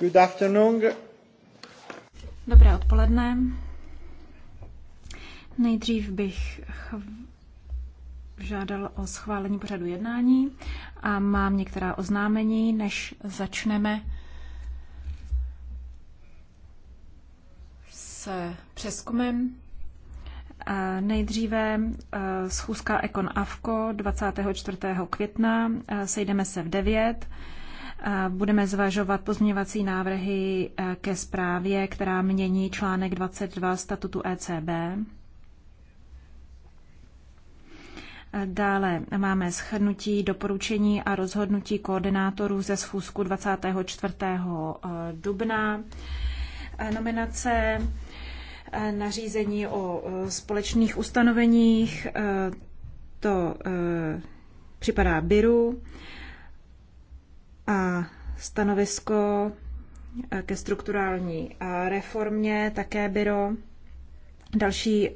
Good afternoon. Dobré odpoledne. Nejdřív bych žádal o schválení pořadu jednání a mám některá oznámení, než začneme s přeskumem Nejdříve e, schůzka Ekon Avko 24. května. E, sejdeme se v 9. E, budeme zvažovat pozměňovací návrhy ke zprávě, která mění článek 22 statutu ECB. Dále máme schrnutí doporučení a rozhodnutí koordinátorů ze schůzku 24. dubna. Nominace Eh, nařízení o eh, společných ustanoveních, eh, to připadá Biru a stanovisko ke strukturální reformě také Biro. Další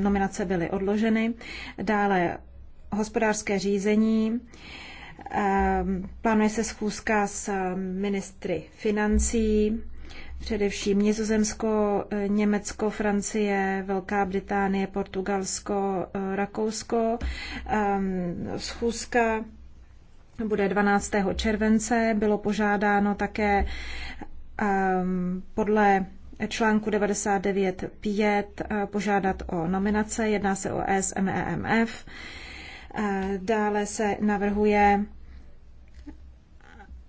nominace byly odloženy. Dále hospodářské řízení. Plánuje se schůzka s ministry financí Především Nizozemsko, eh, Německo, Francie, Velká Británie, Portugalsko, eh, Rakousko, ehm, schůzka bude 12. července. Bylo požádáno také ehm, podle článku 99.5 eh, požádat o nominace. Jedná se o SMEMF. Dále se navrhuje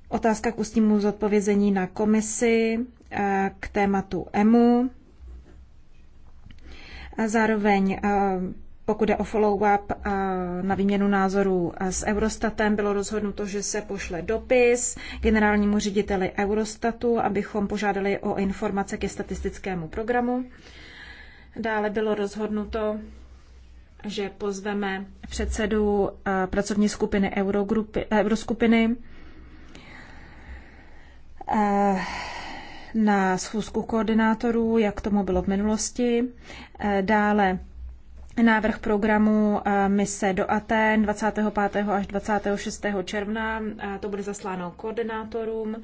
otázka k ústnímu zodpovězení na komisi Eh, k tématu EMU. A zároveň, eh, pokud je o follow-up eh, na výměnu názorů s Eurostatem, bylo rozhodnuto, že se pošle dopis generálnímu řediteli Eurostatu, abychom požádali o informace ke statistickému programu. Dále bylo rozhodnuto, že pozveme předsedu pracovní skupiny Eurogrupy, Euroskupiny na schůzku koordinátorů, jak tomu bylo v minulosti. Eh, dále návrh programu eh, mise do Aten 25. až 26. června. Eh, to bude zasláno koordinátorům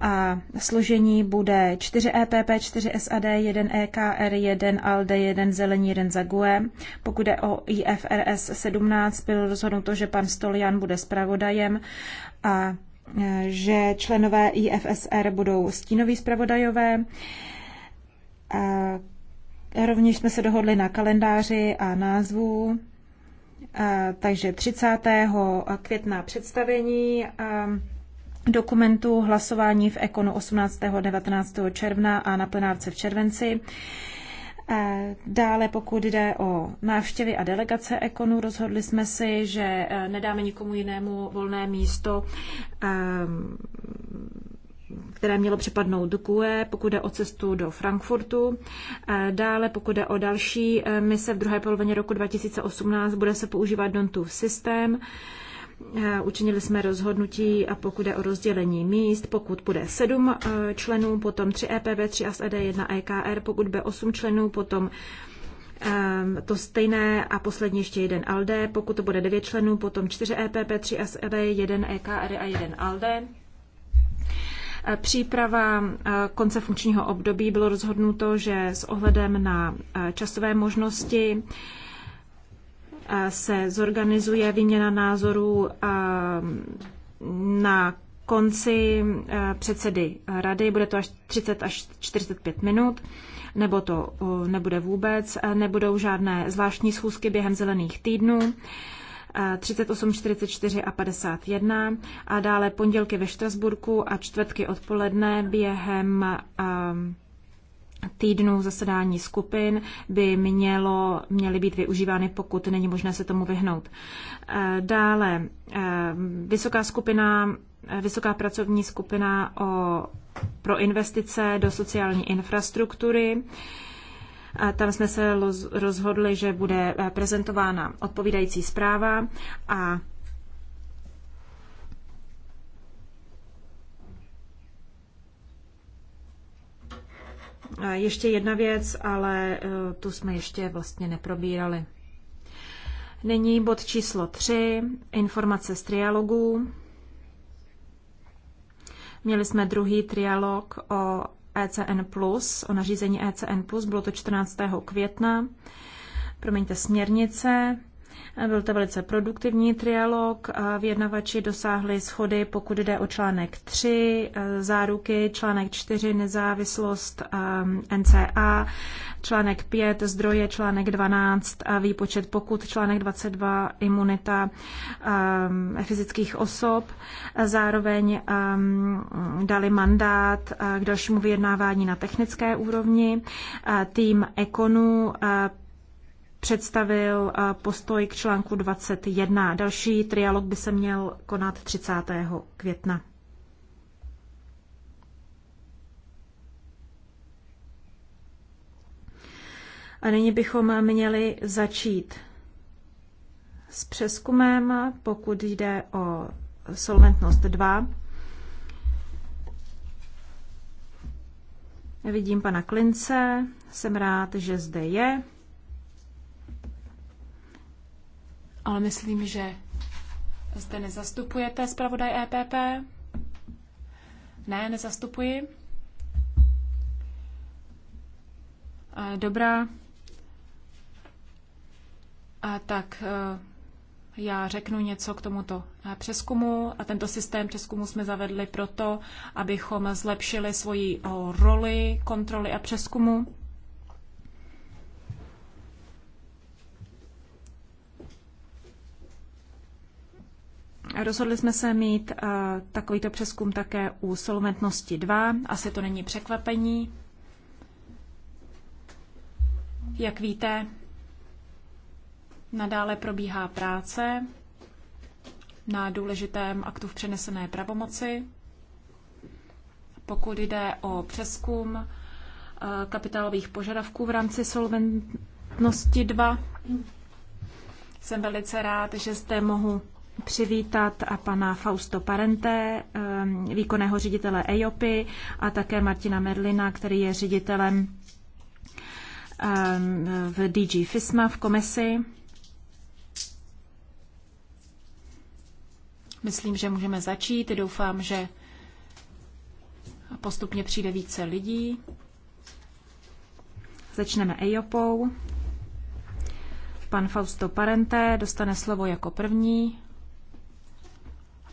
a složení bude 4 EPP, 4 SAD, 1 EKR, 1 ALDE, 1 Zelení, 1 Zague. Pokud je o IFRS 17, bylo rozhodnuto, že pan Stolian bude zpravodajem a že členové IFSR budou stínoví zpravodajové. Rovněž jsme se dohodli na kalendáři a názvu. Takže 30. května představení dokumentu hlasování v Ekonu 18. 19. června a na plenárce v červenci. Dále, pokud jde o návštěvy a delegace Ekonu, rozhodli jsme si, že e, nedáme nikomu jinému volné místo, ehm, které mělo připadnout do QE, pokud jde o cestu do Frankfurtu. Dále, pokud jde o další e, mise v druhé polovině roku 2018, bude se používat Dontův systém. systém Eh, učinili jsme rozhodnutí, a pokud je o rozdělení míst, pokud bude sedm eh, členů, potom tři EPV, tři ASED, jedna EKR, pokud bude osm členů, potom ehm, to stejné a poslední ještě jeden ALDE, pokud to bude devět členů, potom čtyři EPP, tři SEB, jeden EKR a jeden ALDE. Eh, příprava konce funkčního období bylo rozhodnuto, že s ohledem na časové možnosti se zorganizuje výměna názorů na konci předsedy rady, bude to až 30 až 45 minut, nebo to nebude vůbec, nebudou žádné zvláštní schůzky během zelených týdnů. 38, 44 a 51 a dále pondělky ve Štrasburku a čtvrtky odpoledne během týdnů zasedání skupin by mělo, měly být využívány, pokud není možné se tomu vyhnout. E, dále, e, vysoká skupina, e, vysoká pracovní skupina o, pro investice do sociální infrastruktury. A tam jsme se rozhodli, že bude prezentována odpovídající zpráva a ještě jedna věc, ale eh, tu jsme ještě vlastně neprobírali. Nyní bod číslo 3, informace z trialogů. Měli jsme druhý trialog o ECN+, o nařízení ECN+, bylo to 14. května. Promiňte, směrnice. Byl to velice produktivní trialog. Vědnavači dosáhli schody, pokud jde o článek 3, e, záruky, článek 4, nezávislost e, NCA, článek 5, zdroje, článek 12, výpočet pokud, článek 22, imunita e, fyzických osob. Zároveň dali mandát k dalšímu vyjednávání na technické úrovni. Tým Ekonu představil eh, postoj k článku 21. Další trialog by se měl konat 30. května. A nyní bychom měli začít s přeskumem, pokud jde o solventnost 2. Vidím pana Klince, jsem rád, že zde je. ale myslím, že zde nezastupujete zpravodaj EPP. Ne, nezastupuji. Dobrá. A tak e, já řeknu něco k tomuto e, přeskumu. A tento systém přeskumu jsme zavedli proto, abychom zlepšili svoji roli kontroly a přeskumu. Rozhodli jsme se mít eh, takovýto přeskum také u solventnosti 2. Asi to není překvapení. Jak víte, nadále probíhá práce na důležitém aktu v přenesené pravomoci. Pokud jde o přeskum eh, kapitálových požadavků v rámci solventnosti 2, jsem velice rád, že zde mohu přivítat a pana Fausto Parente, ehm, výkonného ředitele EIOPy a také Martina Merlina, který je ředitelem ehm, v DG FISMA v komisi. Myslím, že můžeme začít. Doufám, že postupně přijde více lidí. Začneme EIOPou. Pan Fausto Parente dostane slovo jako první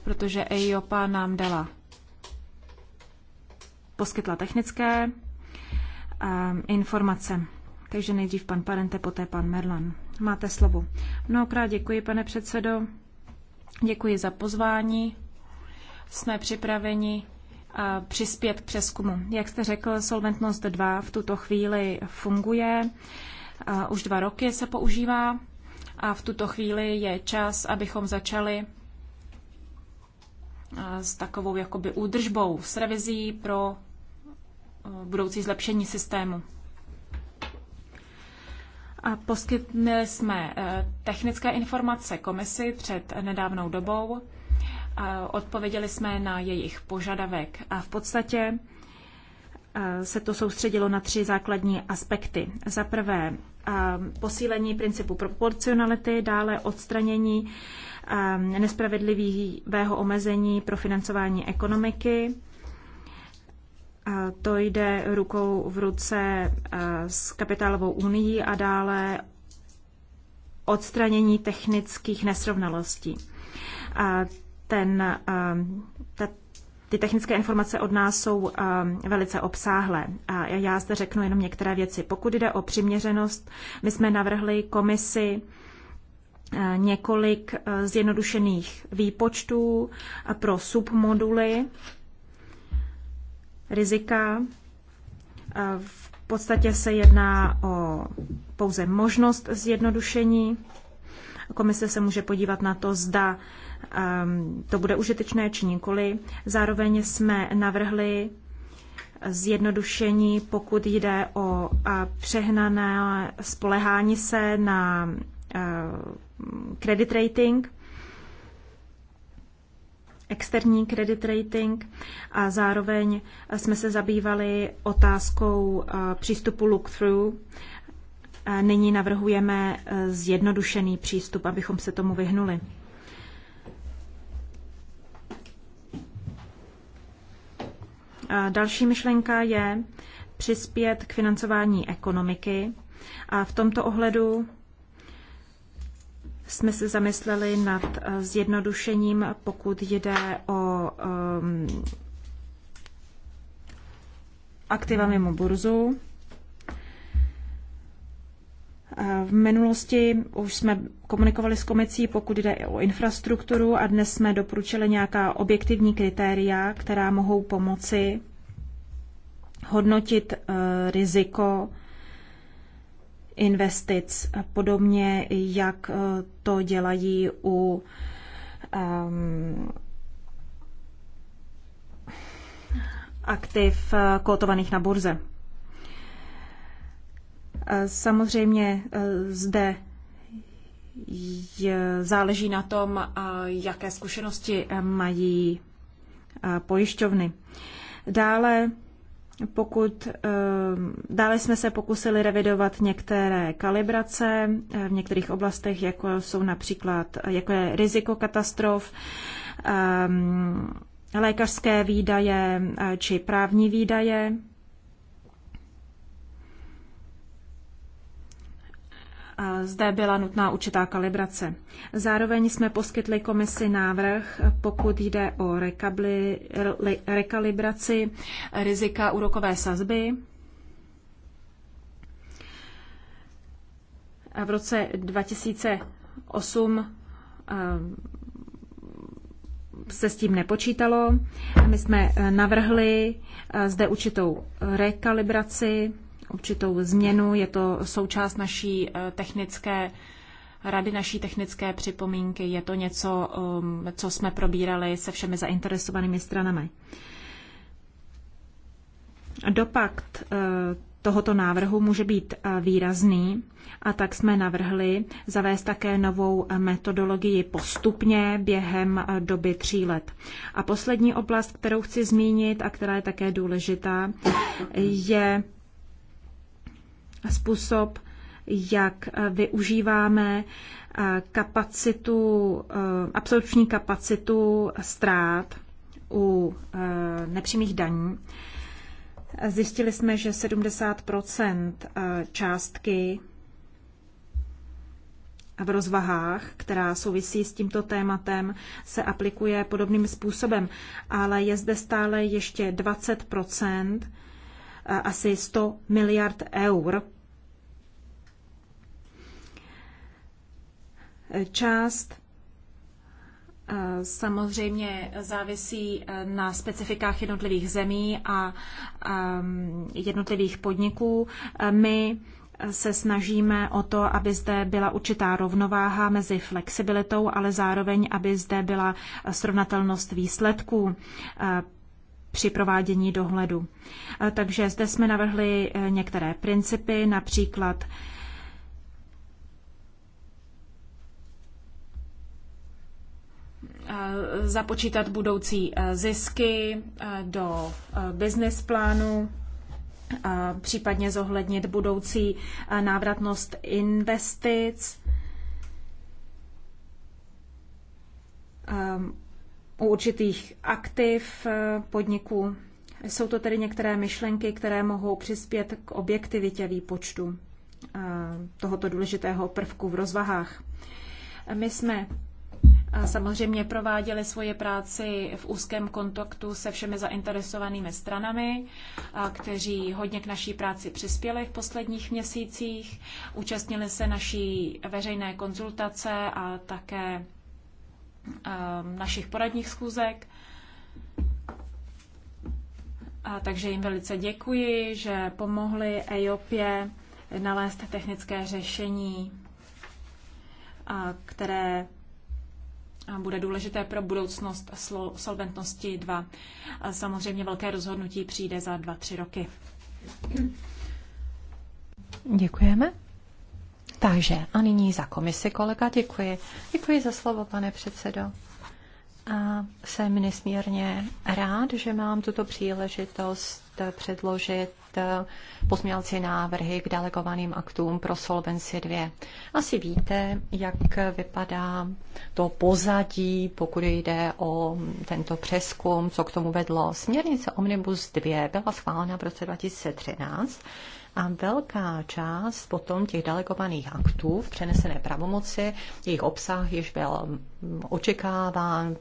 protože EIOPA nám dala poskytla technické um, informace. Takže nejdřív pan Parente, poté pan Merlan. Máte slovo. Mnohokrát děkuji, pane předsedo. Děkuji za pozvání. Jsme připraveni a eh, přispět k přeskumu. Jak jste řekl, Solventnost 2 v tuto chvíli funguje. A eh, už dva roky se používá a v tuto chvíli je čas, abychom začali s takovou jakoby údržbou, s revizí pro e, budoucí zlepšení systému. A poskytnili jsme e, technické informace komisi před nedávnou dobou. Odpověděli jsme na jejich požadavek a v podstatě e, se to soustředilo na tři základní aspekty. Za prvé posílení principu proporcionality, dále odstranění nespravedlivého omezení pro financování ekonomiky. to jde rukou v ruce s kapitálovou unii a dále odstranění technických nesrovnalostí. ten, ta, ty technické informace od nás jsou velice obsáhlé. A já zde řeknu jenom některé věci. Pokud jde o přiměřenost, my jsme navrhli komisi Eh, několik eh, zjednodušených výpočtů pro submoduly rizika. Eh, v podstatě se jedná o pouze možnost zjednodušení. Komise se může podívat na to, zda ehm, to bude užitečné či nikoli. Zároveň jsme navrhli zjednodušení, pokud jde o přehnané spolehání se na Eh, credit rating, externí credit rating a zároveň jsme se zabývali otázkou eh, přístupu look-through. Eh, nyní navrhujeme zjednodušený přístup, abychom se tomu vyhnuli. Další myšlenka je přispět k financování ekonomiky. A v tomto ohledu jsme se zamysleli nad eh, zjednodušením, pokud jde o um, aktiva mimo burzu. Eh, v minulosti už jsme komunikovali s komicí, pokud jde o infrastrukturu a dnes jsme doporučili nějaká objektivní kritéria, která mohou pomoci hodnotit eh, riziko investic, podobně jak eh, to dělají u um, aktiv eh, kotovaných na burze. Eh, samozřejmě zde záleží na tom, jaké zkušenosti mají pojišťovny. Dále pokud ehm, dále jsme se pokusili revidovat některé kalibrace eh, v některých oblastech, jako jsou například, jako je riziko katastrof, ehm, lékařské výdaje eh, či právní výdaje. Zde byla nutná určitá kalibrace. Zároveň jsme poskytli komisi návrh, pokud jde o rekabli, re, rekalibraci rizika úrokové sazby. A v roce 2008 eh, se s tím nepočítalo. My jsme eh, navrhli eh, zde určitou rekalibraci určitou změnu. Je to součást naší eh, technické rady, naší technické připomínky. Je to něco, um, co jsme probírali se všemi zainteresovanými stranami. Dopad eh, tohoto návrhu může být eh, výrazný a tak jsme navrhli zavést také novou metodologii postupně během doby tří let. A poslední oblast, kterou chci zmínit a která je také důležitá, je způsob, jak eh, využíváme eh, kapacitu, eh, absorpční kapacitu ztrát u nepřímých daní. Zjistili jsme, že 70 částky v rozvahách, která souvisí s tímto tématem, se aplikuje podobným způsobem, ale je zde stále ještě 20 asi 100 miliard eur část eh, samozřejmě závisí eh, na specifikách jednotlivých zemí a ehm, jednotlivých podniků. Eh, my se snažíme o to, aby zde byla určitá rovnováha mezi flexibilitou, ale zároveň, aby zde byla srovnatelnost výsledků při provádění dohledu. Takže zde jsme navrhli některé principy, například Eh, započítat budoucí eh, zisky eh, do business plánu, případně zohlednit budoucí návratnost investic. Ehm, u určitých aktiv podniku. Jsou to tedy některé myšlenky, které mohou přispět k objektivitě výpočtu tohoto důležitého prvku v rozvahách. My jsme Samozřejmě prováděli svoje práci v úzkém kontaktu se všemi zainteresovanými stranami, kteří hodně k naší práci přispěli v posledních měsících. Účastnili se naší veřejné konzultace a také ehm, našich poradních schůzek. A takže jim velice děkuji, že pomohli EIOPě nalézt technické řešení, které bude důležité pro budoucnost solventnosti 2. Samozřejmě velké rozhodnutí přijde za 2-3 roky. Děkujeme. Takže a nyní za komisi kolega děkuji. Děkuji za slovo, pane předsedo. A jsem nesmírně rád, že mám tuto příležitost předložit Eh, pozměňovací návrhy k delegovaným aktům pro Solvency 2. Asi víte, jak vypadá to pozadí, pokud jde o tento přeskum, co k tomu vedlo. Směrnice Omnibus 2 byla schválena v roce 2013 a velká část potom těch delegovaných aktů v přenesené pravomoci, jejich obsah již byl očekáván,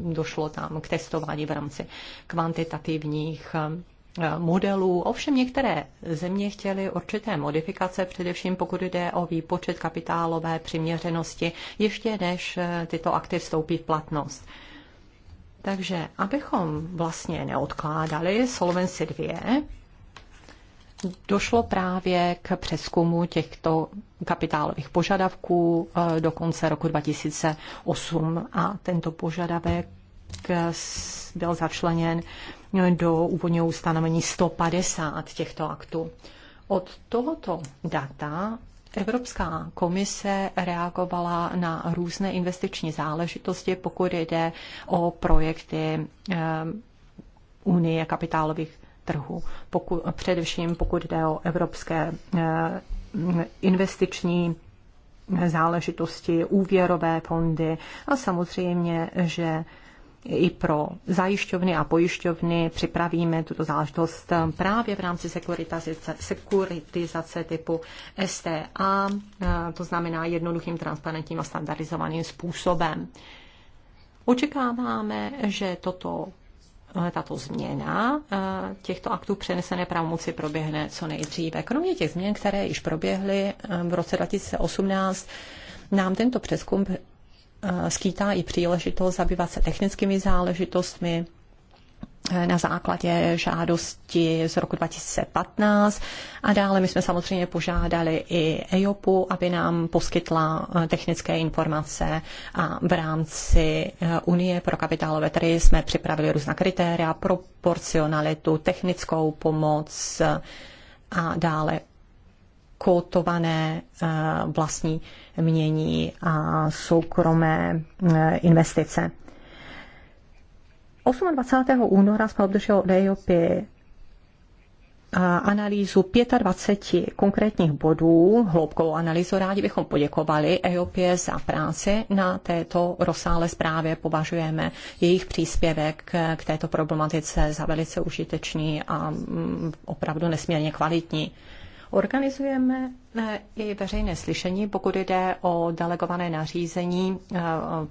došlo tam k testování v rámci kvantitativních modelů. Ovšem některé země chtěly určité modifikace, především pokud jde o výpočet kapitálové přiměřenosti, ještě než eh, tyto akty vstoupí v platnost. Takže abychom vlastně neodkládali Solvency 2, došlo právě k přeskumu těchto kapitálových požadavků eh, do konce roku 2008 a tento požadavek eh, byl začleněn do úvodního ustanovení 150 těchto aktů. Od tohoto data Evropská komise reagovala na různé investiční záležitosti, pokud jde o projekty eh, Unie kapitálových trhů, pokud, především pokud jde o evropské eh, investiční záležitosti, úvěrové fondy a samozřejmě, že i pro zajišťovny a pojišťovny připravíme tuto záležitost právě v rámci sekuritizace, sekuritizace typu STA, eh, to znamená jednoduchým, transparentním a standardizovaným způsobem. Očekáváme, že toto eh, tato změna eh, těchto aktů přenesené pravomoci proběhne co nejdříve. Kromě těch změn, které již proběhly v roce 2018, nám tento přeskum Eh, skýtá i příležitost zabývat se technickými záležitostmi eh, na základě žádosti z roku 2015 a dále my jsme samozřejmě požádali i EIOPu, aby nám poskytla eh, technické informace a v rámci Unie pro kapitálové trhy jsme připravili různá kritéria, proporcionalitu, technickou pomoc a dále kotované eh, vlastní mění a soukromé eh, investice. 28. února jsme obdrželi od EIOP eh, analýzu 25 konkrétních bodů, hloubkovou analýzu. Rádi bychom poděkovali EOPě za práci na této rozsáhlé zprávě. Považujeme jejich příspěvek k této problematice za velice užitečný a mm, opravdu nesmírně kvalitní. Organizujeme eh, i veřejné slyšení, pokud jde o delegované nařízení eh,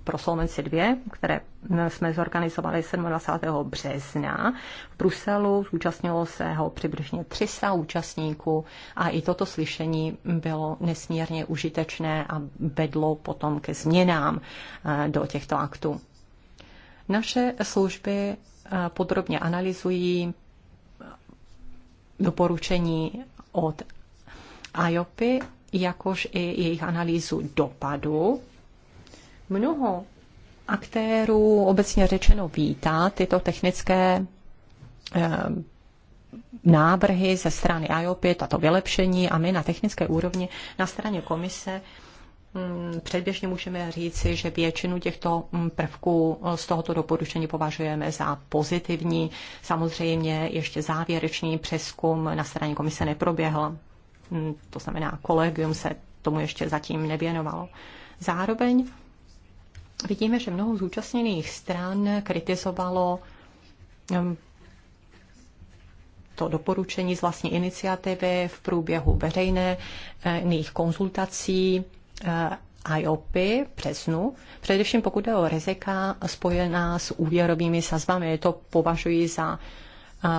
pro Solvency 2, které eh, jsme zorganizovali 27. března v Bruselu. Zúčastnilo se ho přibližně 300 účastníků a i toto slyšení bylo nesmírně užitečné a vedlo potom ke změnám do těchto aktů. Naše služby podrobně analyzují doporučení od IOPy, jakož i jejich analýzu dopadu. Mnoho aktérů obecně řečeno vítá tyto technické eh, návrhy ze strany IOP, tato vylepšení a my na technické úrovni na straně komise Mm, předběžně můžeme říci, že většinu těchto mm, prvků eh, z tohoto doporučení považujeme za pozitivní. Samozřejmě ještě závěrečný přeskum na straně komise neproběhl. Mm, to znamená, kolegium se tomu ještě zatím nevěnovalo. Zároveň vidíme, že mnoho zúčastněných stran kritizovalo to doporučení z vlastní iniciativy v průběhu veřejných eh, konzultací Eh, IOP březnu, především pokud je o rizika spojená s úvěrovými sazbami. To považuji za eh,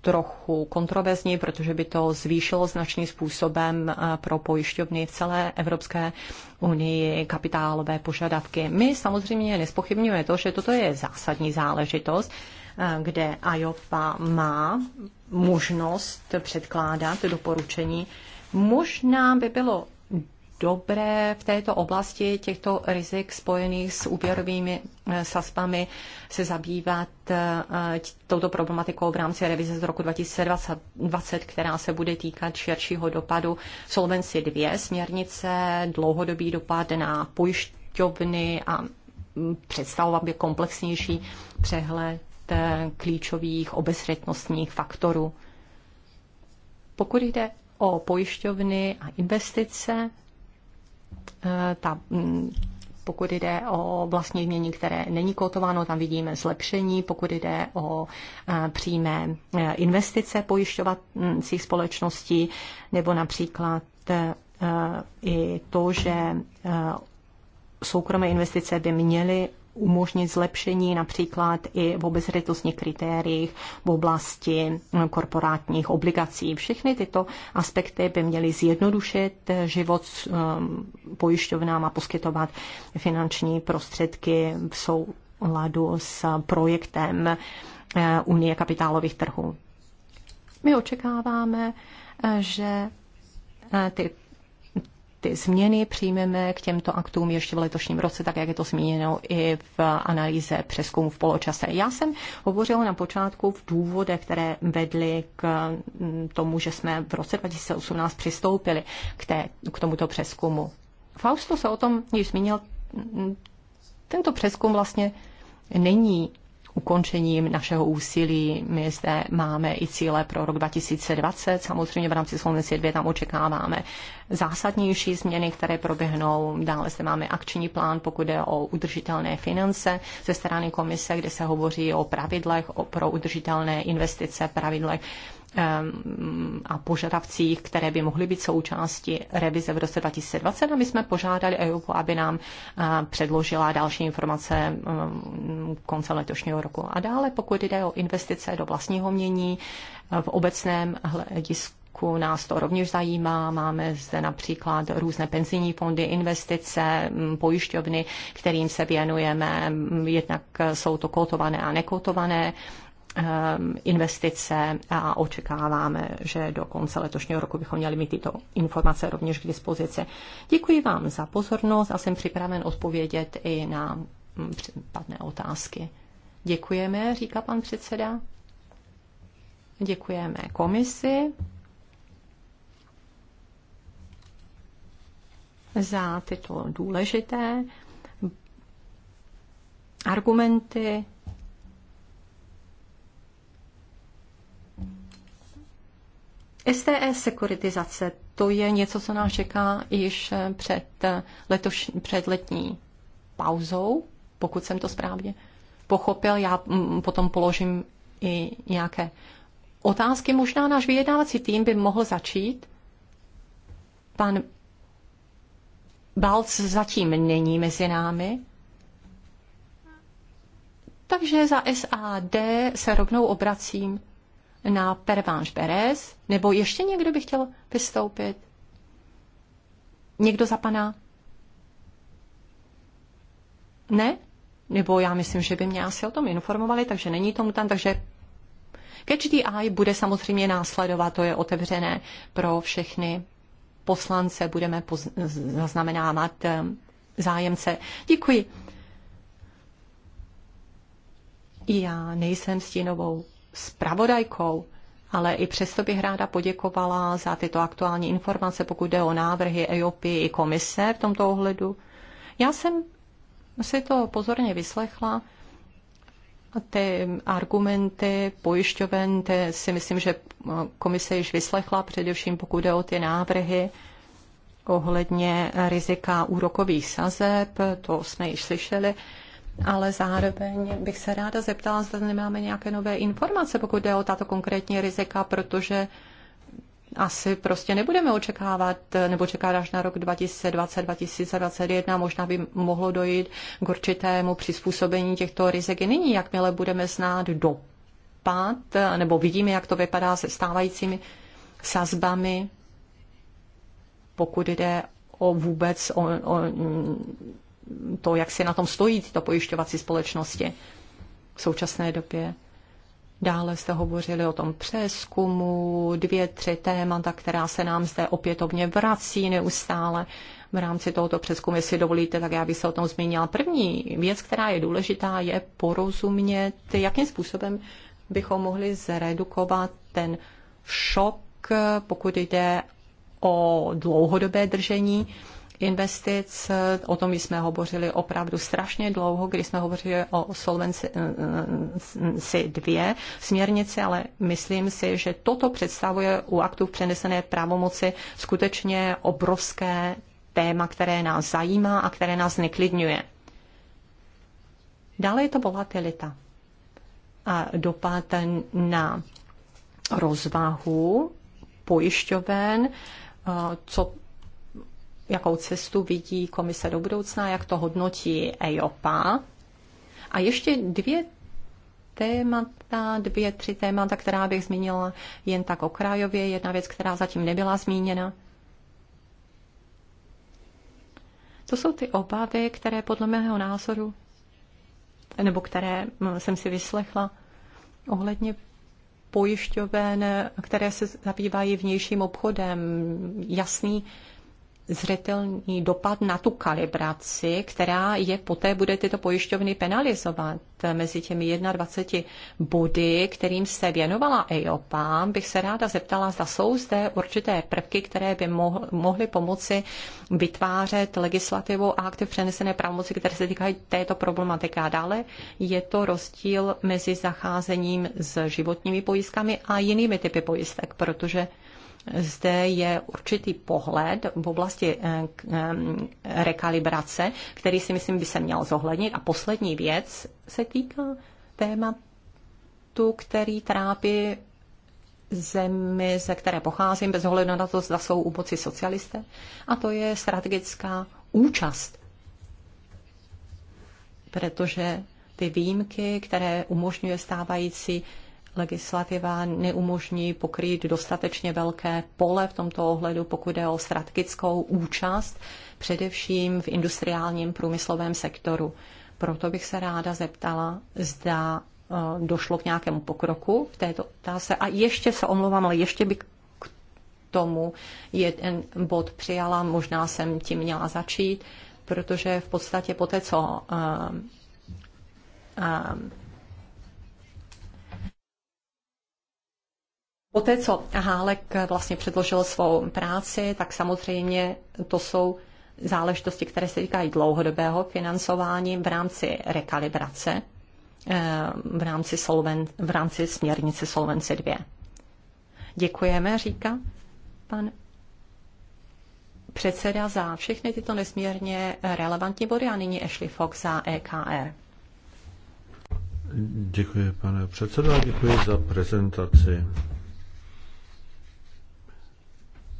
trochu kontroverzní, protože by to zvýšilo značným způsobem eh, pro pojišťovny v celé Evropské unii kapitálové požadavky. My samozřejmě nespochybňujeme to, že toto je zásadní záležitost, kde IOPA má možnost předkládat doporučení. Možná by bylo dobré v této oblasti těchto rizik spojených s úvěrovými eh, sazbami se zabývat eh, touto problematikou v rámci revize z roku 2020, která se bude týkat širšího dopadu Solvency 2 směrnice, dlouhodobý dopad na pojišťovny a mm, představovat by komplexnější přehled eh, klíčových obezřetnostních faktorů. Pokud jde o pojišťovny a investice, Eh, ta, mm, pokud jde o vlastní mění, které není kotováno, tam vidíme zlepšení. Pokud jde o eh, přímé eh, investice pojišťovacích společností, nebo například i to, že soukromé investice by měly umožnit zlepšení například i v obezřetnostních kritériích v oblasti eh, korporátních obligací. Všechny tyto aspekty by měly zjednodušit eh, život eh, pojišťovnám a poskytovat finanční prostředky v souladu s projektem Unie kapitálových trhů. My očekáváme, že ty ty změny přijmeme k těmto aktům ještě v letošním roce, tak jak je to zmíněno i v analýze přeskumu v poločase. Já jsem hovořila na počátku v důvodech, které vedly k mm, tomu, že jsme v roce 2018 přistoupili k, té, k tomuto přeskumu. Fausto se o tom již zmínil. Tento přeskum vlastně není ukončením našeho úsilí. My zde máme i cíle pro rok 2020. Samozřejmě v rámci Solvency 2 tam očekáváme zásadnější změny, které proběhnou. Dále zde máme akční plán, pokud jde o udržitelné finance ze strany komise, kde se hovoří o pravidlech o pro udržitelné investice, pravidlech a požadavcích, které by mohly být součástí revize v roce 2020 a my jsme požádali EU, aby nám předložila další informace um, konce letošního roku. A dále, pokud jde o investice do vlastního mění v obecném hledisku, nás to rovněž zajímá. Máme zde například různé penzijní fondy, investice, um, pojišťovny, kterým se věnujeme. Jednak jsou to kotované a nekotované Ehm, investice a očekáváme, že do konce letošního roku bychom měli mít tyto informace rovněž k dispozici. Děkuji vám za pozornost a jsem připraven odpovědět i na hm, případné otázky. Děkujeme, říká pan předseda. Děkujeme komisi za tyto důležité argumenty STS e sekuritizace, to je něco, co nás čeká již před, letoš, před letní pauzou, pokud jsem to správně pochopil. Já mm, potom položím i nějaké otázky. Možná náš vyjednávací tým by mohl začít. Pan Balc zatím není mezi námi. Takže za SAD se rovnou obracím na Pervánž Perez, nebo ještě někdo by chtěl vystoupit? Někdo za pana? Ne? Nebo já myslím, že by mě asi o tom informovali, takže není tomu tam, takže Catch the Eye bude samozřejmě následovat, to je otevřené pro všechny poslance, budeme zaznamenávat eh, zájemce. Děkuji. Já nejsem stínovou spravodajkou, ale i přesto bych ráda poděkovala za tyto aktuální informace, pokud jde o návrhy EOP i komise v tomto ohledu. Já jsem si to pozorně vyslechla. Ty argumenty pojišťoven, ty si myslím, že komise již vyslechla, především pokud jde o ty návrhy ohledně rizika úrokových sazeb, to jsme již slyšeli ale zároveň bych se ráda zeptala, zda nemáme nějaké nové informace, pokud jde o tato konkrétní rizika, protože asi prostě nebudeme očekávat, nebo čekat až na rok 2020, 2021, možná by mohlo dojít k určitému přizpůsobení těchto rizik. Nyní, jakmile budeme znát dopad, nebo vidíme, jak to vypadá se stávajícími sazbami, pokud jde o vůbec o, o to, jak si na tom stojí tyto pojišťovací společnosti v současné době. Dále jste hovořili o tom přeskumu, dvě, tři témata, která se nám zde opětovně vrací neustále. V rámci tohoto přeskumu, jestli dovolíte, tak já bych se o tom zmínila. První věc, která je důležitá, je porozumět, jakým způsobem bychom mohli zredukovat ten šok, pokud jde o dlouhodobé držení investic. O tom jsme hovořili opravdu strašně dlouho, když jsme hovořili o Solvency 2 eh, eh, směrnici, ale myslím si, že toto představuje u aktů v přenesené pravomoci skutečně obrovské téma, které nás zajímá a které nás neklidňuje. Dále je to volatilita a dopad na rozvahu pojišťoven, eh, co jakou cestu vidí komise do budoucna, jak to hodnotí EIOPA. A ještě dvě témata, dvě, tři témata, která bych zmínila jen tak okrajově. Jedna věc, která zatím nebyla zmíněna. To jsou ty obavy, které podle mého názoru, nebo které jsem si vyslechla ohledně pojišťoven, které se zabývají vnějším obchodem. Jasný zřetelný dopad na tu kalibraci, která je poté bude tyto pojišťovny penalizovat. Mezi těmi 21 body, kterým se věnovala EIOPA, bych se ráda zeptala, zda jsou zde určité prvky, které by mohly pomoci vytvářet legislativu a aktiv přenesené pravomoci, které se týkají této problematiky. A dále je to rozdíl mezi zacházením s životními pojistkami a jinými typy pojistek, protože zde je určitý pohled v oblasti eh, eh, rekalibrace, který si myslím by se měl zohlednit. A poslední věc se týká tématu, který trápí zemi, ze které pocházím, bez ohledu na to, zda jsou u moci socialisté, a to je strategická účast. Protože ty výjimky, které umožňuje stávající legislativa neumožní pokrýt dostatečně velké pole v tomto ohledu, pokud je o strategickou účast, především v industriálním průmyslovém sektoru. Proto bych se ráda zeptala, zda eh, došlo k nějakému pokroku v této otázce. A ještě se omlouvám, ale ještě bych k tomu jeden bod přijala, možná jsem tím měla začít, protože v podstatě po té, co um, um, Poté, co Hálek vlastně předložil svou práci, tak samozřejmě to jsou záležitosti, které se týkají dlouhodobého financování v rámci rekalibrace, eh, v rámci, solven, v rámci směrnice solvence 2. Děkujeme, říká pan předseda za všechny tyto nesmírně relevantní body a nyní Ashley Fox za EKR. Děkuji, pane předsedo, a děkuji za prezentaci.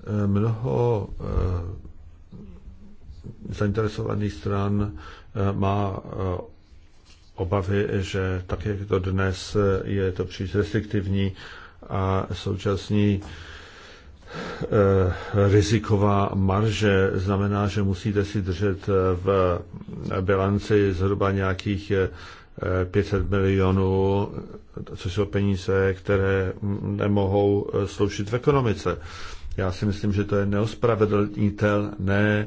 Eh, mnoho eh, zainteresovaných stran eh, má obavy, že tak, jak to dnes je to příliš restriktivní a současní riziková marže znamená, že musíte si držet v bilanci zhruba nějakých 500 milionů, což jsou peníze, které nemohou sloužit v ekonomice. Já si myslím, že to je neospravedlnitelné eh,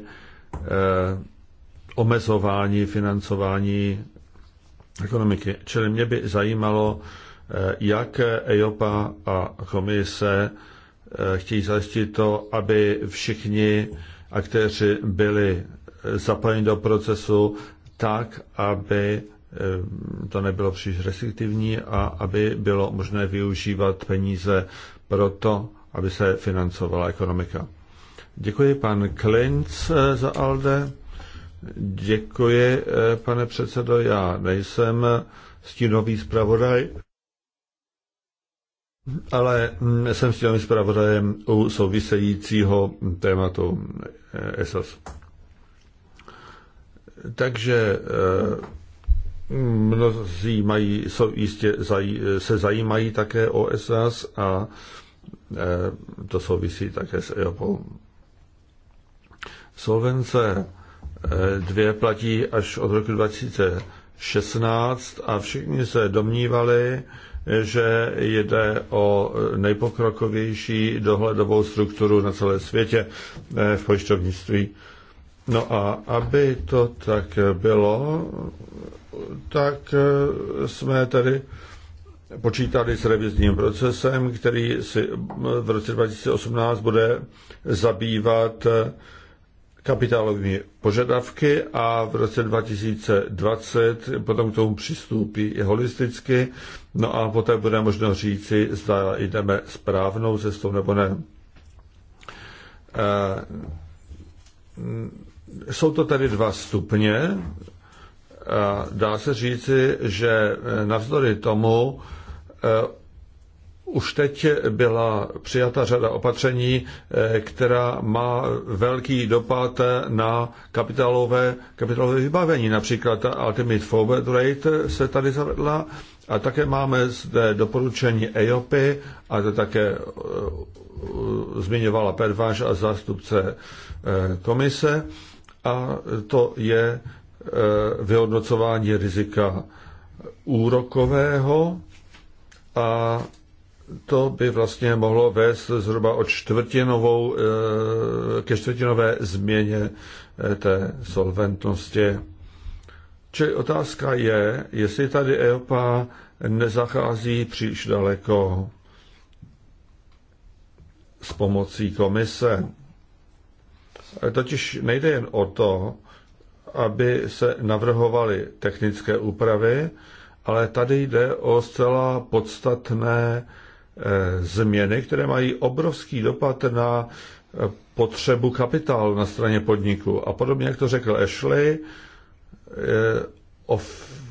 omezování financování ekonomiky. Čili mě by zajímalo, eh, jak EIOPA a komise eh, chtějí zajistit to, aby všichni aktéři byli zapojeni do procesu tak, aby to nebylo příliš restriktivní a aby bylo možné využívat peníze pro to, aby se financovala ekonomika. Děkuji pan Klinc eh, za ALDE. Děkuji, eh, pane předsedo. Já nejsem stínový zpravodaj, ale mm, jsem stínový zpravodajem u souvisejícího tématu ESOS. Eh, Takže mnozí mají, jsou jistě, se zajímají také o ESAS a Eh, to souvisí také s EOPou. Solvence 2 eh, platí až od roku 2016 a všichni se domnívali, že jde o nejpokrokovější dohledovou strukturu na celé světě eh, v pojišťovnictví. No a aby to tak bylo, tak jsme tady počítali s revizním procesem, který si v roce 2018 bude zabývat eh, kapitálovými požadavky a v roce 2020 potom k tomu přistoupí i holisticky. No a poté bude možno říci, zda jdeme správnou cestou nebo ne. Eh, jsou to tady dva stupně. Eh, dá se říci, že navzdory tomu, Eh, už teď byla přijata řada opatření, eh, která má velký dopad na kapitalové, kapitalové vybavení. Například ta Ultimate Forward Rate se tady zavedla a také máme zde doporučení EOPy a to také eh, zmiňovala Perváš a zástupce komise a to je vyhodnocování rizika úrokového a to by vlastně mohlo vést zhruba od čtvrtinovou, e, ke čtvrtinové změně e, té solventnosti. Čili otázka je, jestli tady EOPA nezachází příliš daleko s pomocí komise. E, totiž nejde jen o to, aby se navrhovaly technické úpravy, ale tady jde o zcela podstatné eh, změny, které mají obrovský dopad na eh, potřebu kapitálu na straně podniku. A podobně, jak to řekl Ashley, eh,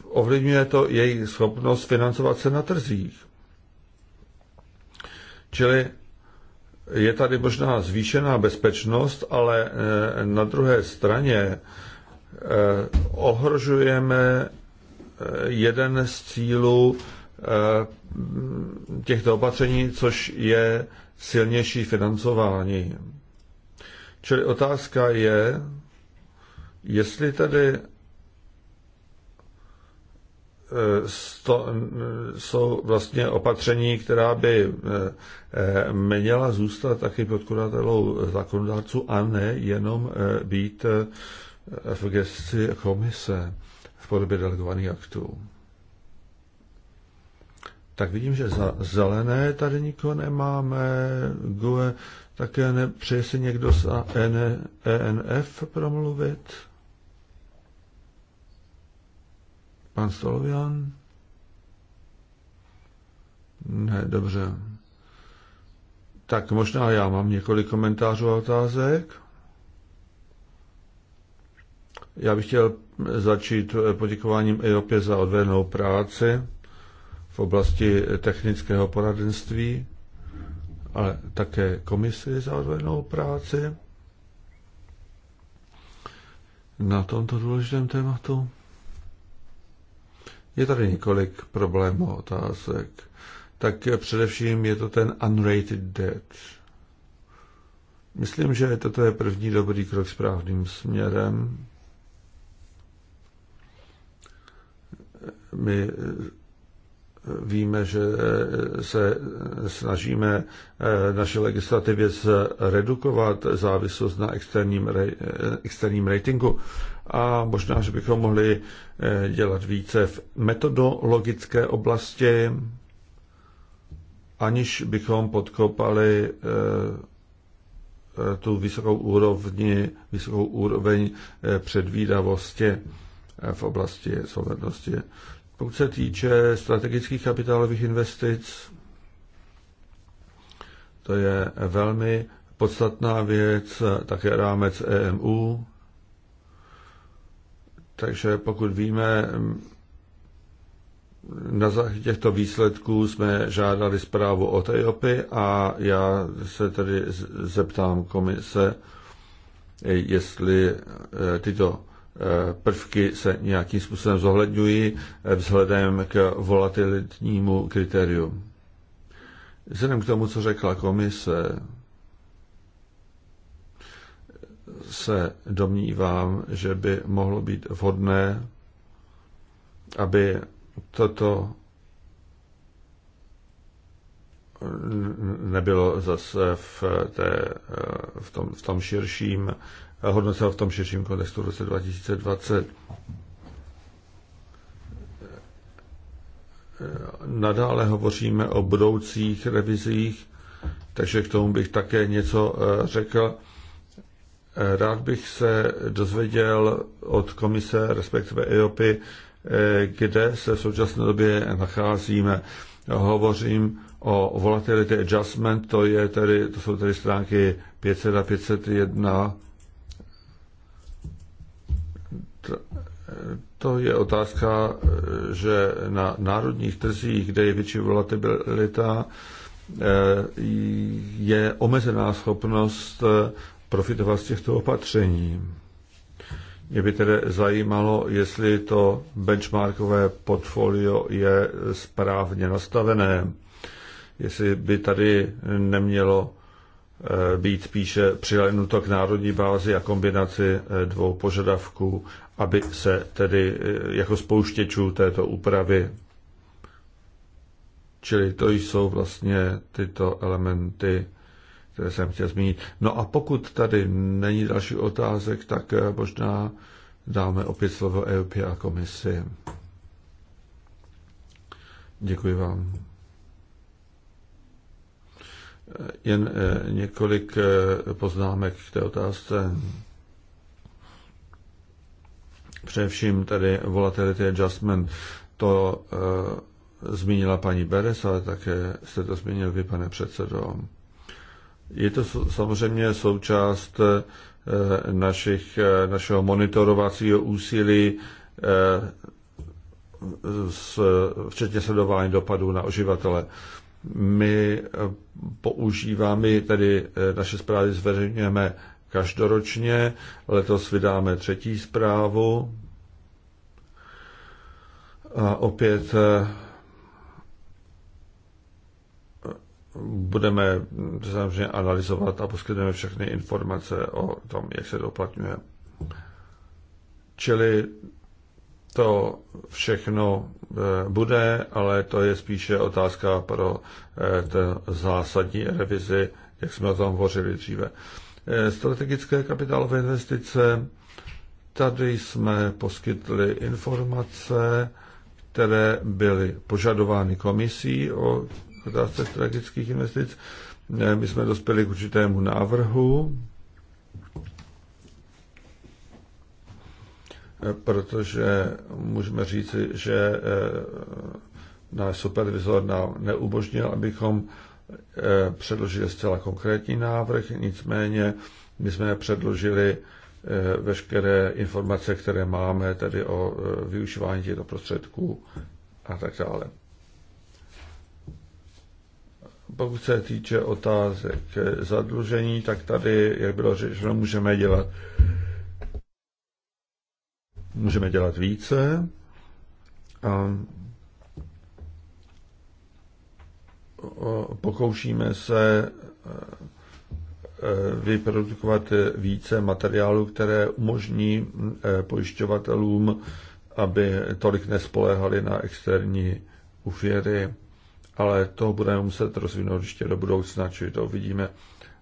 ovlivňuje to jejich schopnost financovat se na trzích. Čili je tady možná zvýšená bezpečnost, ale na druhé straně ohrožujeme jeden z cílů eh, těchto opatření, což je silnější financování. Čili otázka je, jestli tedy eh, sto, jsou vlastně opatření, která by eh, měla zůstat taky podkuratelou zákonodárců a ne jenom být v gesci komise podobě delegovaných aktů. Tak vidím, že za zelené tady nikoho nemáme. GUE také ne, přeje si někdo z ENF promluvit. Pan Stolovian? Ne, dobře. Tak možná já mám několik komentářů a otázek. Já bych chtěl začít poděkováním EOPě za odvedenou práci v oblasti technického poradenství, ale také komisi za odvedenou práci na tomto důležitém tématu. Je tady několik problémů otázek. Tak především je to ten unrated debt. Myslím, že toto je první dobrý krok správným směrem. My eh, víme, že eh, se snažíme eh, naše legislativě zredukovat závislost na externím, externím ratingu a možná, že bychom mohli dělat více v metodologické oblasti, aniž bychom podkopali tu vysokou, úrovni, vysokou úroveň předvídavosti v oblasti solventnosti. Pokud se týče strategických kapitálových investic, to je velmi podstatná věc, také rámec EMU. Takže pokud víme, na základě těchto výsledků jsme žádali zprávu o Tejopy a já se tedy zeptám komise, jestli e, tyto prvky se nějakým způsobem zohledňují vzhledem k volatilitnímu kritériu. Vzhledem k tomu, co řekla komise, se domnívám, že by mohlo být vhodné, aby toto nebylo zase v, té, v, tom, v tom širším hodnoceno v tom širším kontextu v roce 2020. Nadále hovoříme o budoucích revizích, takže k tomu bych také něco eh, řekl. Rád bych se dozvěděl od komise, respektive EOPy, eh, kde se v současné době nacházíme. Hovořím o volatility adjustment, to, je tedy, to jsou tedy stránky 500 a 501 to je otázka, že na národních trzích, kde je větší volatilita, je omezená schopnost profitovat z těchto opatření. Mě by tedy zajímalo, jestli to benchmarkové portfolio je správně nastavené, jestli by tady nemělo eh, být spíše přilenuto k národní bázi a kombinaci eh, dvou požadavků aby se tedy eh, jako spouštěčů této úpravy, čili to jsou vlastně tyto elementy, které jsem chtěl zmínit. No a pokud tady není další otázek, tak eh, možná dáme opět slovo EUP a komisi. Děkuji vám. Eh, jen několik poznámek k té otázce především tady volatility adjustment, to e, zmínila paní Beres, ale také jste to zmínil vy, pane předsedo. Je to samozřejmě součást e, našich, e, našeho monitorovacího úsilí e, s, včetně sledování dopadů na uživatele. My používáme, tedy naše zprávy zveřejňujeme každoročně, letos vydáme třetí zprávu a opět eh, budeme samozřejmě analyzovat a poskytneme všechny informace o tom, jak se to uplatňuje. Čili to všechno eh, bude, ale to je spíše otázka pro eh, ten zásadní revizi, jak jsme o tom hovořili dříve. Strategické kapitálové investice, tady jsme poskytli informace, které byly požadovány komisí o otázce strategických investic. My jsme dospěli k určitému návrhu, protože můžeme říci, že eh, náš supervizor nám neumožnil, abychom eh, předložili zcela konkrétní návrh, nicméně my jsme předložili Eh, veškeré informace, které máme tedy o eh, využívání těchto prostředků a tak dále. Pokud se týče otázek zadlužení, tak tady, jak bylo řečeno, můžeme dělat můžeme dělat více. A pokoušíme se eh, Eh, vyprodukovat více materiálu, které umožní eh, pojišťovatelům, aby tolik nespoléhali na externí úvěry, ale to budeme muset rozvinout ještě do budoucna, či to uvidíme.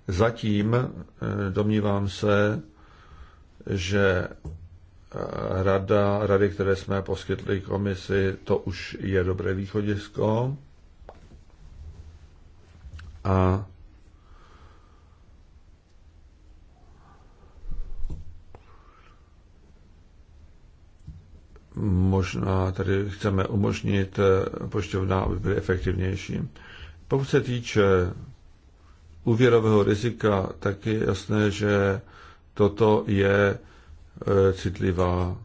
Zatím eh, domnívám se, že rada, rady, které jsme poskytli komisi, to už je dobré východisko. A možná tady chceme umožnit eh, pošťovná, aby byly efektivnější. Pokud se týče úvěrového rizika, tak je jasné, že toto je eh, citlivá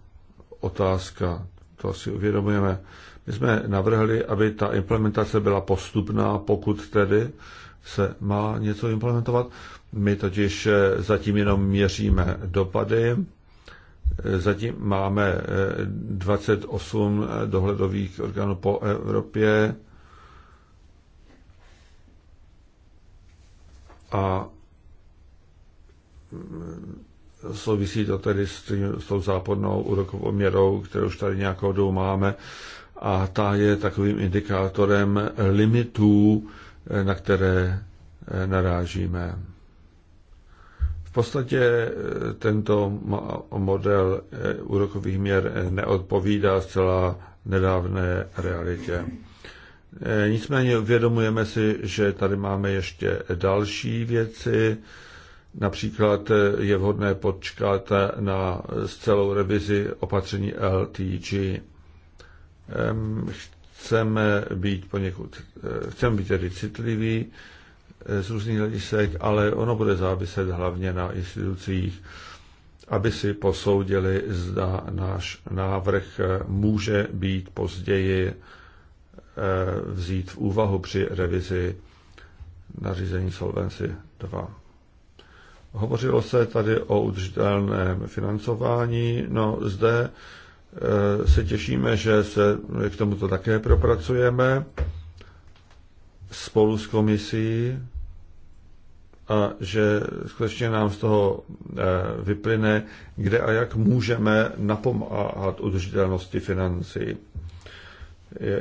otázka. To si uvědomujeme. My jsme navrhli, aby ta implementace byla postupná, pokud tedy se má něco implementovat. My totiž eh, zatím jenom měříme dopady Zatím máme 28 eh, dohledových orgánů po Evropě a mm, souvisí to tedy s, tím, s tou západnou úrokovou měrou, kterou už tady nějakou dobu máme a ta je takovým indikátorem limitů, eh, na které eh, narážíme podstatě eh, tento model eh, úrokových měr eh, neodpovídá zcela nedávné realitě. Nicméně uvědomujeme si, že tady máme ještě další věci. Například je vhodné počkat na celou revizi opatření LTG. Chceme být poněkud, chceme být tedy citliví, Eh, z různých hledisek, ale ono bude záviset hlavně na institucích, aby si posoudili, zda náš návrh eh, může být později eh, vzít v úvahu při revizi nařízení Solvency 2. Hovořilo se tady o udržitelném financování. No zde se těšíme, že se k tomuto také propracujeme spolu s komisí a že skutečně nám z toho eh, vyplyne, kde a jak můžeme napomáhat udržitelnosti financí.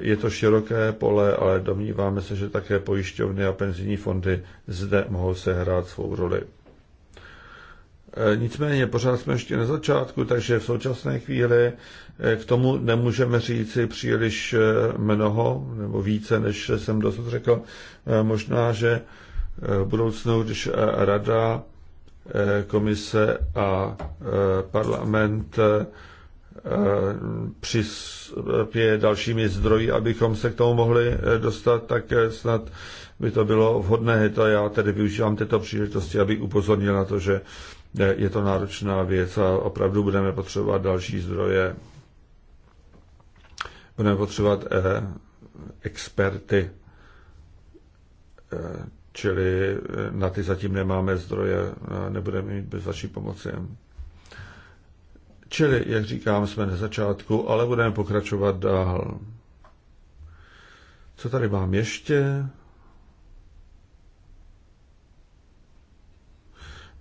Je to široké pole, ale domníváme se, že také pojišťovny a penzijní fondy zde mohou sehrát svou roli. Eh, nicméně pořád jsme ještě na začátku, takže v současné chvíli eh, k tomu nemůžeme říci příliš eh, mnoho nebo více, než jsem dosud řekl. Možná, že v budoucnu, když rada, komise a parlament přispěje dalšími zdroji, abychom se k tomu mohli dostat, tak snad by to bylo vhodné. To já tedy využívám této příležitosti, abych upozornil na to, že je to náročná věc a opravdu budeme potřebovat další zdroje. Budeme potřebovat eh, experty, eh, čili eh, na ty zatím nemáme zdroje, nebudeme mít bez vaší pomoci. Čili, jak říkám, jsme na začátku, ale budeme pokračovat dál. Co tady mám ještě?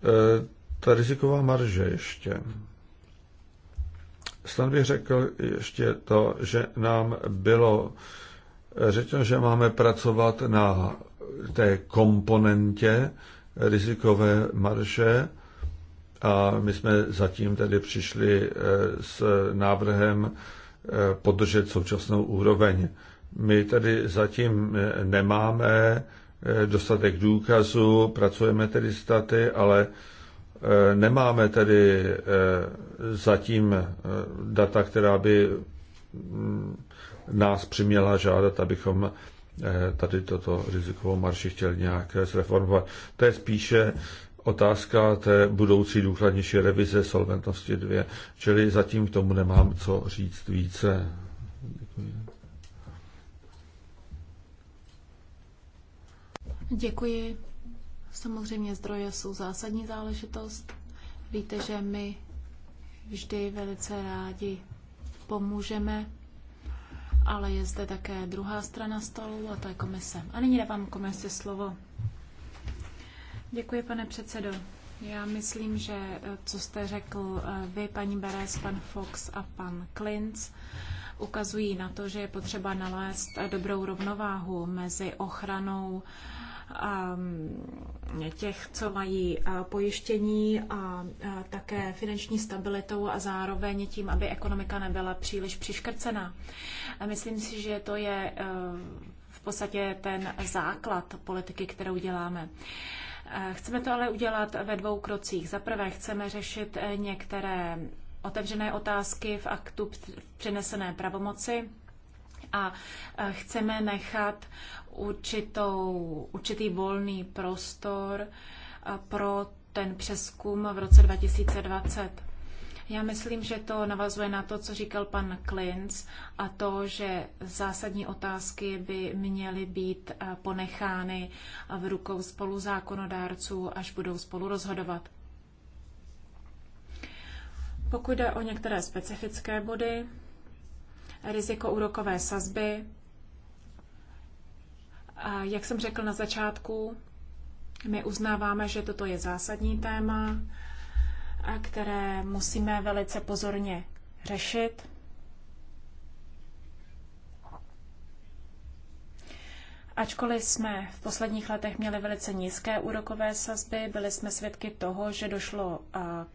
Eh, ta riziková marže ještě. Snad bych řekl ještě to, že nám bylo řečeno, že máme pracovat na té komponentě rizikové marže a my jsme zatím tedy přišli eh, s návrhem eh, podržet současnou úroveň. My tedy zatím eh, nemáme dostatek důkazů, pracujeme tedy s daty, ale Eh, nemáme tedy eh, zatím eh, data, která by mm, nás přiměla žádat, abychom tady toto rizikovou marši chtěli nějak zreformovat. To je spíše otázka té budoucí důkladnější revize solventnosti 2, čili zatím k tomu nemám co říct více. Děkuji. Děkuji. Samozřejmě zdroje jsou zásadní záležitost. Víte, že my vždy velice rádi pomůžeme, ale je zde také druhá strana stolu a to je komise. A nyní dávám komise slovo. Děkuji, pane předsedo. Já myslím, že eh, co jste řekl eh, vy, paní Beres, pan Fox a pan Klinc, ukazují na to, že je potřeba nalézt eh, dobrou rovnováhu mezi ochranou uh, Ehm, těch, co mají eh, pojištění a eh, také finanční stabilitou a zároveň tím, aby ekonomika nebyla příliš přiškrcená. Myslím si, že to je eh, v podstatě ten základ politiky, kterou děláme. Chceme to ale udělat ve dvou krocích. Za prvé chceme řešit některé otevřené otázky v aktu přenesené pravomoci a chceme nechat určitou, určitý volný prostor eh, pro ten přeskum v roce 2020. Já myslím, že to navazuje na to, co říkal pan Klinc a to, že zásadní otázky by měly být eh, ponechány v rukou spoluzákonodárců, až budou spolu rozhodovat. Pokud jde o některé specifické body, riziko úrokové sazby, jak jsem řekl na začátku, my uznáváme, že toto je zásadní téma, a které musíme velice pozorně řešit. Ačkoliv jsme v posledních letech měli velice nízké úrokové sazby, byli jsme svědky toho, že došlo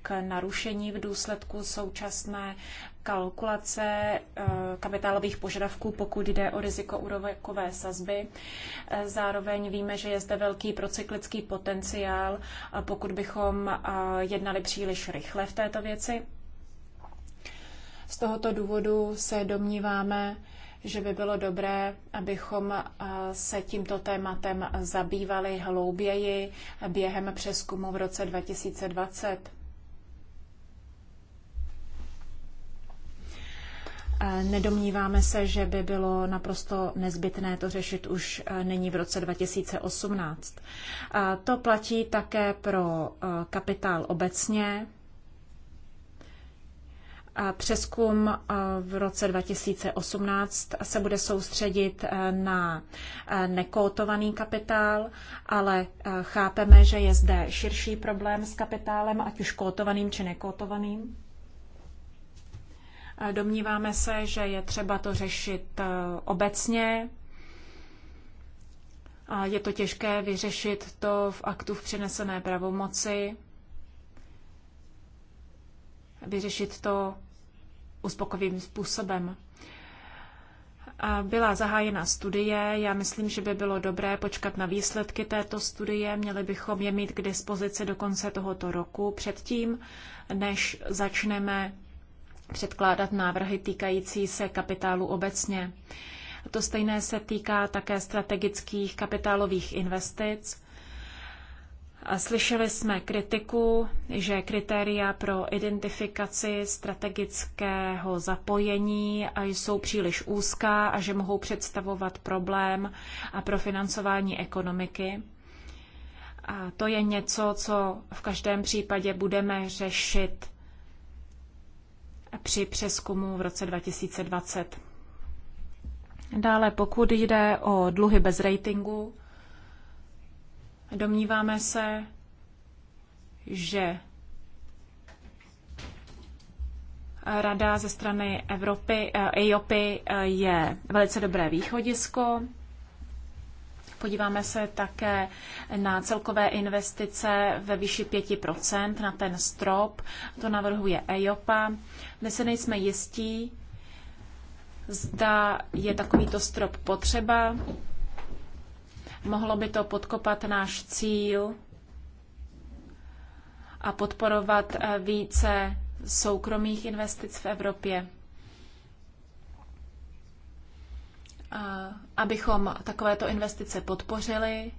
k narušení v důsledku současné kalkulace eh, kapitálových požadavků, pokud jde o riziko úrokové sazby. Eh, zároveň víme, že je zde velký procyklický potenciál, pokud bychom eh, jednali příliš rychle v této věci. Z tohoto důvodu se domníváme, že by bylo dobré, abychom se tímto tématem zabývali hlouběji během přeskumu v roce 2020. Nedomníváme se, že by bylo naprosto nezbytné to řešit už e, nyní v roce 2018. To platí také pro e, kapitál obecně. Přeskum e, v roce 2018 se bude soustředit na nekótovaný kapitál, ale chápeme, že je zde širší problém s kapitálem, ať už kótovaným či nekótovaným. Domníváme se, že je třeba to řešit eh, obecně. A je to těžké vyřešit to v aktu v přenesené pravomoci, vyřešit to uspokojivým způsobem. Byla zahájena studie, já myslím, že by bylo dobré počkat na výsledky této studie, měli bychom je mít k dispozici do konce tohoto roku, předtím, než začneme předkládat návrhy týkající se kapitálu obecně. To stejné se týká také strategických kapitálových investic. A slyšeli jsme kritiku, že kritéria pro identifikaci strategického zapojení jsou příliš úzká a že mohou představovat problém a pro financování ekonomiky. A to je něco, co v každém případě budeme řešit při přeskumu v roce 2020. Dále, pokud jde o dluhy bez ratingu, domníváme se, že Rada ze strany Evropy, eh, EIOPy eh, je velice dobré východisko. Podíváme se také na celkové investice ve výši 5%, na ten strop. To navrhuje EIOPA. My se nejsme jistí, zda je takovýto strop potřeba. Mohlo by to podkopat náš cíl a podporovat eh, více soukromých investic v Evropě. abychom takovéto investice podpořili.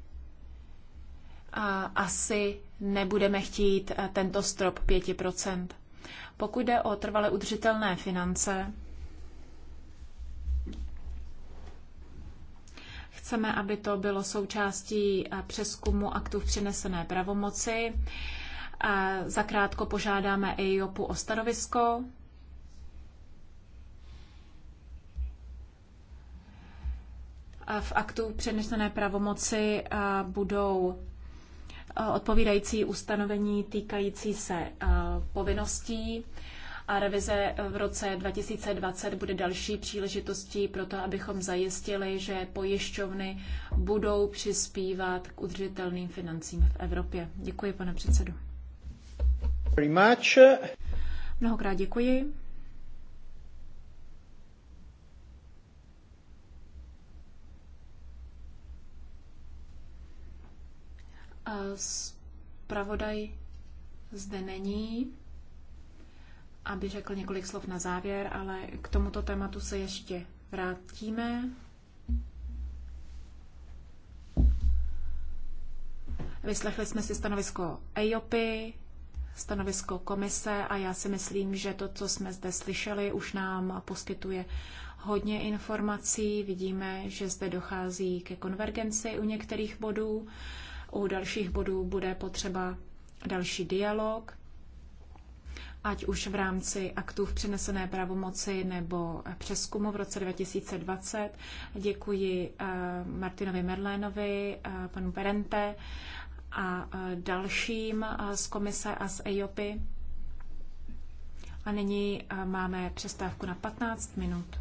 A asi nebudeme chtít eh, tento strop 5%. Pokud jde o trvale udržitelné finance, chceme, aby to bylo součástí eh, přeskumu aktů v přenesené pravomoci. Zakrátko požádáme EIOPu o stanovisko v aktu přenesené pravomoci budou odpovídající ustanovení týkající se povinností. A revize v roce 2020 bude další příležitostí pro to, abychom zajistili, že pojišťovny budou přispívat k udržitelným financím v Evropě. Děkuji, pane předsedu. Mnohokrát děkuji. Spravodaj zde není, aby řekl několik slov na závěr, ale k tomuto tématu se ještě vrátíme. Vyslechli jsme si stanovisko EIOPy, stanovisko komise a já si myslím, že to, co jsme zde slyšeli, už nám poskytuje hodně informací. Vidíme, že zde dochází ke konvergenci u některých bodů. U dalších bodů bude potřeba další dialog, ať už v rámci aktů v přenesené pravomoci nebo přeskumu v roce 2020. Děkuji eh, Martinovi Merlénovi, eh, panu Berente a eh, dalším z komise a z EIOPy. A nyní máme přestávku na 15 minut.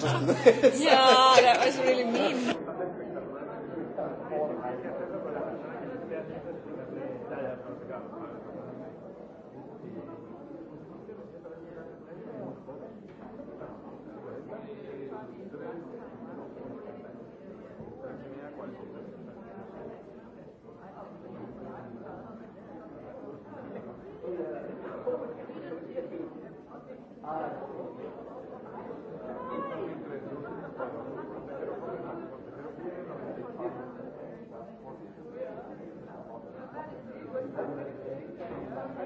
I'm Yeah, that was really mean. Thank ah, you.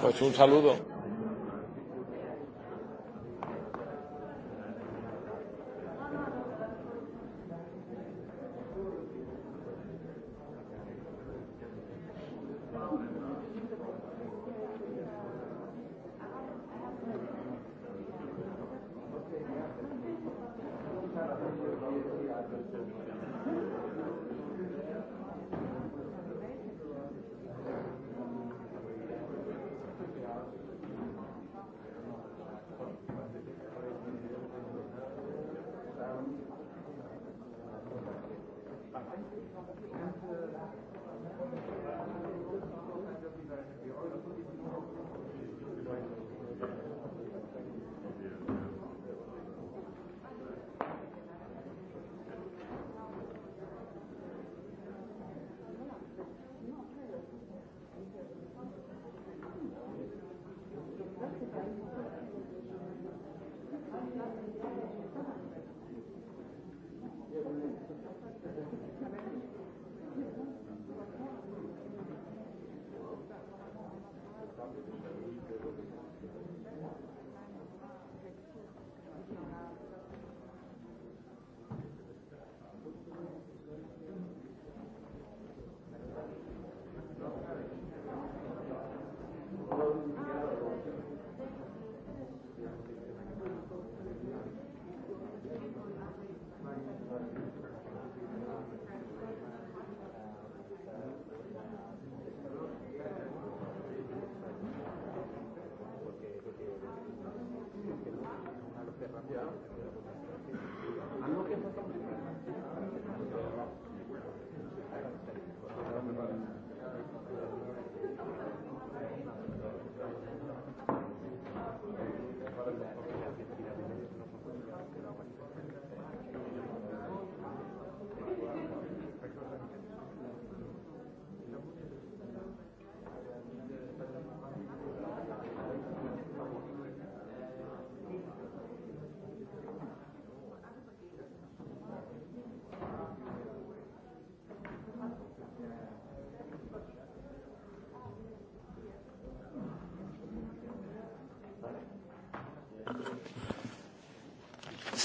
Pues un saludo. and uh,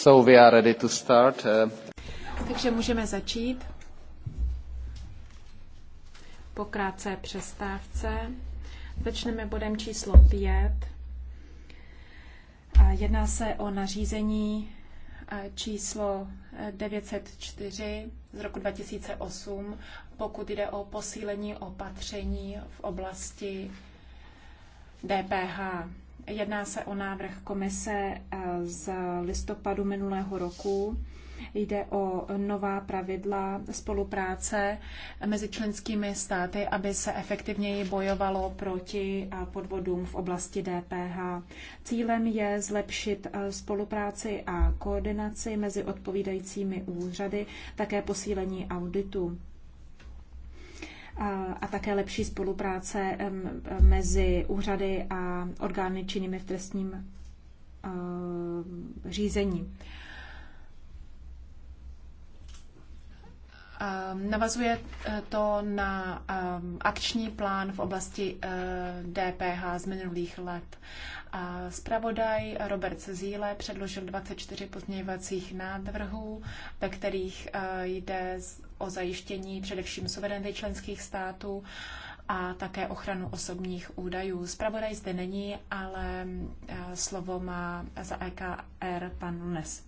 So we are ready to start. Uh, Takže můžeme začít. Po krátce přestávce začneme bodem číslo 5. Jedná se o nařízení číslo 904 e, z roku 2008, pokud jde o posílení opatření v oblasti DPH. Jedná se o návrh komise z listopadu minulého roku. Jde o nová pravidla spolupráce mezi členskými státy, aby se efektivněji bojovalo proti podvodům v oblasti DPH. Cílem je zlepšit spolupráci a koordinaci mezi odpovídajícími úřady, také posílení auditu a také lepší spolupráce mezi úřady a orgány činnými v trestním Eh, řízení. Ehm, navazuje eh, to na ehm, akční plán v oblasti DPH eh, z minulých let. Spravodaj Robert Zíle předložil 24 pozměňovacích návrhů, ve kterých jde o zajištění především suverenity členských států, a také ochranu osobních údajů. Spravodaj zde není, ale eh, slovo má za EKR pan Lunes.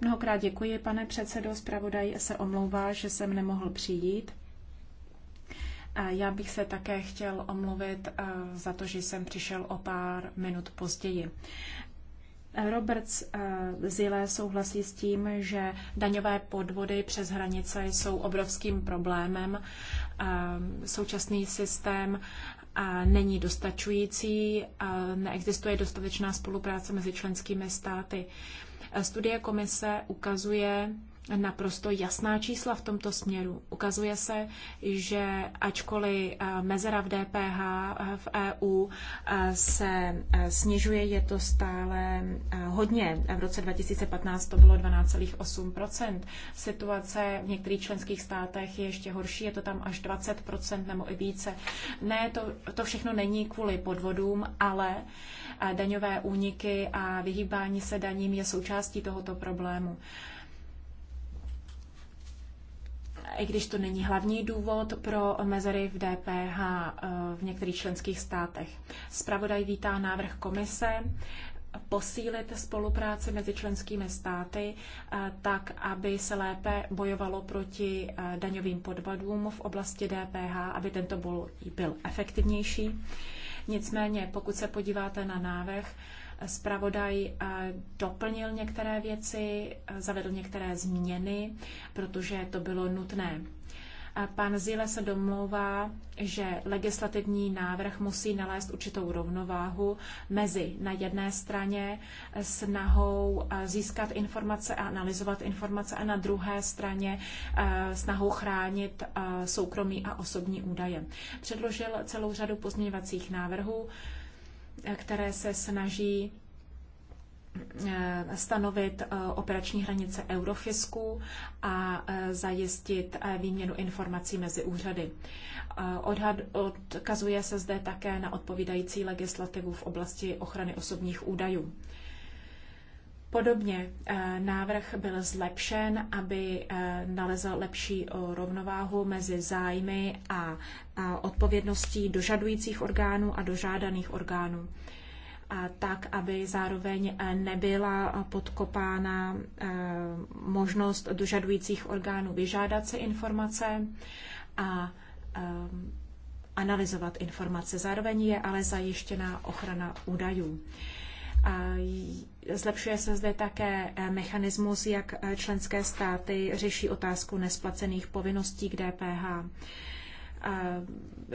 Mnohokrát děkuji, pane předsedo. Spravodaj se omlouvá, že jsem nemohl přijít. Já bych se také chtěl omluvit eh, za to, že jsem přišel o pár minut později. Roberts eh, Zile souhlasí s tím, že daňové podvody přes hranice jsou obrovským problémem Ehm, současný systém není dostačující, neexistuje dostatečná spolupráce mezi členskými státy. Studie komise ukazuje, naprosto jasná čísla v tomto směru. Ukazuje se, že ačkoliv eh, mezera v DPH eh, v EU eh, se snižuje, je to stále hodně. V roce 2015 to bylo 12,8 Situace v některých členských státech je ještě horší, je to tam až 20 nebo i více. Ne, to, to všechno není kvůli podvodům, ale daňové úniky a vyhýbání se daním je součástí tohoto problému i když to není hlavní důvod pro mezery v DPH eh, v některých členských státech. Spravodaj vítá návrh komise posílit spolupráci mezi členskými státy eh, tak, aby se lépe bojovalo proti eh, daňovým podvodům v oblasti DPH, aby tento boj byl efektivnější. Nicméně, pokud se podíváte na návrh, Spravodaj eh, doplnil některé věci, eh, zavedl některé změny, protože to bylo nutné. Eh, pan Zile se domlouvá, že legislativní návrh musí nalézt určitou rovnováhu mezi na jedné straně snahou získat informace a analyzovat informace a na druhé straně snahou chránit soukromí a osobní údaje. Předložil celou řadu pozměňovacích návrhů, které se snaží eh, stanovit eh, operační hranice Eurofisku a eh, zajistit výměnu informací mezi úřady. Odhad, odkazuje se zde také na odpovídající legislativu v oblasti ochrany osobních údajů. Podobně eh, návrh byl zlepšen, aby eh, nalezl lepší rovnováhu mezi zájmy a odpovědností dožadujících orgánů a dožádaných orgánů. A tak, aby zároveň eh, nebyla podkopána možnost dožadujících orgánů vyžádat si informace a analyzovat informace. Zároveň je ale zajištěna ochrana údajů. Zlepšuje se zde také eh, mechanismus, jak eh, členské státy řeší otázku nesplacených povinností k DPH.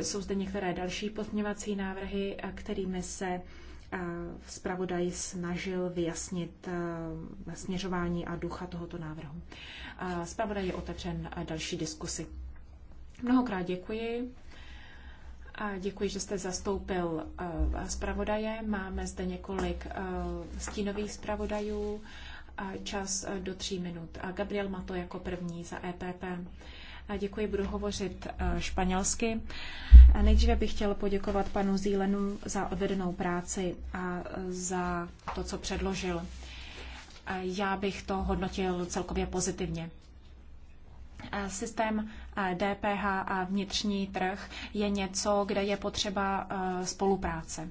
Jsou zde některé další pozměňovací návrhy, eh, kterými se zpravodaj snažil vyjasnit směřování a ducha tohoto návrhu. Zpravodaj je otevřen další diskusy. Mnohokrát děkuji. Děkuji, že jste zastoupil eh, zpravodaje. Máme zde několik eh, stínových zpravodajů. Čas eh, do tří minut. Gabriel Mato jako první za EPP. Děkuji, budu hovořit španělsky. Nejdříve bych chtěl poděkovat panu Zílenu za odvedenou práci a za to, co předložil. Já bych to hodnotil celkově pozitivně. Systém DPH a vnitřní trh je něco, kde je potřeba e, spolupráce.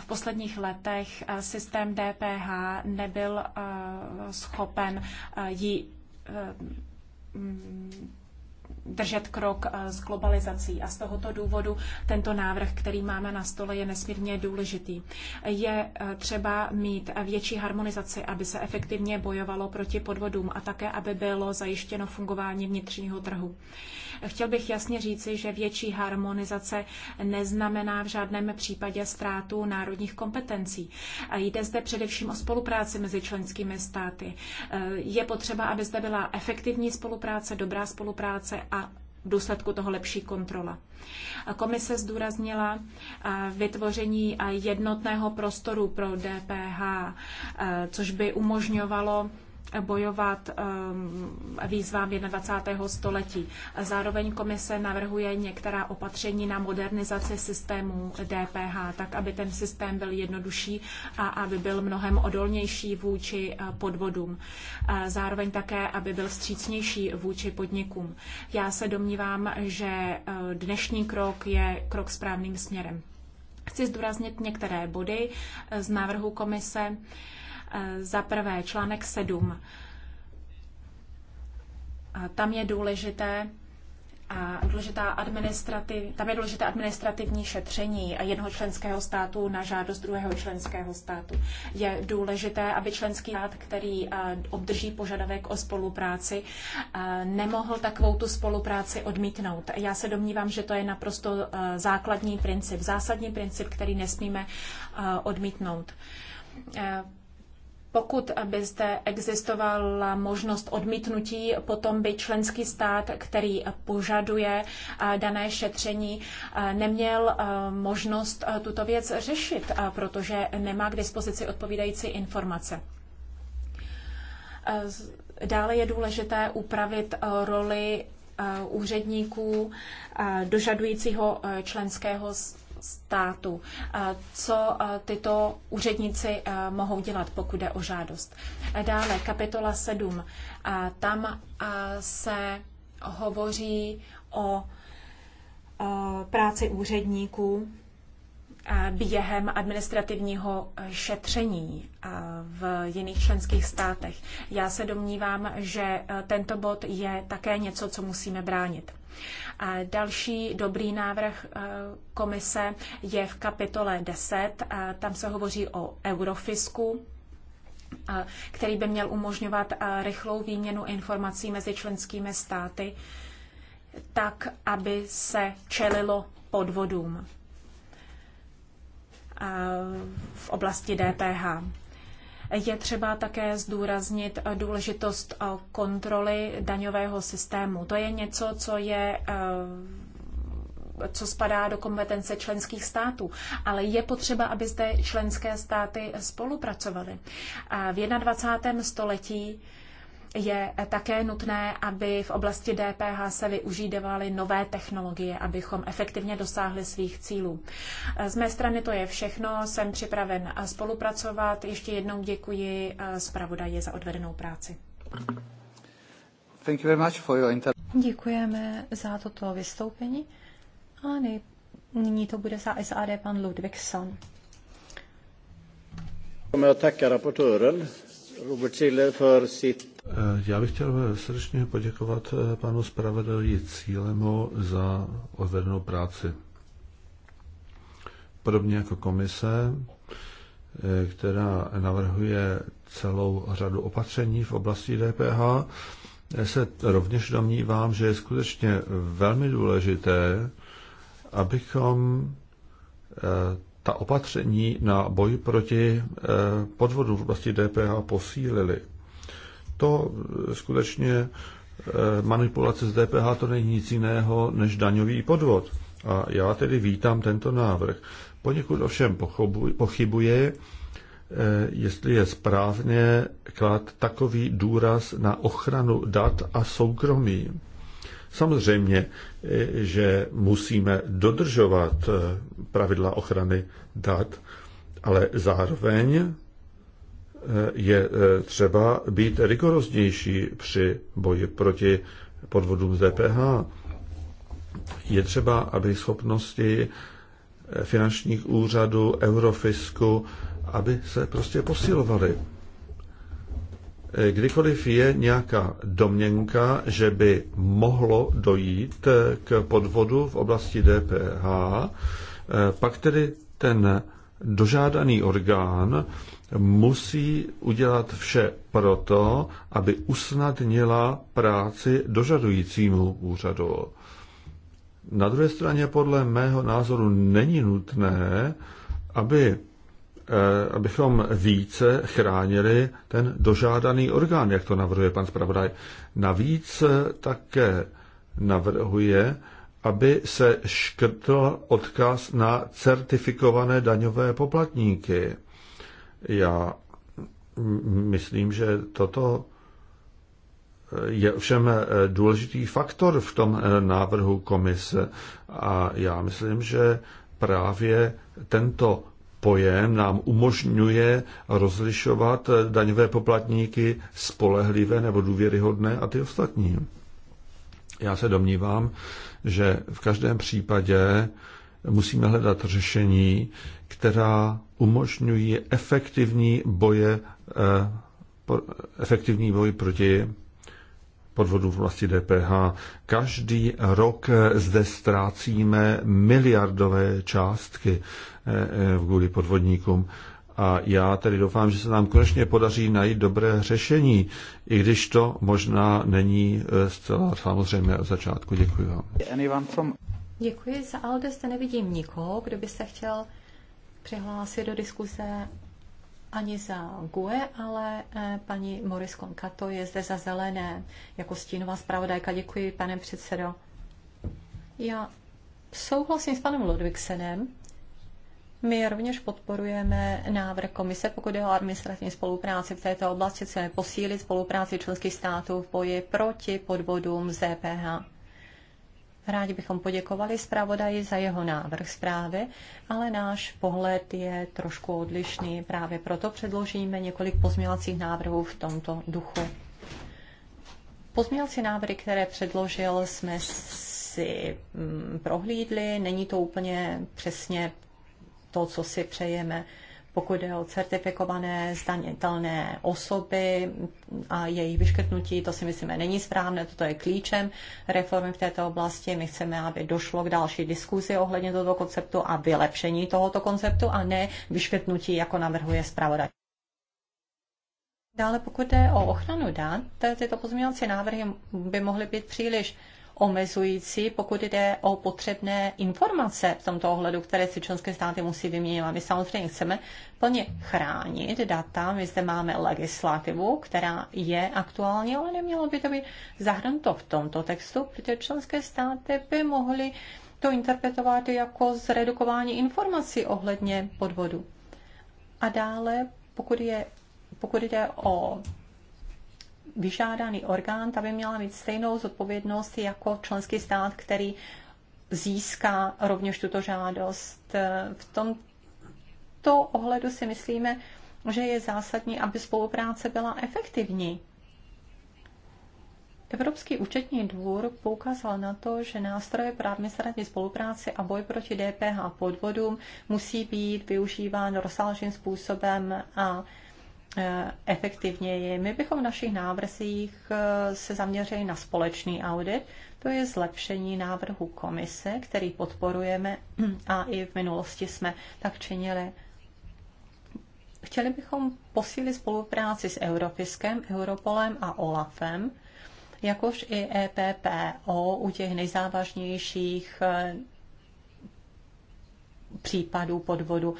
V posledních letech e, systém DPH nebyl e, schopen ji držet krok eh, s globalizací a z tohoto důvodu tento návrh, který máme na stole, je nesmírně důležitý. Je eh, třeba mít větší harmonizaci, aby se efektivně bojovalo proti podvodům a také, aby bylo zajištěno fungování vnitřního trhu. Chtěl bych jasně říci, že větší harmonizace neznamená v žádném případě ztrátu národních kompetencí. Jde zde především o spolupráci mezi členskými státy. Eh, je potřeba, aby zde byla efektivní spolupráce, dobrá spolupráce a v důsledku toho lepší kontrola. Komise zdůraznila eh, vytvoření eh, jednotného prostoru pro DPH, eh, což by umožňovalo bojovat ehm, výzvám 21. století. Zároveň komise navrhuje některá opatření na modernizaci systému DPH, tak aby ten systém byl jednodušší a aby byl mnohem odolnější vůči eh, podvodům. Eh, zároveň také, aby byl střícnější vůči podnikům. Já se domnívám, že eh, dnešní krok je krok správným směrem. Chci zdůraznit některé body z návrhu komise. Eh, za prvé článek 7. Tam je důležité, a důležitá administrativ, tam je důležité administrativní šetření jednoho členského státu na žádost druhého členského státu. Je důležité, aby členský stát, který eh, obdrží požadavek o spolupráci, eh, nemohl takovou tu spolupráci odmítnout. Já se domnívám, že to je naprosto základní princip, zásadní princip, který nesmíme odmítnout pokud by zde existovala možnost odmítnutí, potom by členský stát, který požaduje eh, dané šetření, eh, neměl eh, možnost tuto věc řešit, protože nemá k dispozici odpovídající informace. Dále je důležité upravit roli úředníků dožadujícího členského státu. Eh, co eh, tyto úředníci eh, mohou dělat, pokud jde o žádost? Dále kapitola 7. Tam se hovoří o práci úředníků během administrativního šetření v jiných členských státech. Já se domnívám, že tento bod je také něco, co musíme bránit. Další dobrý návrh eh, komise je v kapitole 10. Tam se hovoří o eurofisku eh, který by měl umožňovat eh, rychlou výměnu informací mezi členskými státy, tak, aby se čelilo podvodům v oblasti DPH. Je třeba také zdůraznit důležitost kontroly daňového systému. To je něco, co je eh, co spadá do kompetence členských států, ale je potřeba, aby zde členské státy spolupracovaly. V 21. století je také nutné, aby v oblasti DPH se využívaly nové technologie, abychom efektivně dosáhli svých cílů. Z mé strany to je všechno. Jsem připraven spolupracovat. Ještě jednou děkuji eh, zpravodaji za odvedenou práci. Thank you very much for your inter- Děkujeme za toto vystoupení. A nej- nyní to bude za SAD pan Ludvíkson. Děkujeme att tacka Robert Siller för sitt Eh, já bych chtěl srdečně poděkovat eh, panu spravedlí Cílemu za odvedenou práci. Podobně jako komise, eh, která navrhuje celou řadu opatření v oblasti DPH, se rovněž domnívám, že je skutečně velmi důležité, abychom ta opatření na boj proti podvodu v oblasti DPH posílili to skutečně eh, manipulace s DPH to není nic jiného než daňový podvod. A já tedy vítám tento návrh. Poněkud ovšem pochybuje, eh, jestli je správně klad takový důraz na ochranu dat a soukromí. Samozřejmě, eh, že musíme dodržovat pravidla ochrany dat, ale zároveň je eh, třeba být rigoroznější při boji proti podvodům z DPH. Je třeba, aby schopnosti eh, finančních úřadů, eurofisku, aby se prostě posilovaly. Eh, kdykoliv je nějaká domněnka, že by mohlo dojít k podvodu v oblasti DPH, pak tedy ten dožádaný orgán musí udělat vše proto, aby usnadnila práci dožadujícímu úřadu. Na druhé straně podle mého názoru není nutné, aby, eh, abychom více chránili ten dožádaný orgán, jak to navrhuje pan zpravodaj. Navíc také navrhuje, aby se škrtl odkaz na certifikované daňové poplatníky. Já myslím, že toto je všem důležitý faktor v tom návrhu komise a já myslím, že právě tento pojem nám umožňuje rozlišovat daňové poplatníky spolehlivé nebo důvěryhodné a ty ostatní. Já se domnívám, že v každém případě musíme hledat řešení, která umožňují efektivní boje, eh, efektivní boj proti podvodů v vlasti DPH. Každý rok eh, zde ztrácíme miliardové částky v eh, kvůli podvodníkům. A já tedy doufám, že se nám konečně podaří najít dobré řešení, i když to možná není zcela samozřejmě od začátku. Děkuji vám. Děkuji. Za Aldo, zde nevidím nikoho, kdo by se chtěl přihlásit do diskuze ani za GUE, ale eh, paní Moris Konkato je zde za zelené jako stínová zpravodajka. Děkuji, pane předsedo. Já souhlasím s panem Ludvigsenem. My rovněž podporujeme návrh komise, pokud je o administrativní spolupráci v této oblasti, chceme posílit spolupráci členských států v boji proti podvodům ZPH. E Rádi bychom poděkovali zpravodaji za jeho návrh zprávy, ale náš pohled je trošku odlišný. Právě proto předložíme několik pozměňovacích návrhů v tomto duchu. Pozměňovací návrhy, které předložil, jsme si mm, prohlídli. Není to úplně přesně to, co si přejeme pokud jde o certifikované zdanitelné osoby a jejich vyškrtnutí, to si myslíme není správné, toto je klíčem reformy v této oblasti. My chceme, aby došlo k další diskuzi ohledně tohoto konceptu a vylepšení tohoto konceptu a ne vyškrtnutí, jako navrhuje zpravodaj. Dále pokud jde o ochranu dat, tyto pozměňovací návrhy by mohly být příliš omezující, pokud jde o potřebné informace v tomto ohledu, které si členské státy musí vyměňovat. My samozřejmě chceme plně chránit data, my zde máme legislativu, která je aktuální, ale nemělo by to být zahrnuto v tomto textu, protože členské státy by mohly to interpretovat jako zredukování informací ohledně podvodu. A dále, pokud, je, pokud jde o vyžádaný orgán, ta by měla mít stejnou zodpovědnost jako členský stát, který získá rovněž tuto žádost. V tomto ohledu si myslíme, že je zásadní, aby spolupráce byla efektivní. Evropský účetní dvůr poukázal na to, že nástroje pro administrativní spolupráci a boj proti DPH podvodům musí být využíván rozsáhlým způsobem a Eh, efektivněji. My bychom v našich návrzích eh, se zaměřili na společný audit, to je zlepšení návrhu komise, který podporujeme a i v minulosti jsme tak činili. Chtěli bychom posílit spolupráci s Europiskem, Europolem a OLAFem, jakož i EPPO u těch nejzávažnějších eh, případů podvodu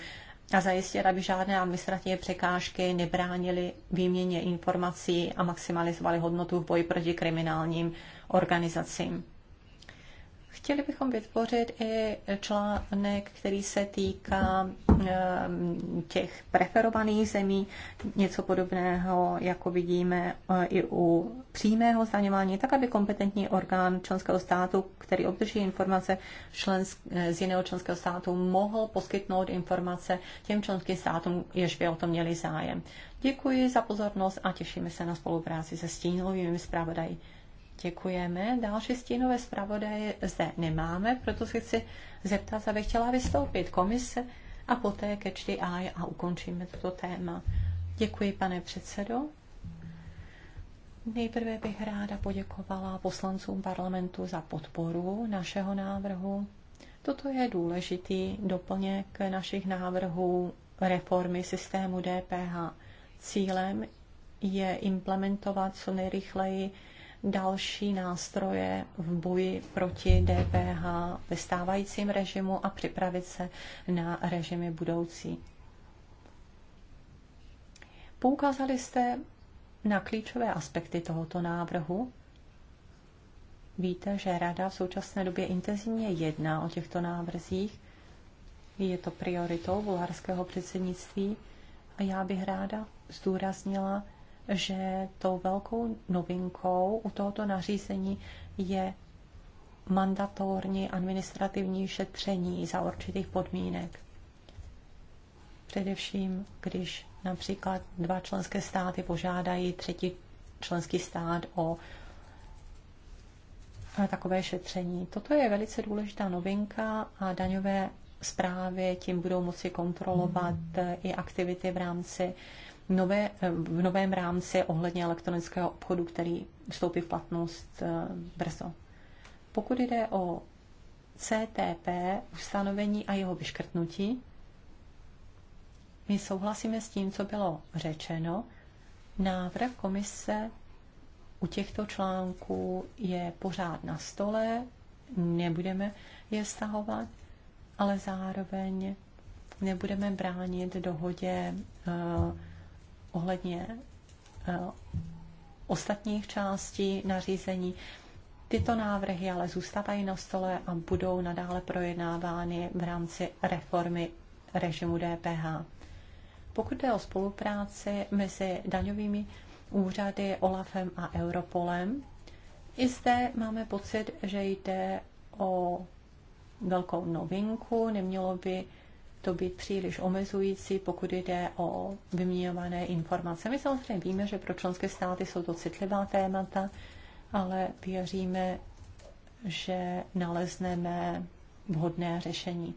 a zajistit, aby žádné administrativní překážky nebránily výměně informací a maximalizovaly hodnotu v boji proti kriminálním organizacím. Chtěli bychom vytvořit i článek, který se týká ehm, těch preferovaných zemí, něco podobného, jako vidíme eh, i u přímého zdaňování, tak aby kompetentní orgán členského státu, který obdrží informace člensk, eh, z jiného členského státu, mohl poskytnout informace těm členským státům, jež by o to měli zájem. Děkuji za pozornost a těšíme se na spolupráci se stínovými zpravodaji. Děkujeme. Další stínové zpravodaje zde nemáme, proto se chci zeptat, aby chtěla vystoupit komise a poté ke a a ukončíme toto téma. Děkuji, pane předsedo. Nejprve bych ráda poděkovala poslancům parlamentu za podporu našeho návrhu. Toto je důležitý doplněk našich návrhů reformy systému DPH. Cílem je implementovat co nejrychleji další nástroje v boji proti DPH ve stávajícím režimu a připravit se na režimy budoucí. Poukázali jste na klíčové aspekty tohoto návrhu. Víte, že Rada v současné době intenzivně jedná o těchto návrzích. Je to prioritou bulharského předsednictví a já bych ráda zdůraznila že tou velkou novinkou u tohoto nařízení je mandatorní administrativní šetření za určitých podmínek. Především, když například dva členské státy požádají třetí členský stát o takové šetření. Toto je velice důležitá novinka a daňové zprávy tím budou moci kontrolovat i aktivity v rámci nové, v novém rámci ohledně elektronického obchodu, který vstoupí v platnost eh, brzo. Pokud jde o CTP, ustanovení a jeho vyškrtnutí, my souhlasíme s tím, co bylo řečeno. Návrh komise u těchto článků je pořád na stole, nebudeme je stahovat, ale zároveň nebudeme bránit dohodě uh, ohledně eh, ostatních částí nařízení. Tyto návrhy ale zůstávají na stole a budou nadále projednávány v rámci reformy režimu DPH. Pokud jde o spolupráci mezi daňovými úřady, OLAFem a Europolem, i zde máme pocit, že jde o velkou novinku, nemělo by to být příliš omezující, pokud jde o vyměňované informace. My samozřejmě víme, že pro členské státy jsou to citlivá témata, ale věříme, že nalezneme vhodné řešení.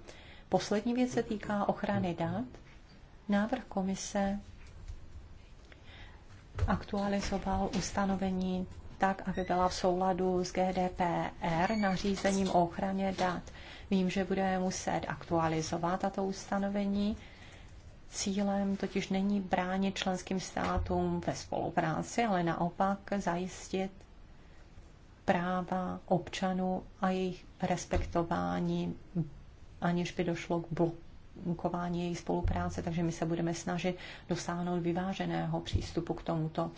Poslední věc se týká ochrany dat. Návrh komise aktualizoval ustanovení tak, aby byla v souladu s GDPR nařízením o ochraně dat. Vím, že bude muset aktualizovat tato ustanovení. Cílem totiž není bránit členským státům ve spolupráci, ale naopak zajistit práva občanů a jejich respektování, aniž by došlo k blokování jejich spolupráce. Takže my se budeme snažit dosáhnout vyváženého přístupu k tomuto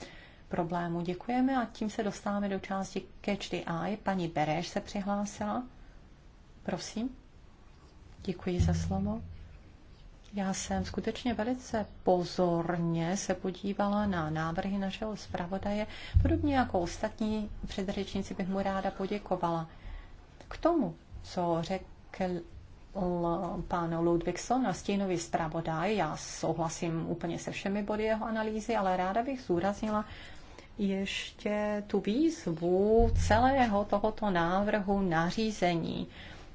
problému. Děkujeme a tím se dostáváme do části Catch the Eye. Paní Bereš se přihlásila. Prosím. Děkuji za slovo. Já jsem skutečně velice pozorně se podívala na návrhy našeho zpravodaje. Podobně jako ostatní předřečníci bych mu ráda poděkovala. K tomu, co řekl pan Ludvíkson a stínový zpravodaj, já souhlasím úplně se všemi body jeho analýzy, ale ráda bych zúraznila ještě tu výzvu celého tohoto návrhu nařízení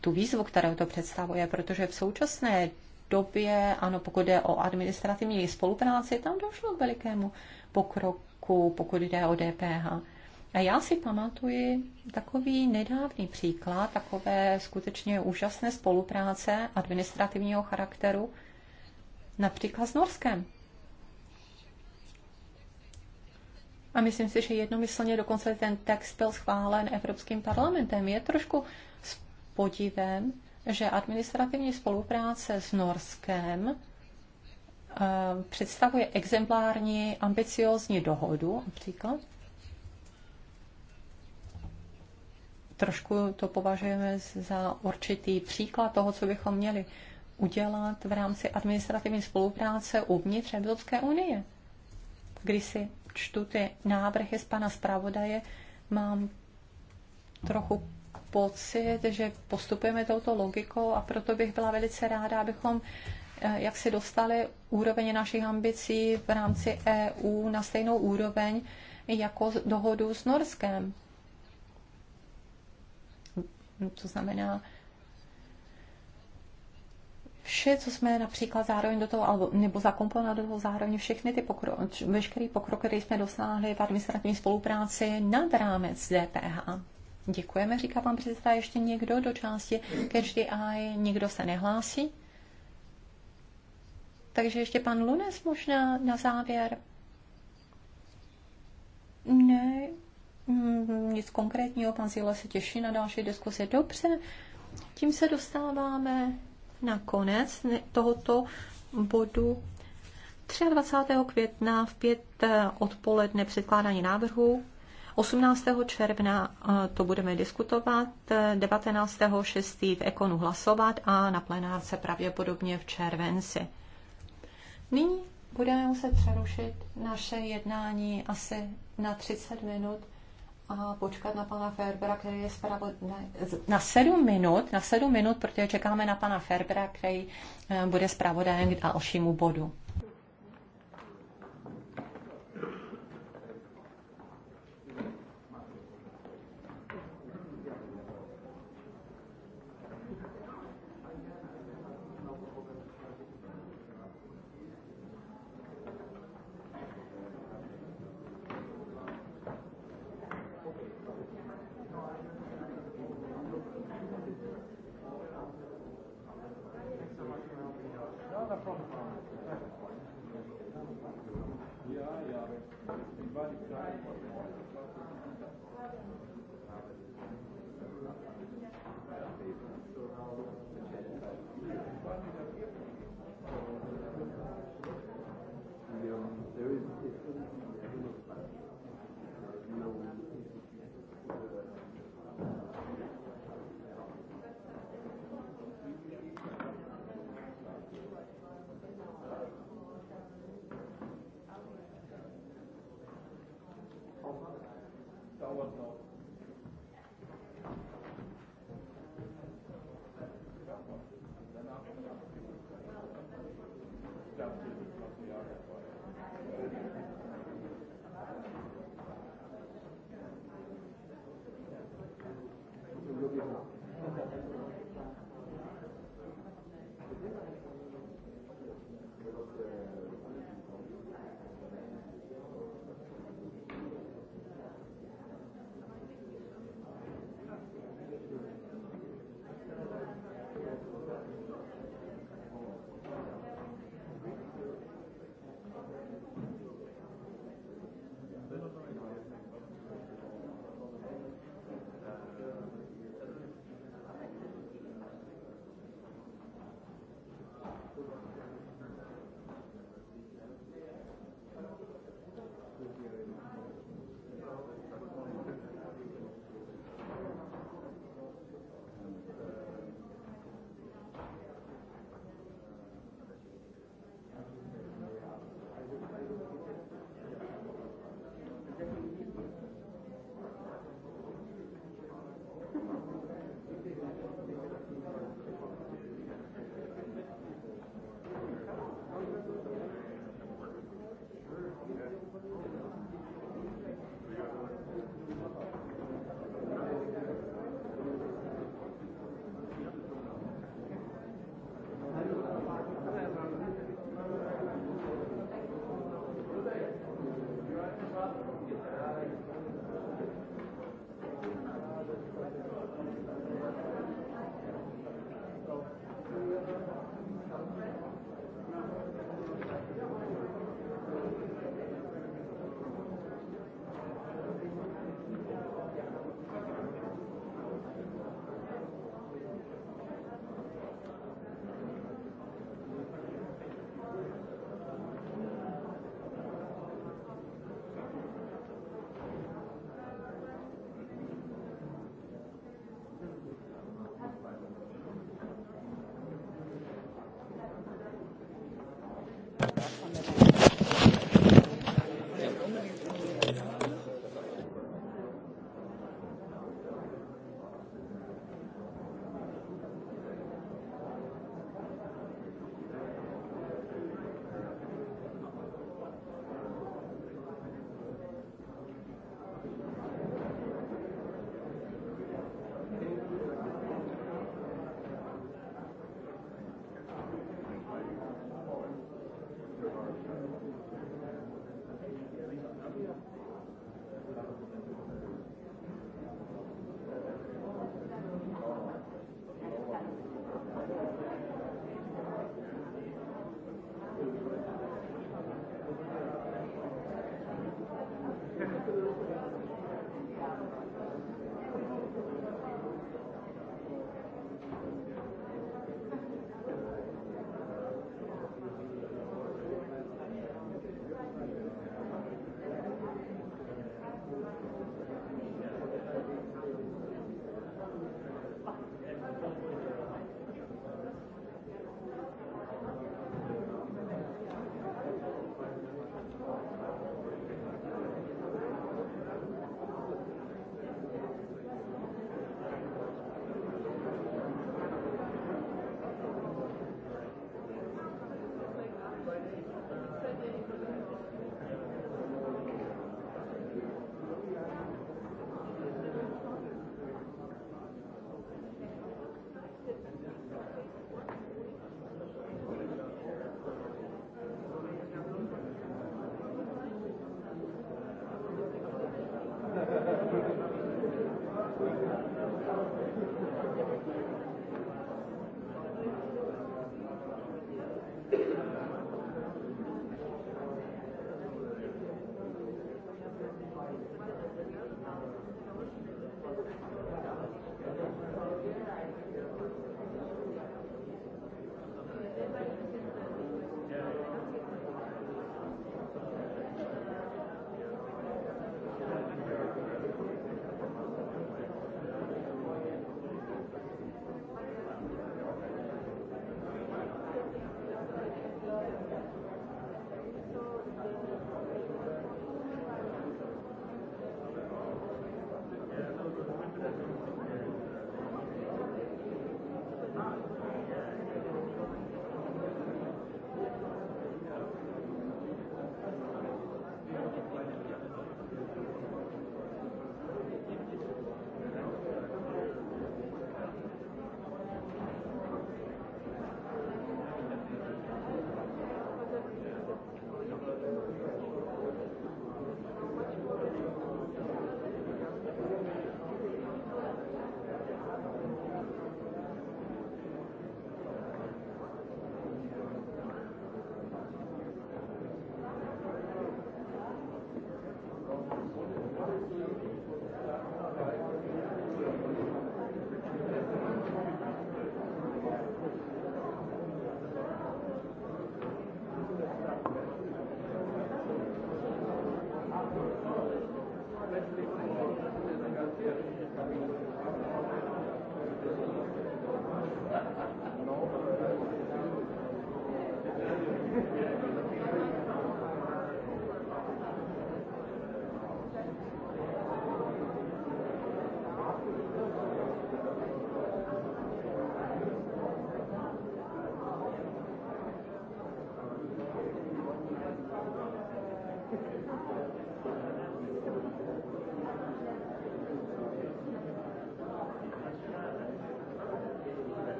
tu výzvu, kterou to představuje, protože v současné době, ano, pokud jde o administrativní spolupráci, tam došlo k velikému pokroku, pokud jde o DPH. A já si pamatuji takový nedávný příklad, takové skutečně úžasné spolupráce administrativního charakteru, například s Norskem. A myslím si, že jednomyslně dokonce ten text byl schválen Evropským parlamentem. Je trošku podivem, že administrativní spolupráce s Norskem eh, představuje exemplární ambiciózní dohodu, například. Trošku to považujeme za určitý příklad toho, co bychom měli udělat v rámci administrativní spolupráce uvnitř Evropské unie. Když si čtu ty návrhy z pana zpravodaje, mám trochu pocit, že postupujeme touto logikou a proto bych byla velice ráda, abychom eh, jak si dostali úroveň našich ambicí v rámci EU na stejnou úroveň jako dohodu s Norskem. To znamená, vše, co jsme například zároveň do toho, nebo zakomponovali do toho zároveň všechny ty pokroky, veškerý pokrok, který jsme dosáhli v administrativní spolupráci nad rámec DPH. Děkujeme, říká pan předseda. Ještě někdo do části Catch the Eye? Nikdo se nehlásí? Takže ještě pan Lunes možná na závěr. Ne, mm, nic konkrétního, pan Zíle se těší na další diskuse. Dobře, tím se dostáváme na konec tohoto bodu 23. května v pět eh, odpoledne předkládání návrhu 18. června eh, to budeme diskutovat, 19. Eh, 6. v Ekonu hlasovat a na plenárce pravděpodobně v červenci. Nyní budeme muset přerušit naše jednání asi na 30 minut a počkat na pana Ferbera, který je zpravodaj... Na 7 minut, na 7 minut, protože čekáme na pana Ferbera, který eh, bude zpravodajem k dalšímu bodu.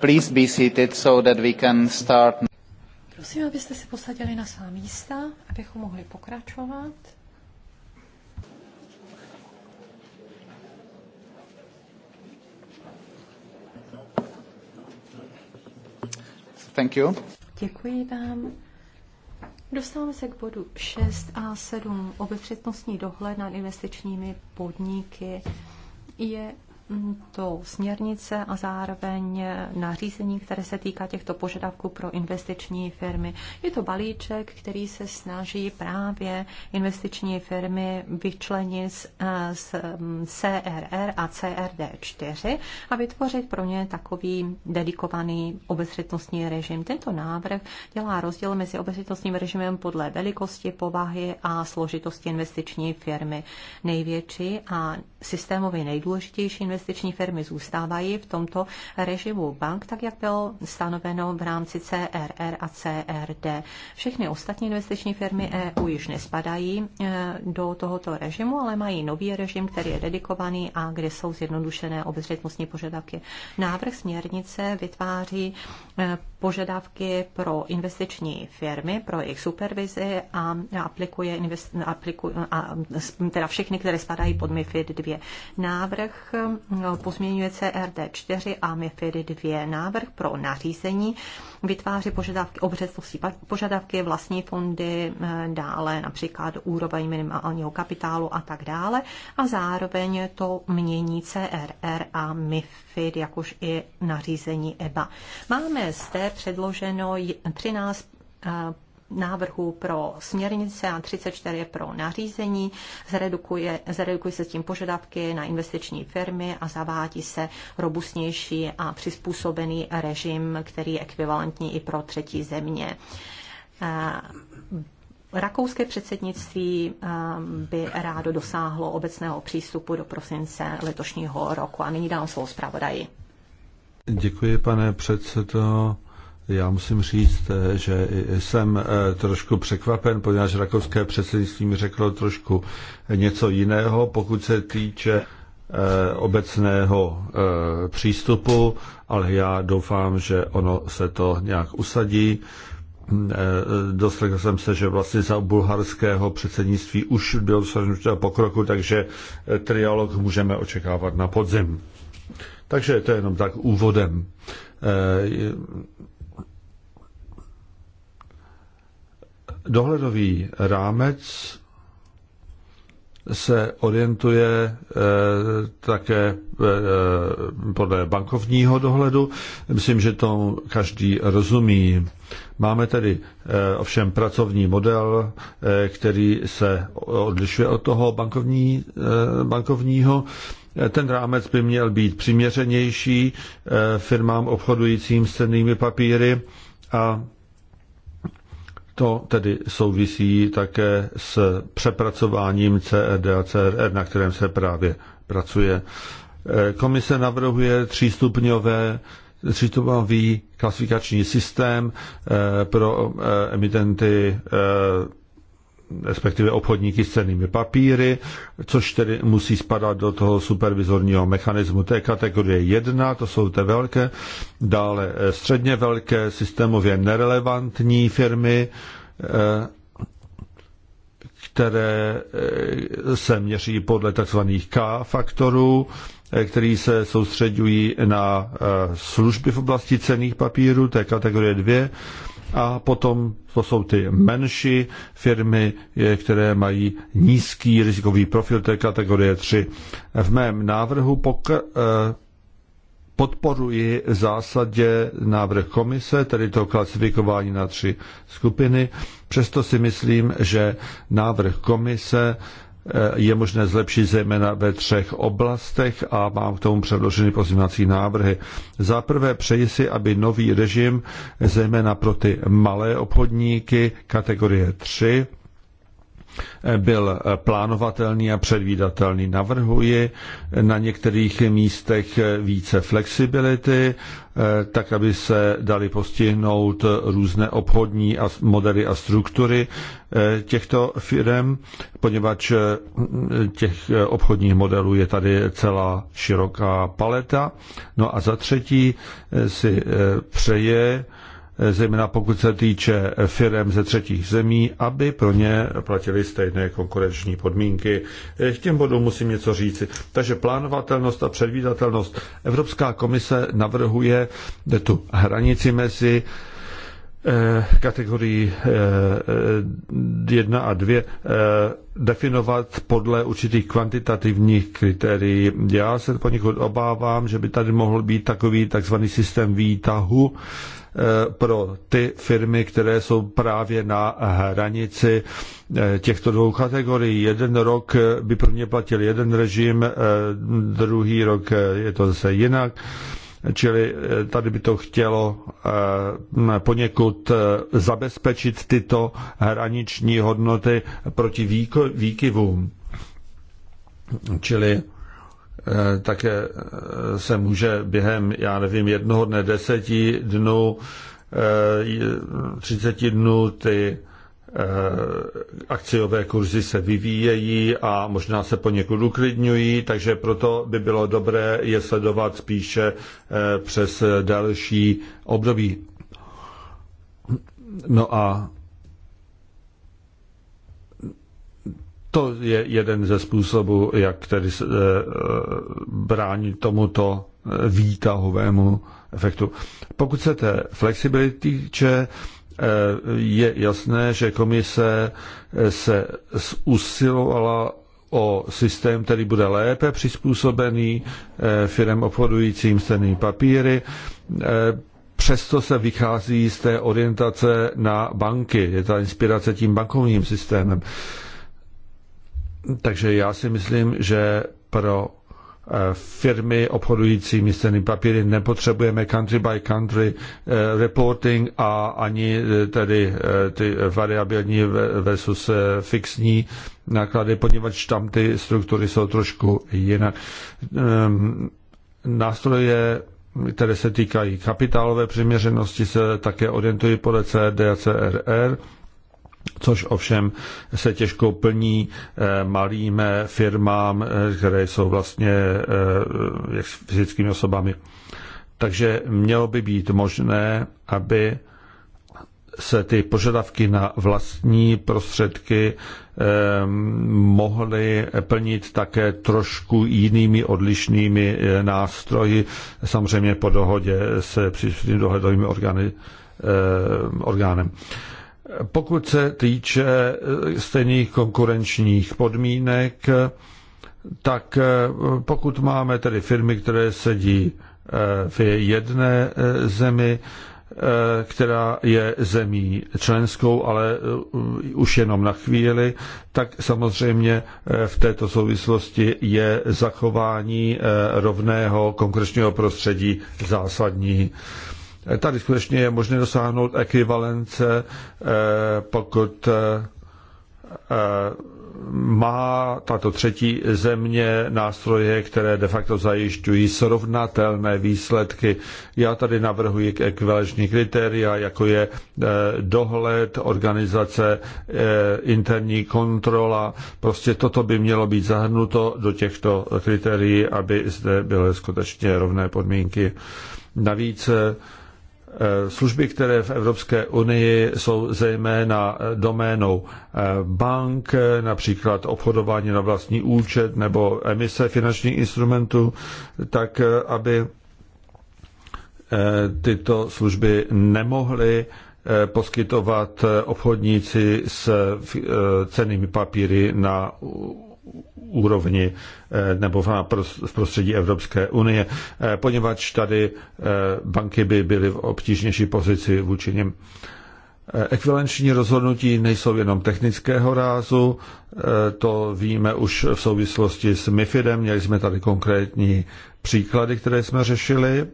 Please be seated so that we can start. Prosím, abyste se posadili na svá místa, abychom mohli pokračovat. Thank you. Děkuji vám. Dostáváme se k bodu 6 a 7. Obezřetnostní dohled nad investičními podniky je to směrnice a zároveň nařízení, které se týká těchto požadavků pro investiční firmy. Je to balíček, který se snaží právě investiční firmy vyčlenit z, eh, z mm, CRR a CRD4 a vytvořit pro ně takový dedikovaný obezřetnostní režim. Tento návrh dělá rozdíl mezi obezřetnostním režimem podle velikosti, povahy a složitosti investiční firmy. Největší a systémově nejdůležitější investiční firmy zůstávají v tomto režimu bank, tak jak bylo stanoveno v rámci CRR a CRD. Všechny ostatní investiční firmy EU již nespadají e, do tohoto režimu, ale mají nový režim, který je dedikovaný a kde jsou zjednodušené obezřetnostní požadavky. Návrh směrnice vytváří e, požadavky pro investiční firmy, pro jejich supervizi a aplikuje, invest, apliku, a, teda všechny, které spadají pod MIFID 2 2. Návrh no, pozměňuje CRD 4 a MIFID 2. Návrh pro nařízení vytváří požadavky, obřeslosti požadavky, vlastní fondy, eh, dále například úroveň minimálního kapitálu a tak dále. A zároveň to mění CRR a MIFID, jakož i nařízení EBA. Máme zde předloženo 13 návrhů pro směrnice a 34 pro nařízení. Zredukuje, zredukují se s tím požadavky na investiční firmy a zavádí se robustnější a přizpůsobený režim, který je ekvivalentní i pro třetí země. Eh, rakouské předsednictví eh, by rádo dosáhlo obecného přístupu do prosince letošního roku. A nyní dám svou zpravodaji. Děkuji, pane předsedo. Já musím říct, eh, že jsem eh, trošku překvapen, poněvadž rakouské předsednictví mi řeklo trošku eh, něco jiného, pokud se týče obecného přístupu, ale já doufám, že ono se to nějak usadí. Mm, dostal jsem se, že vlastně za bulharského předsednictví už byl dosaženo pokroku, takže trialog můžeme očekávat na podzim. Takže to je jenom tak úvodem. Dohledový rámec se orientuje eh, také eh, podle bankovního dohledu. Myslím, že to každý rozumí. Máme tedy eh, ovšem pracovní model, který se odlišuje od toho bankovní, bankovního. Ten rámec by měl být přiměřenější firmám obchodujícím s cennými papíry a to tedy souvisí také s přepracováním CRD e a CRR, e na kterém se právě pracuje. E, komise navrhuje třístupňové třístupňový klasifikační systém pro emitenty respektive obchodníky s cenými papíry, což tedy musí spadat do toho supervizorního mechanismu. To je kategorie 1, to jsou ty velké, dále eh, středně velké, systémově nerelevantní firmy, eh, které eh, se měří podle tzv. K faktorů, který se soustředují na služby v oblasti cených papírů, to je kategorie 2, a potom to jsou ty menší firmy, které mají nízký rizikový profil té kategorie 3. V mém návrhu pokr- eh, podporuji v zásadě návrh komise, tedy to klasifikování na tři skupiny. Přesto si myslím, že návrh komise Eh, je možné zlepšit zejména ve třech oblastech a mám k tomu předloženy pozměňovací návrhy. Za prvé přeji si, aby nový režim, zejména pro ty malé obchodníky kategorie 3, byl plánovatelný a předvídatelný. Navrhuji na některých místech více flexibility, eh, tak aby se dali postihnout různé obchodní a modely a struktury eh, těchto firm, poněvadž eh, těch obchodních modelů je tady celá široká paleta. No a za třetí si přeje zejména pokud se týče firm ze třetích zemí, aby pro ně platili stejné konkurenční podmínky. K těm bodům musím něco říci. Takže plánovatelnost a předvídatelnost. Evropská komise navrhuje tu hranici mezi eh, kategorii 1 eh, a 2 eh, definovat podle určitých kvantitativních kritérií. Já se poněkud obávám, že by tady mohl být takový takzvaný systém výtahu, Eh, pro ty firmy, které jsou právě na hranici eh, těchto dvou kategorií. Jeden rok eh, by pro ně platil jeden režim, druhý rok je to zase jinak. Čili tady by to chtělo poněkud zabezpečit tyto hraniční hodnoty proti výkyvům. Čili Eh, také eh, se může během, já nevím, jednoho dne, deseti dnů, eh, třiceti dnů ty akciové kurzy se vyvíjejí a možná se poněkud uklidňují, takže proto by bylo dobré je sledovat spíše přes další období. No a To je jeden ze způsobů, jak tedy eh, bránit tomuto eh, výtahovému efektu. Pokud se té flexibility týče, eh, je jasné, že komise se usilovala o systém, který bude lépe přizpůsobený firem obchodujícím cenný papíry. Přesto se vychází z té orientace na banky. Je ta inspirace tím bankovním systémem. Takže já si myslím, že pro eh, firmy obchodující místní papíry nepotřebujeme country by country eh, reporting a ani eh, tedy ty variabilní versus fixní náklady, poněvadž tam ty struktury jsou trošku jinak. Ehm, nástroje které se týkají kapitálové přiměřenosti, se také orientují podle CRD a CRR což ovšem se těžko plní eh, malým eh, firmám, eh, které jsou vlastně fyzickými osobami. Takže mělo by být možné, aby se ty požadavky na vlastní prostředky ehm, mohly plnit také trošku jinými odlišnými nástroji, samozřejmě po dohodě se příslušnými dohledovými orgány, orgánem. Pokud se týče eh, stejných konkurenčních podmínek, tak eh, pokud máme tedy firmy, které sedí eh, v jedné zemi, která je zemí členskou, ale už jenom na chvíli, tak samozřejmě v této souvislosti je zachování rovného konkurenčního prostředí zásadní. Tady skutečně je možné dosáhnout ekvivalence, eh, pokud eh, eh, má tato třetí země nástroje, které de facto zajišťují srovnatelné výsledky. Já tady navrhuji k ekvivalenční kritéria, jako je dohled, organizace, interní kontrola. Prostě toto by mělo být zahrnuto do těchto kritérií, aby zde byly skutečně rovné podmínky. Navíc Eh, služby, které v Evropské unii jsou zejména eh, doménou eh, bank, například obchodování na vlastní účet nebo emise finančních instrumentů, tak aby tyto služby nemohly poskytovat obchodníci s cenými papíry na úrovni eh, nebo v prostředí Evropské unie, eh, poněvadž tady eh, banky by byly v obtížnější pozici vůči nim. Ekvivalenční rozhodnutí nejsou jenom technického rázu, to víme už v souvislosti s MIFIDem, měli jsme tady konkrétní příklady, které jsme řešili.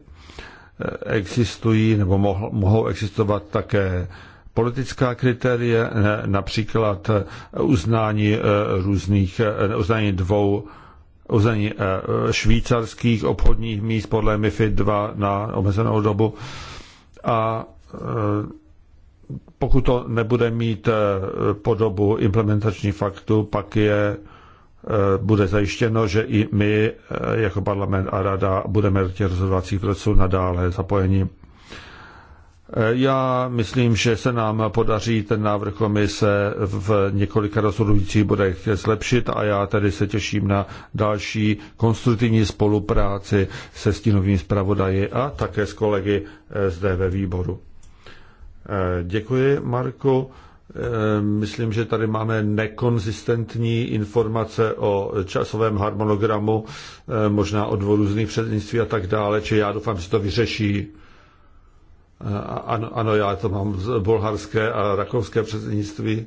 Existují nebo mohou existovat také politická kritéria, například eh, uznání eh, různých, eh, uznání dvou uznání švýcarských obchodních míst podle MIFID 2 na omezenou dobu. A pokud to nebude mít podobu implementační faktu, pak je bude zajištěno, že i my jako parlament a rada budeme do těch rozhodovacích procesů nadále zapojeni. Já myslím, že se nám podaří ten návrh komise v několika rozhodujících bodech zlepšit a já tedy se těším na další konstruktivní spolupráci se stínovými zpravodaji a také s kolegy eh, zde ve výboru. Eh, děkuji, Marku. Eh, myslím, že tady máme nekonzistentní informace o časovém harmonogramu, možná o dvou různých předsednictví a tak dále, či já doufám, že to vyřeší ano, ano, já to mám z bulharské a rakouské předsednictví.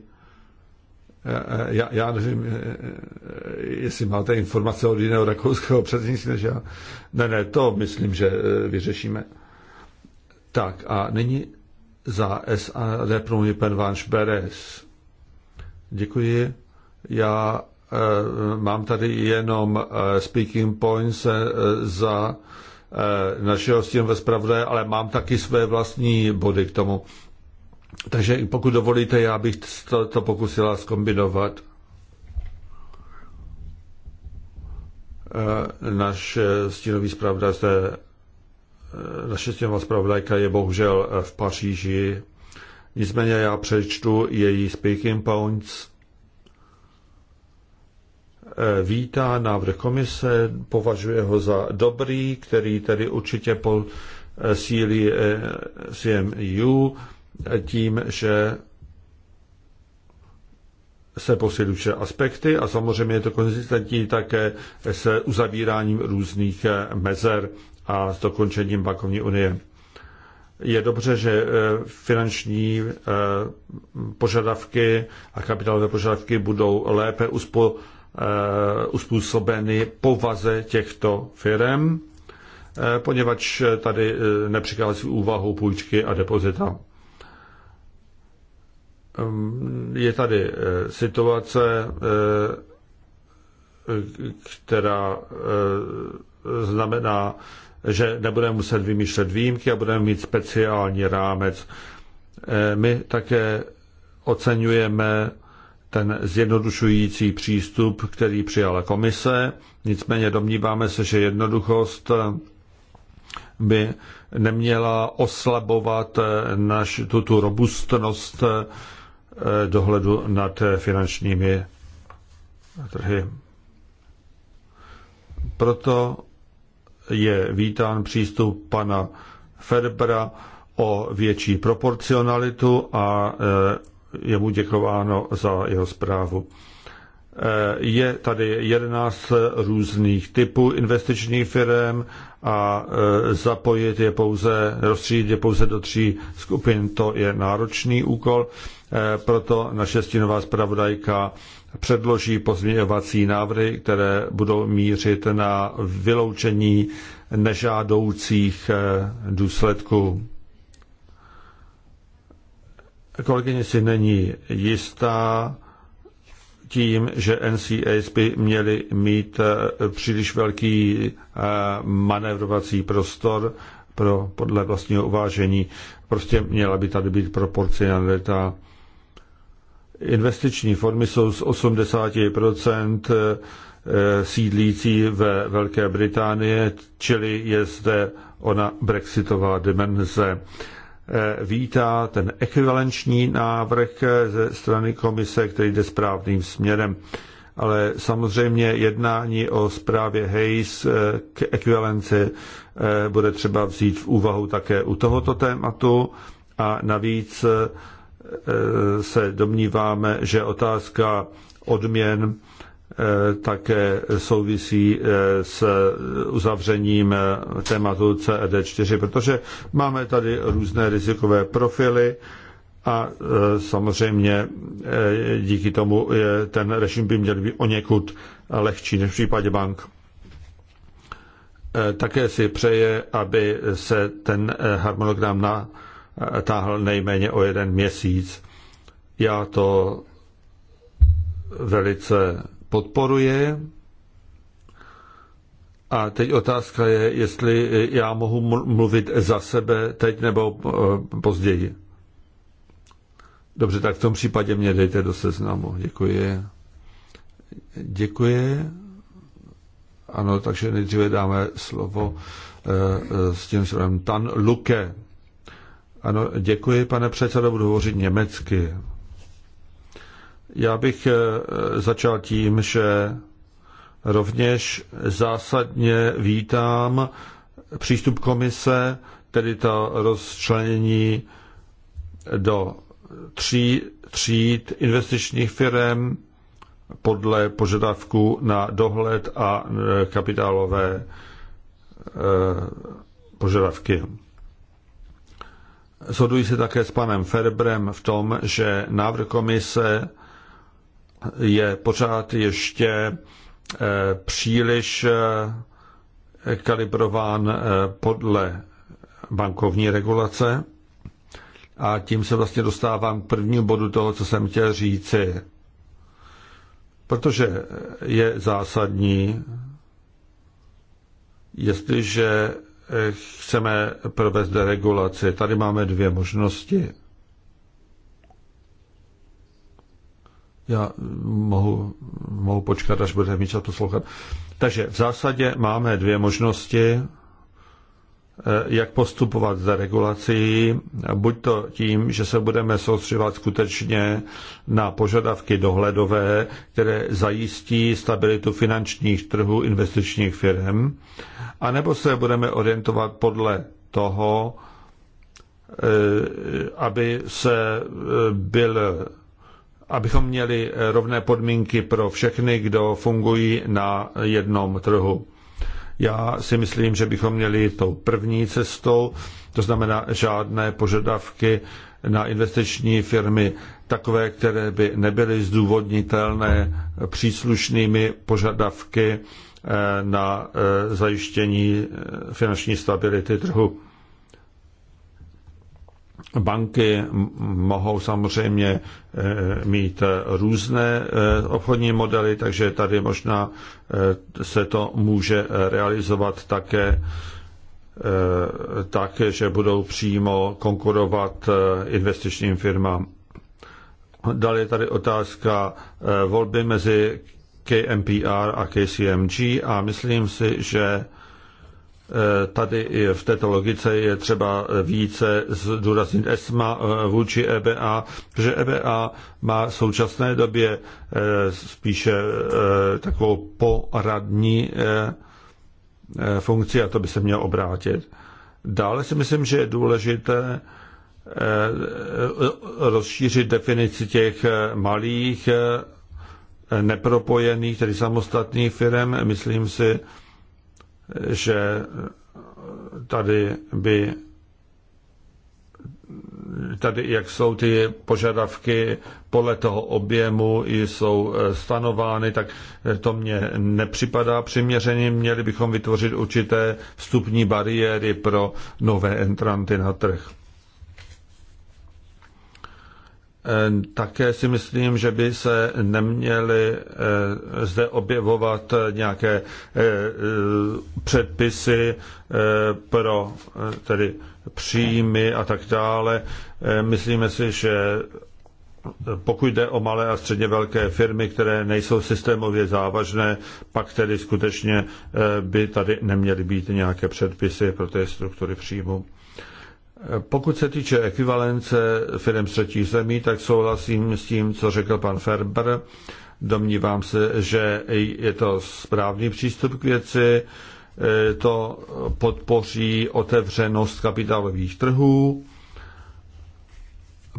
E, e, já, já nevím, e, jestli máte informace od jiného rakouského předsednictví než já. Ne, ne, to myslím, že vyřešíme. Tak a nyní za SAD promluví pan Vanš Beres. Děkuji. Já mám tady jenom speaking points za Eh, našeho stínu ve spravdě, ale mám taky své vlastní body k tomu. Takže pokud dovolíte, já bych to, to pokusila skombinovat. Eh, Naš stínový zpravodaj zde, eh, naše stínová zpravodajka je bohužel v Paříži. Nicméně já přečtu její speaking points vítá návrh komise, považuje ho za dobrý, který tedy určitě posílí eh, CMU tím, že se posilují aspekty a samozřejmě je to konzistentní také s uzavíráním různých eh, mezer a s dokončením bankovní unie. Je dobře, že eh, finanční požadavky a kapitálové požadavky budou lépe uspořádány Eh, uspůsobeny povaze těchto firm, eh, poněvadž tady eh, nepřichází úvahu půjčky a depozita. Je tady situace, která znamená, že nebudeme muset vymýšlet výjimky a budeme mít speciální rámec. My také oceňujeme ten zjednodušující přístup, který přijala komise. Nicméně domníváme se, že jednoduchost by neměla oslabovat naš, tu, robustnost eh, dohledu nad finančními trhy. Proto je vítán přístup pana Ferbera o větší proporcionalitu a eh, je mu děkováno za jeho zprávu. Eh, je tady 11 různých typů investičních firm a eh, zapojit je pouze, rozstřídit je pouze do tří skupin. To je náročný úkol, eh, proto naše stínová zpravodajka předloží pozměňovací návrhy, které budou mířit na vyloučení nežádoucích důsledků. Kolegyně si není jistá tím, že NCAs by měly mít eh, příliš velký eh, manévrovací prostor pro, podle vlastního uvážení. Prostě měla by tady být proporcionalita. Investiční formy jsou z 80% eh, sídlící ve Velké Británii, čili je zde ona brexitová dimenze vítá ten ekvivalenční návrh ze strany komise, který jde správným směrem. Ale samozřejmě jednání o zprávě Hayes eh, k ekvivalenci eh, bude třeba vzít v úvahu také u tohoto tématu a navíc eh, se domníváme, že otázka odměn Eh, také souvisí eh, s uzavřením eh, tématu CED4, protože máme tady různé rizikové profily a samozřejmě díky tomu ten režim by měl být o někud lehčí než v případě bank. Také si přeje, aby se ten harmonogram natáhl nejméně o jeden měsíc. Já to velice podporuje. A teď otázka je, jestli já mohu mluvit za sebe teď nebo eh, později. Dobře, tak v tom případě mě dejte do seznamu. Děkuji. Děkuji. Ano, takže nejdříve dáme slovo eh, s tím slovem Tan Luke. Ano, děkuji, pane předsedo, budu hovořit německy. Já bych eh, začal tím, že rovněž zásadně vítám přístup komise, tedy to rozčlenění do tří tříd investičních firm podle požadavků na dohled a eh, kapitálové eh, požadavky. Shoduji se také s panem Ferbrem v tom, že návrh komise je pořád ještě eh, příliš eh, kalibrován eh, podle bankovní regulace. A tím se vlastně dostávám k prvnímu bodu toho, co jsem chtěl říci. Protože je zásadní, jestliže chceme provést deregulaci. Tady máme dvě možnosti. Já mohu, mohu počkat, až budete mít čas poslouchat. Takže v zásadě máme dvě možnosti, eh, jak postupovat za regulací, buď to tím, že se budeme soustředovat skutečně na požadavky dohledové, které zajistí stabilitu finančních trhů investičních firm, anebo se budeme orientovat podle toho, eh, aby se eh, byl abychom měli eh, rovné podmínky pro všechny, kdo fungují na jednom trhu. Já si myslím, že bychom měli tou první cestou, to znamená žádné požadavky na investiční firmy, takové, které by nebyly zdůvodnitelné příslušnými požadavky eh, na eh, zajištění finanční stability trhu. Banky mohou samozřejmě e, mít různé e, obchodní modely, takže tady možná e, se to může realizovat také tak, že budou přímo konkurovat investičním firmám. Dále je tady otázka volby mezi KMPR a KCMG a myslím si, že Eh, tady i v této logice je třeba více zdůraznit ESMA eh, vůči EBA, že EBA má v současné době eh, spíše takovou poradní funkci a to by se mělo obrátit. Dále si myslím, že je důležité rozšířit definici těch malých nepropojených, tedy samostatných firm. Myslím si, že tady by tady, jak jsou ty požadavky podle toho objemu, jsou eh, stanovány, tak eh, to mně nepřipadá přiměřeně. Měli bychom vytvořit určité vstupní bariéry pro nové entranty na trh. Ehm, také si myslím, že by se neměly eh, zde objevovat eh, nějaké eh, předpisy pro tedy příjmy a tak dále. Ehm, myslíme si, že pokud jde o malé a středně velké firmy, které nejsou systémově závažné, pak tedy skutečně by tady neměly být nějaké předpisy pro ty struktury příjmu. Pokud se týče ekvivalence firm z třetích zemí, tak souhlasím s tím, co řekl pan Ferber. Domnívám se, že je to správný přístup k věci. To podpoří otevřenost kapitálových trhů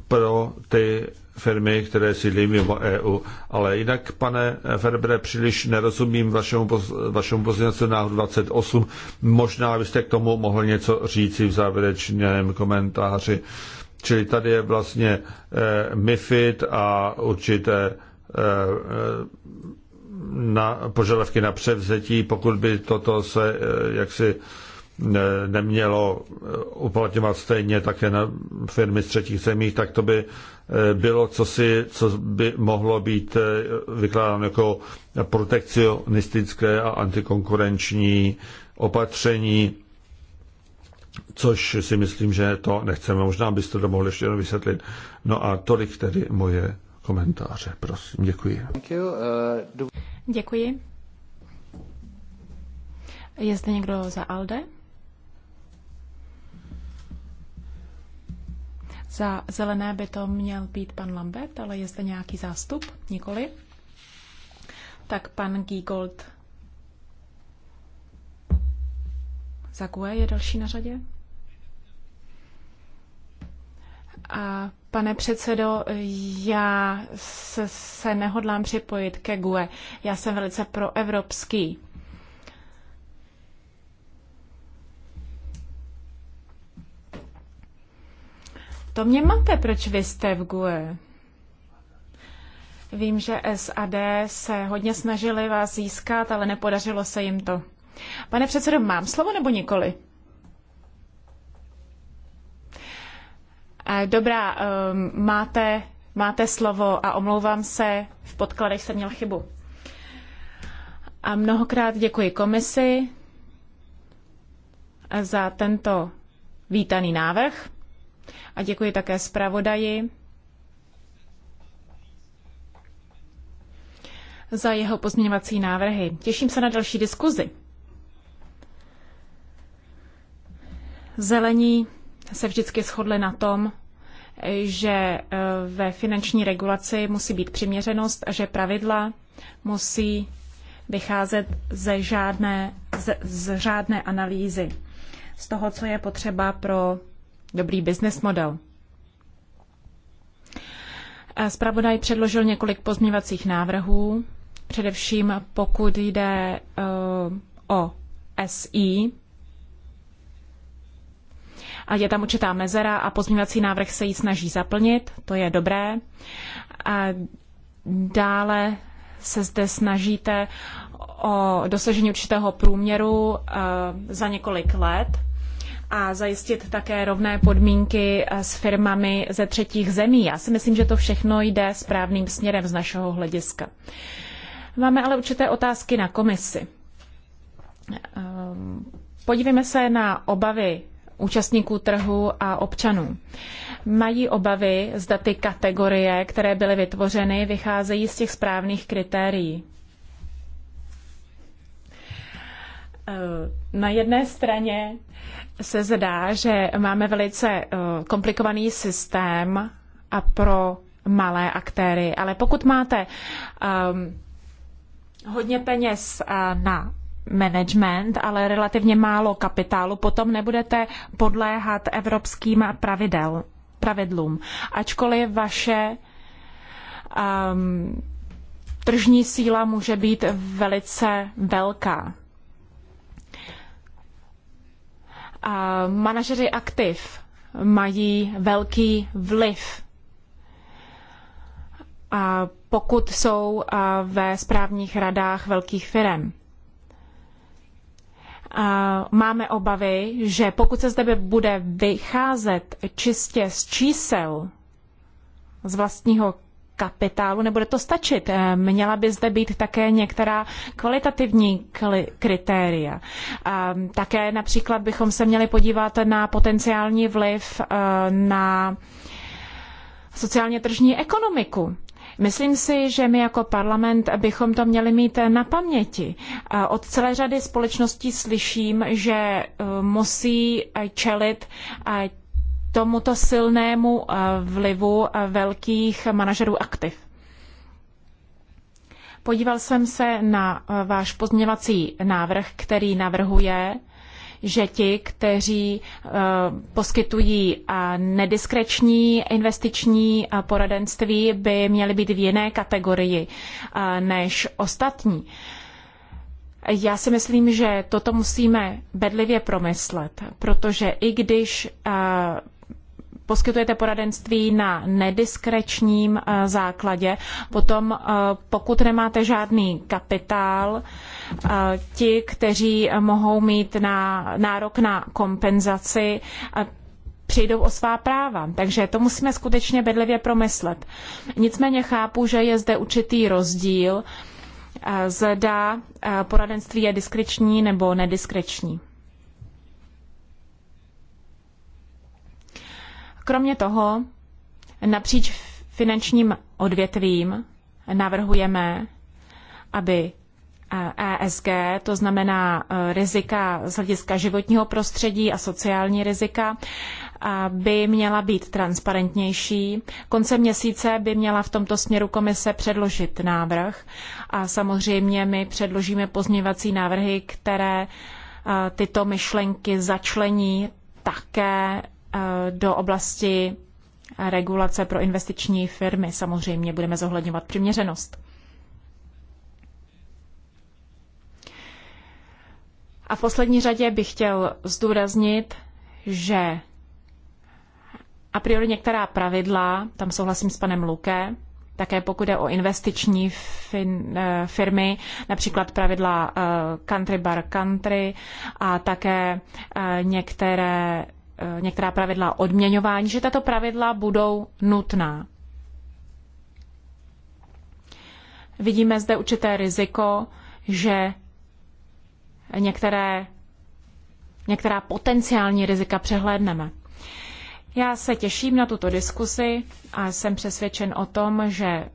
pro ty firmy, které sídlí mimo EU. Ale jinak, pane Ferbre, příliš nerozumím vašemu, vašemu pozornosti na 28. Možná byste k tomu mohl něco říci v závěrečném komentáři. Čili tady je vlastně eh, MIFID a určité eh, na, požadavky na převzetí, pokud by toto se eh, jaksi nemělo eh, uplatňovat stejně také na firmy z třetích zemích, tak to by Eh, bylo cosi, co by mohlo být eh, vykládáno jako protekcionistické a antikonkurenční opatření, což si myslím, že to nechceme. Možná byste to mohli ještě jenom vysvětlit. No a tolik tedy moje komentáře. Prosím, děkuji. Eh, děkuji. Je zde někdo za ALDE? Za zelené by to měl být pan Lambert, ale je zde nějaký zástup? Nikoli? Tak pan Giegold za GUE je další na řadě. A pane předsedo, já se, se nehodlám připojit ke GUE. Já jsem velice proevropský. To mě máte, proč vy jste v GUE. Vím, že SAD se hodně snažili vás získat, ale nepodařilo se jim to. Pane předsedo, mám slovo nebo nikoli? Eh, dobrá, ehm, máte, máte slovo a omlouvám se, v podkladech jsem měl chybu. A mnohokrát děkuji komisi za tento vítaný návrh. A děkuji také zpravodaji za jeho pozměňovací návrhy. Těším se na další diskuzi. Zelení se vždycky shodli na tom, že eh, ve finanční regulaci musí být přiměřenost a že pravidla musí vycházet ze žádné, ze, z žádné analýzy, z toho, co je potřeba pro dobrý business model. Spravodaj předložil několik pozměňovacích návrhů, především pokud jde eh, o SI. A je tam určitá mezera a pozměňovací návrh se jí snaží zaplnit, to je dobré. A dále se zde snažíte o dosažení určitého průměru eh, za několik let a zajistit také rovné podmínky eh, s firmami ze třetích zemí. Já si myslím, že to všechno jde správným směrem z našeho hlediska. Máme ale určité otázky na komisi. Ehm, podívejme se na obavy účastníků trhu a občanů. Mají obavy, zda ty kategorie, které byly vytvořeny, vycházejí z těch správných kritérií. Eh, na jedné straně se zdá, že máme velice eh, komplikovaný systém a pro malé aktéry, ale pokud máte um, hodně peněz eh, na management, ale relativně málo kapitálu, potom nebudete podléhat evropským pravidel, pravidlům. Ačkoliv vaše um, tržní síla může být velice velká. manažeři aktiv mají velký vliv, pokud jsou ve správních radách velkých firm. Máme obavy, že pokud se zde bude vycházet čistě z čísel, z vlastního kapitálu, nebude to stačit. Eh, měla by zde být také některá kvalitativní kritéria. Eh, také například bychom se měli podívat na potenciální vliv eh, na sociálně tržní ekonomiku. Myslím si, že my jako parlament bychom to měli mít na paměti. Od celé řady společností slyším, že musí čelit tomuto silnému eh, vlivu eh, velkých manažerů aktiv. Podíval jsem se na eh, váš pozměňovací návrh, který navrhuje, že ti, kteří poskytují nediskreční investiční poradenství, by měli být v jiné kategorii než ostatní. Já si myslím, že toto musíme bedlivě promyslet, protože i když poskytujete poradenství na nediskrečním eh, základě. Potom, eh, pokud nemáte žádný kapitál, eh, ti, kteří mohou mít na, nárok na kompenzaci, přijdou o svá práva. Takže to musíme skutečně bedlivě promyslet. Nicméně chápu, že je zde určitý rozdíl, zda poradenství je diskreční nebo nediskreční. Kromě toho napříč finančním odvětvím navrhujeme, aby ESG, eh, e to znamená eh, rizika z hlediska životního prostředí a sociální rizika, eh, by měla být transparentnější. Konce měsíce by měla v tomto směru komise předložit návrh a samozřejmě my předložíme pozměňovací návrhy, které tyto myšlenky začlení také Eh, do oblasti regulace pro investiční firmy. Samozřejmě budeme zohledňovat přiměřenost. A v poslední řadě bych chtěl zdůraznit, že a priori některá pravidla, tam souhlasím s panem Luke, také pokud je o investiční fin, eh, firmy, například pravidla eh, country bar country a také některé Eh, některá pravidla odměňování, že tato pravidla budou nutná. Vidíme zde určité riziko, že některé, některá potenciální rizika přehlédneme. Já se těším na tuto diskusi a jsem přesvědčen o tom, že eh,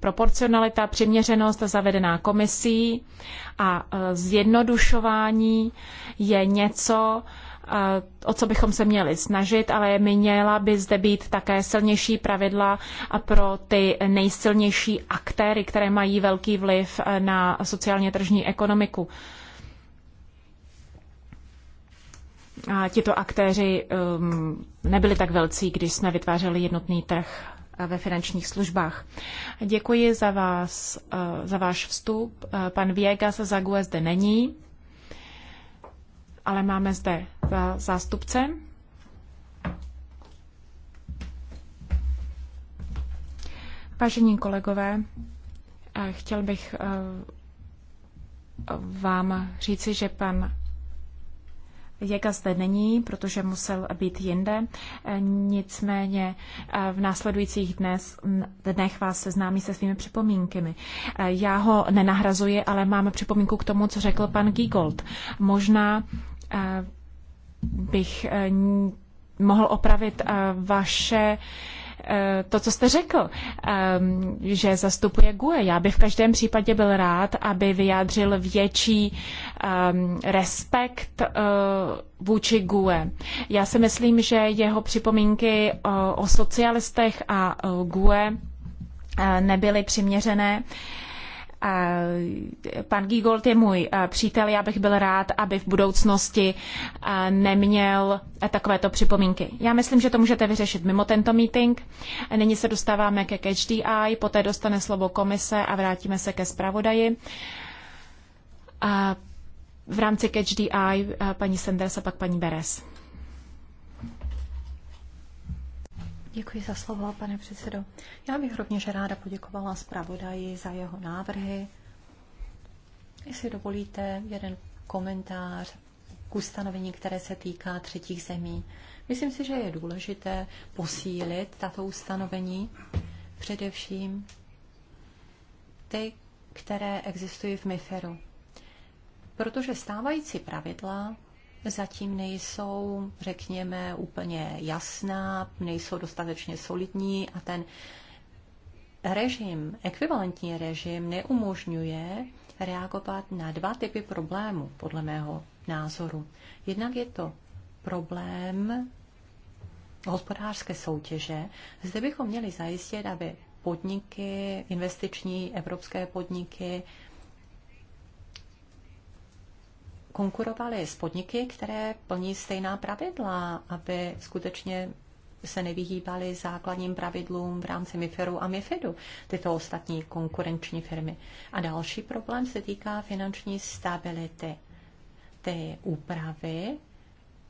proporcionalita, přiměřenost zavedená komisí a eh, zjednodušování je něco, o co bychom se měli snažit, ale měla by zde být také silnější pravidla pro ty nejsilnější aktéry, které mají velký vliv eh, na sociálně tržní ekonomiku. A tito aktéři um, nebyli tak velcí, když jsme vytvářeli jednotný trh eh, ve finančních službách. Děkuji za, vás, eh, za váš vstup. Pan Viegas se GUE zde není ale máme zde eh, zástupce. Vážení kolegové, eh, chtěl bych eh, vám říci, že pan Jega zde není, protože musel být jinde. Nicméně v následujících dnes, dnech vás seznámí se svými připomínkami. Já ho nenahrazuji, ale mám připomínku k tomu, co řekl pan Gigold. Možná bych eh, mohl opravit eh, vaše eh, to, co jste řekl, že zastupuje GUE. Já bych v každém případě byl rád, aby vyjádřil větší respekt vůči GUE. Já si myslím, že jeho připomínky o socialistech a GUE nebyly přiměřené. Eh, pan Gigold je můj eh, přítel, já bych byl rád, aby v budoucnosti eh, neměl takovéto připomínky. Já myslím, že to můžete vyřešit mimo tento meeting. Nyní se dostáváme ke HDI, poté dostane slovo komise a vrátíme se ke zpravodaji. v rámci HDI paní Sanders a pak paní Beres. Děkuji za slovo, pane předsedo. Já bych rovněž ráda poděkovala zpravodaji za jeho návrhy. Jestli dovolíte, jeden komentář k ustanovení, které se týká třetích zemí. Myslím si, že je důležité posílit tato ustanovení, především ty, které existují v MIFERu. Protože stávající pravidla zatím nejsou, řekněme, úplně jasná, nejsou dostatečně solidní a ten režim, ekvivalentní režim neumožňuje reagovat na dva typy problémů, podle mého názoru. Jednak je to problém hospodářské soutěže. Zde bychom měli zajistit, aby podniky, investiční evropské podniky, konkurovali s podniky, které plní stejná pravidla, aby skutečně se nevyhýbali základním pravidlům v rámci MIFERu a MIFIDu, tyto ostatní konkurenční firmy. A další problém se týká finanční stability. Ty úpravy,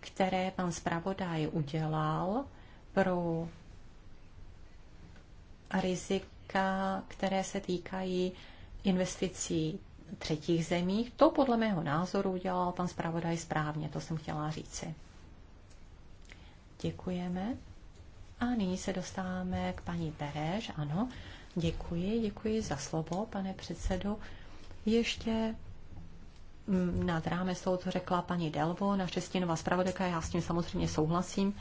které pan zpravodaj udělal pro rizika, které se týkají investicí třetích zemích. To podle mého názoru udělal pan zpravodaj správně, to jsem chtěla říci. Děkujeme. A nyní se dostáváme k paní Bereš. Ano, děkuji, děkuji za slovo, pane předsedo. Ještě mm, nad rámec toho, co řekla paní Delvo, naše stínová zpravodajka, já s tím samozřejmě souhlasím.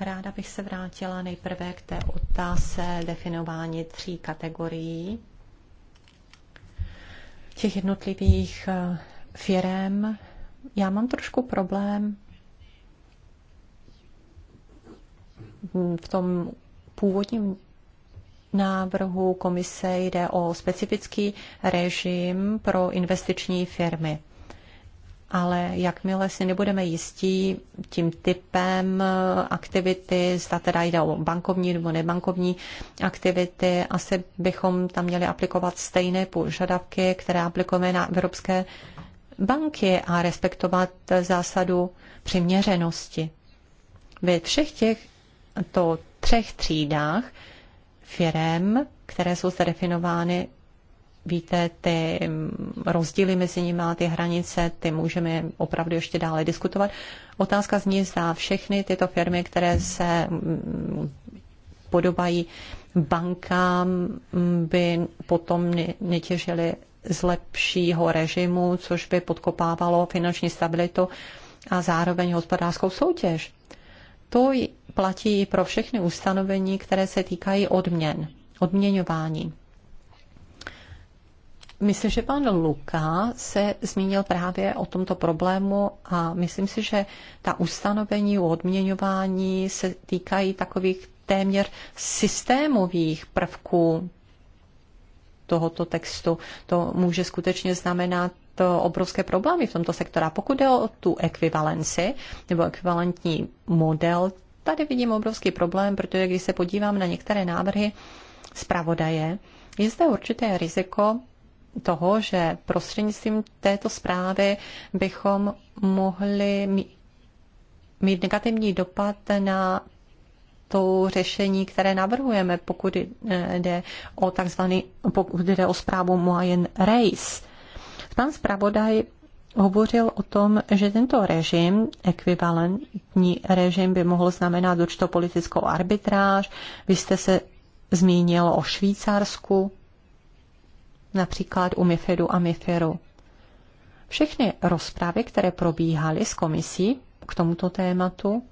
Ráda bych se vrátila nejprve k té otázce definování tří kategorií těch jednotlivých eh, firem. Já mám trošku problém v tom původním návrhu komise jde o specifický režim pro investiční firmy ale jakmile si nebudeme jistí tím typem eh, aktivity, zda teda jde o bankovní nebo nebankovní aktivity, asi bychom tam měli aplikovat stejné požadavky, které aplikujeme na evropské banky a respektovat zásadu přiměřenosti. Ve všech to třech třídách firem, které jsou zdefinovány, víte, ty rozdíly mezi nimi a ty hranice, ty můžeme opravdu ještě dále diskutovat. Otázka zní, zda všechny tyto firmy, které se podobají bankám, by potom netěžily z lepšího režimu, což by podkopávalo finanční stabilitu a zároveň hospodářskou soutěž. To platí pro všechny ustanovení, které se týkají odměn, odměňování. Myslím, že pan Luka se zmínil právě o tomto problému a myslím si, že ta ustanovení o odměňování se týkají takových téměř systémových prvků tohoto textu. To může skutečně znamenat obrovské problémy v tomto sektoru. Pokud jde o tu ekvivalenci nebo ekvivalentní model, tady vidím obrovský problém, protože když se podívám na některé návrhy zpravodaje, je zde určité riziko toho, že prostřednictvím této zprávy bychom mohli mít negativní dopad na to řešení, které navrhujeme, pokud jde o takzvaný, pokud jde o zprávu Moyen Race. Pan zpravodaj hovořil o tom, že tento režim, ekvivalentní režim, by mohl znamenat určitou politickou arbitráž. Vy jste se zmínil o Švýcarsku, například u MIFIDu a MIFIRu. Všechny rozpravy, které probíhaly s komisí k tomuto tématu,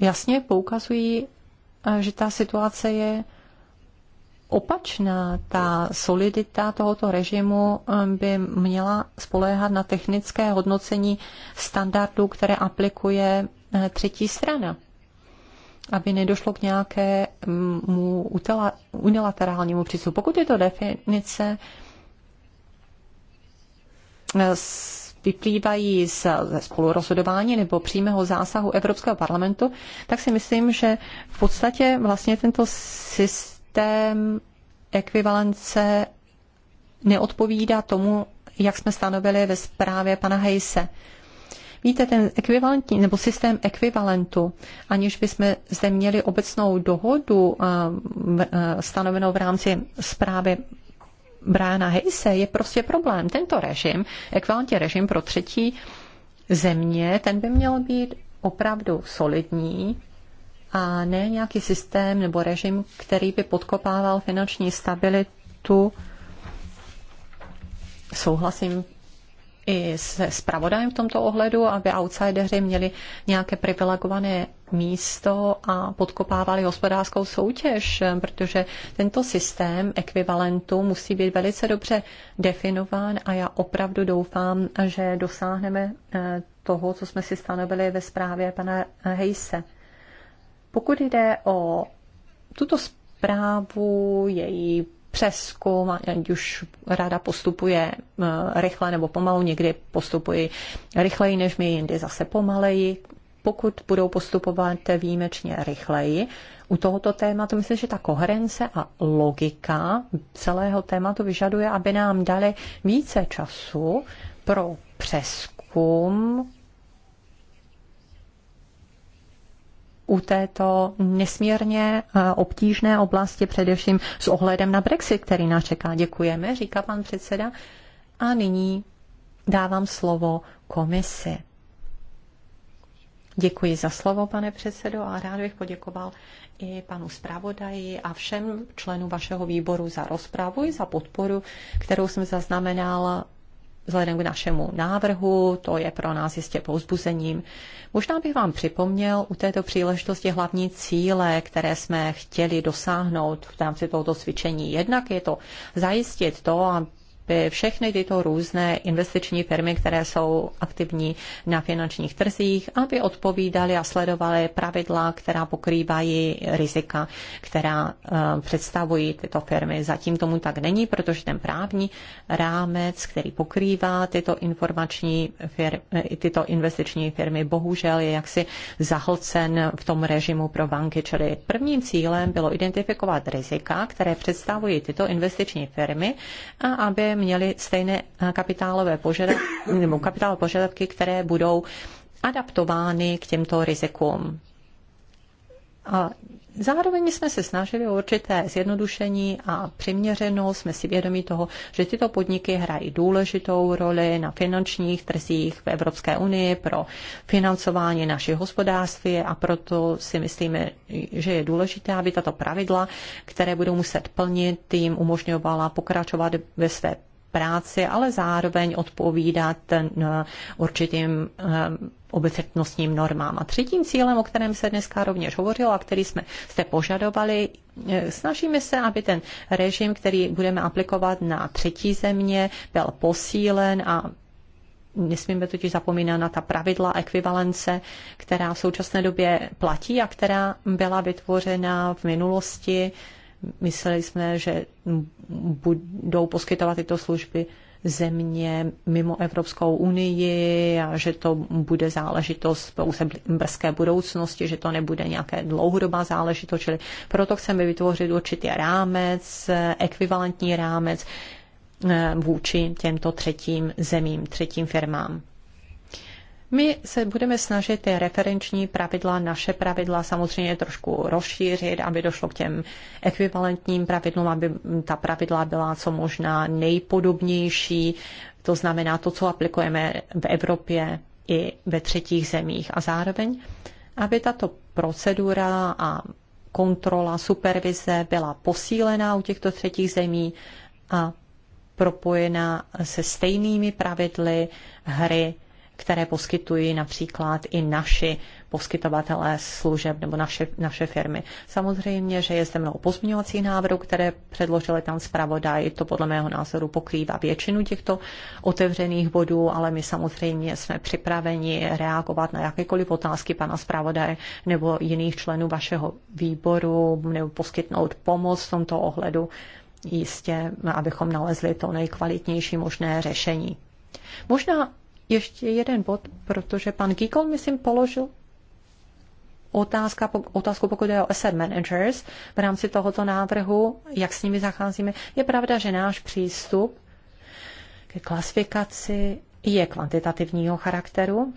jasně poukazují, eh, že ta situace je opačná. Ta solidita tohoto režimu eh, by měla spoléhat na technické hodnocení standardů, které aplikuje eh, třetí strana aby nedošlo k nějakému unilaterálnímu přístupu. Pokud je to definice, eh, vyplývají z spolurozhodování nebo přímého zásahu Evropského parlamentu, tak si myslím, že v podstatě vlastně tento systém ekvivalence neodpovídá tomu, jak jsme stanovili ve zprávě pana Hejse. Víte, ten ekvivalentní nebo systém ekvivalentu, aniž bychom zde měli obecnou dohodu stanovenou v rámci zprávy Brána Hejse, je prostě problém. Tento režim, ekvivalentní režim pro třetí země, ten by měl být opravdu solidní, a ne nějaký systém nebo režim, který by podkopával finanční stabilitu. Souhlasím i se spravodajem v tomto ohledu, aby outsideri měli nějaké privilegované místo a podkopávali hospodářskou soutěž, protože tento systém ekvivalentu musí být velice dobře definován a já opravdu doufám, že dosáhneme eh, toho, co jsme si stanovili ve zprávě pana Hejse. Pokud jde o tuto zprávu, její přeskum, ať už rada postupuje eh, rychle nebo pomalu, někdy postupuji rychleji než my, jindy zase pomaleji. Pokud budou postupovat výjimečně rychleji u tohoto tématu, myslím, že ta koherence a logika celého tématu vyžaduje, aby nám dali více času pro přeskum u této nesmírně eh, obtížné oblasti, především s ohledem na Brexit, který nás čeká. Děkujeme, říká pan předseda. A nyní dávám slovo komisi. Děkuji za slovo, pane předsedo, a rád bych poděkoval i panu zpravodaji a všem členům vašeho výboru za rozprávu i za podporu, kterou jsem zaznamenal vzhledem k našemu návrhu, to je pro nás jistě pouzbuzením. Možná bych vám připomněl u této příležitosti hlavní cíle, které jsme chtěli dosáhnout v rámci tohoto cvičení. Jednak je to zajistit to, by všechny tyto různé investiční firmy, které jsou aktivní na finančních trzích, aby odpovídaly a sledovaly pravidla, která pokrývají rizika, která eh, představují tyto firmy. Zatím tomu tak není, protože ten právní rámec, který pokrývá tyto informační firmy, eh, tyto investiční firmy, bohužel je jaksi zahlcen v tom režimu pro banky. Čili prvním cílem bylo identifikovat rizika, které představují tyto investiční firmy a aby měli stejné eh, kapitálové požadavky, nebo kapitálové požadavky, které budou adaptovány k těmto rizikům. A zároveň jsme se snažili o určité zjednodušení a přiměřenost. Jsme si vědomi toho, že tyto podniky hrají důležitou roli na finančních trzích v Evropské unii pro financování našich hospodářství a proto si myslíme, že je důležité, aby tato pravidla, které budou muset plnit, jim umožňovala pokračovat ve své práci, ale zároveň odpovídat určitým eh, obecnostním normám. A třetím cílem, o kterém se dneska rovněž hovořilo a který jsme jste požadovali, eh, snažíme se, aby ten režim, který budeme aplikovat na třetí země, byl posílen a Nesmíme totiž zapomínat na ta pravidla ekvivalence, která v současné době platí a která byla vytvořena v minulosti Mysleli jsme, že budou poskytovat tyto služby země mimo Evropskou unii a že to bude záležitost pouze brzké budoucnosti, že to nebude nějaké dlouhodobá záležitost, čili proto chceme vytvořit určitý rámec, ekvivalentní rámec eh, vůči těmto třetím zemím, třetím firmám. My se budeme snažit ty referenční pravidla, naše pravidla samozřejmě trošku rozšířit, aby došlo k těm ekvivalentním pravidlům, aby ta pravidla byla co možná nejpodobnější, to znamená to, co aplikujeme v Evropě i ve třetích zemích. A zároveň, aby tato procedura a kontrola, supervize byla posílená u těchto třetích zemí a propojena se stejnými pravidly hry které poskytují například i naši poskytovatelé služeb nebo naše, naše firmy. Samozřejmě, že je zde mnoho pozměňovací návrhů, které předložili tam zpravodaj. To podle mého názoru pokrývá většinu těchto otevřených bodů, ale my samozřejmě jsme připraveni reagovat na jakékoliv otázky pana zpravodaje nebo jiných členů vašeho výboru nebo poskytnout pomoc v tomto ohledu jistě, abychom nalezli to nejkvalitnější možné řešení. Možná ještě jeden bod, protože pan Gikol, myslím, položil otázka, otázku, pokud je o asset managers v rámci tohoto návrhu, jak s nimi zacházíme. Je pravda, že náš přístup ke klasifikaci je kvantitativního charakteru.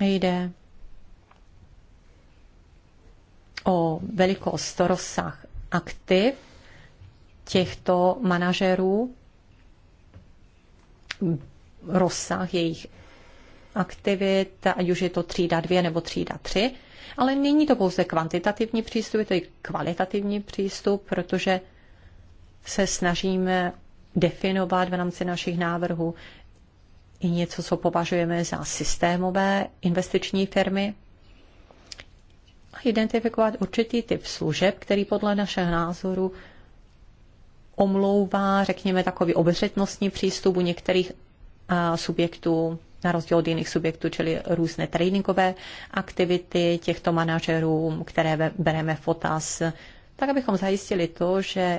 Jde o velikost, rozsah aktiv těchto manažerů rozsah jejich aktivit, ať už je to třída dvě nebo třída tři, Ale není to pouze kvantitativní přístup, je to i kvalitativní přístup, protože se snažíme definovat v rámci našich návrhů i něco, co považujeme za systémové investiční firmy a identifikovat určitý typ služeb, který podle našeho názoru omlouvá, řekněme, takový obezřetnostní přístup u některých subjektů na rozdíl od jiných subjektů, čili různé tréninkové aktivity těchto manažerů, které bereme v potaz, tak abychom zajistili to, že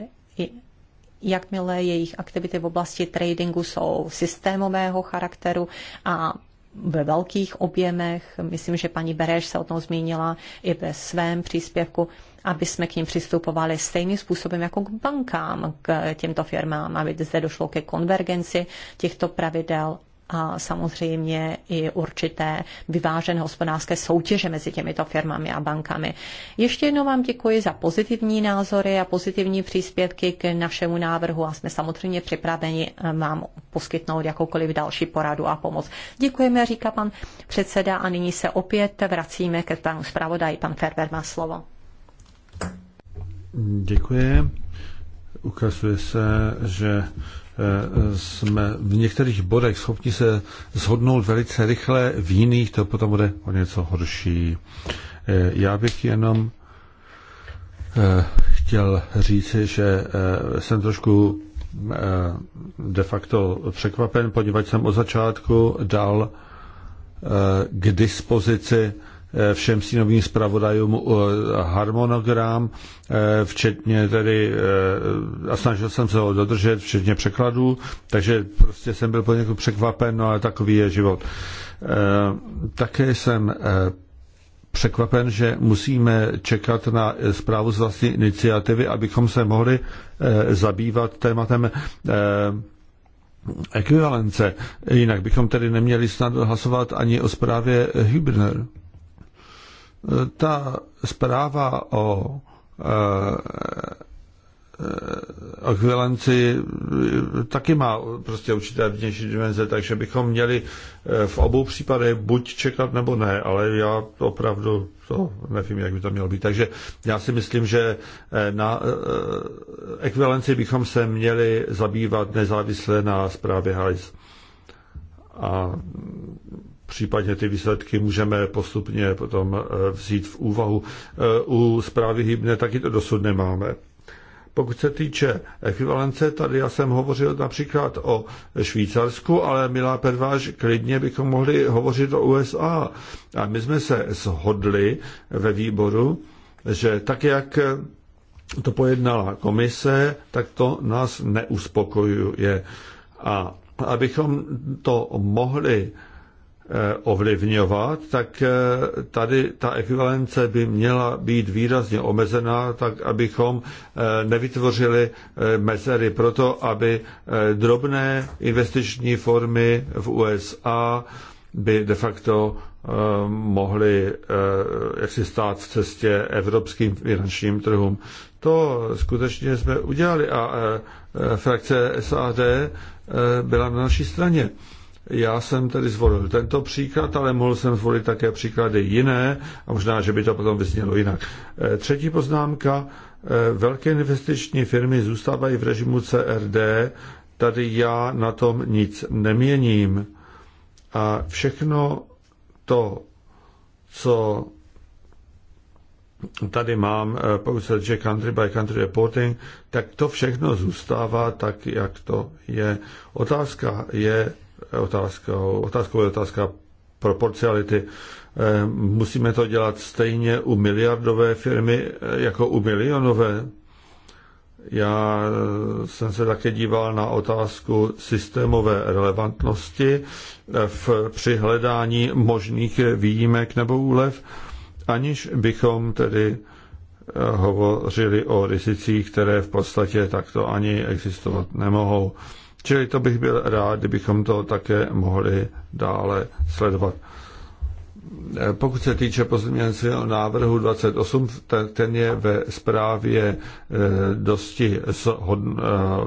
jakmile jejich aktivity v oblasti tradingu jsou systémového charakteru a ve velkých objemech, myslím, že paní Bereš se o tom zmínila i ve svém příspěvku, aby jsme k ním přistupovali stejným způsobem jako k bankám, k těmto firmám, aby zde došlo ke konvergenci těchto pravidel a samozřejmě i určité vyvážené hospodářské soutěže mezi těmito firmami a bankami. Ještě jednou vám děkuji za pozitivní názory a pozitivní příspěvky k našemu návrhu a jsme samozřejmě připraveni vám poskytnout jakoukoliv další poradu a pomoc. Děkujeme, říká pan předseda a nyní se opět vracíme ke panu zpravodaji. Pan Ferber má slovo. Děkuji. Ukazuje se, že eh, jsme v některých bodech schopni se zhodnout velice rychle, v jiných to potom bude o něco horší. Eh, já bych jenom eh, chtěl říci, že jsem trošku de facto překvapen, poněvadž jsem od začátku dal k dispozici Eh, všem sínovým zpravodajům eh, harmonogram, eh, včetně tedy, a snažil jsem se ho dodržet, včetně překladů, takže prostě jsem byl poněkud překvapen, no ale takový je život. Také jsem překvapen, že musíme čekat na zprávu z vlastní iniciativy, abychom se mohli zabývat tématem ekvivalence. Jinak bychom tedy neměli snad hlasovat ani o zprávě Hübner. Ta zpráva o ekvivalenci eh, eh, taky má prostě určité vnější dimenze, takže bychom měli eh, v obou případech buď čekat nebo ne, ale já opravdu to nevím, jak by to mělo být. Takže já si myslím, že na ekvivalenci bychom se měli zabývat nezávisle na zprávě HIS. A Případně ty výsledky můžeme postupně potom eh, vzít v úvahu. Eh, u zprávy hybné taky to dosud nemáme. Pokud se týče ekvivalence, tady já jsem hovořil například o Švýcarsku, ale milá Perváž, klidně bychom mohli hovořit o USA. A my jsme se shodli ve výboru, že tak, jak to pojednala komise, tak to nás neuspokojuje. A abychom to mohli Eh, ovlivňovat, tak eh, tady ta ekvivalence by měla být výrazně omezená, tak abychom eh, nevytvořili mezery proto, aby drobné investiční formy v USA by de facto mohly jaksi stát v cestě evropským finančním trhům. To skutečně jsme udělali a frakce SAD byla na naší straně. Já jsem tedy zvolil tento příklad, ale mohl jsem zvolit také příklady jiné a možná, že by to potom vyznělo jinak. Eh, třetí poznámka. Eh, velké investiční firmy zůstávají v režimu CRD. Tady já na tom nic neměním. A všechno to, co tady mám, eh, pokud se říká country by country reporting, tak to všechno zůstává tak, jak to je. Otázka je, otázkou. Otázkou je otázka proporciality. Eh, musíme to dělat stejně u miliardové firmy eh, jako u milionové. Já eh, jsem se také díval na otázku systémové relevantnosti v přihledání možných výjimek nebo úlev, aniž bychom tedy hovořili o rizicích, které v podstatě takto ani existovat nemohou. Čili to bych byl rád, kdybychom to také mohli dále sledovat. E, pokud se týče pozměňovacího návrhu 28, ten je ve zprávě e, dosti e,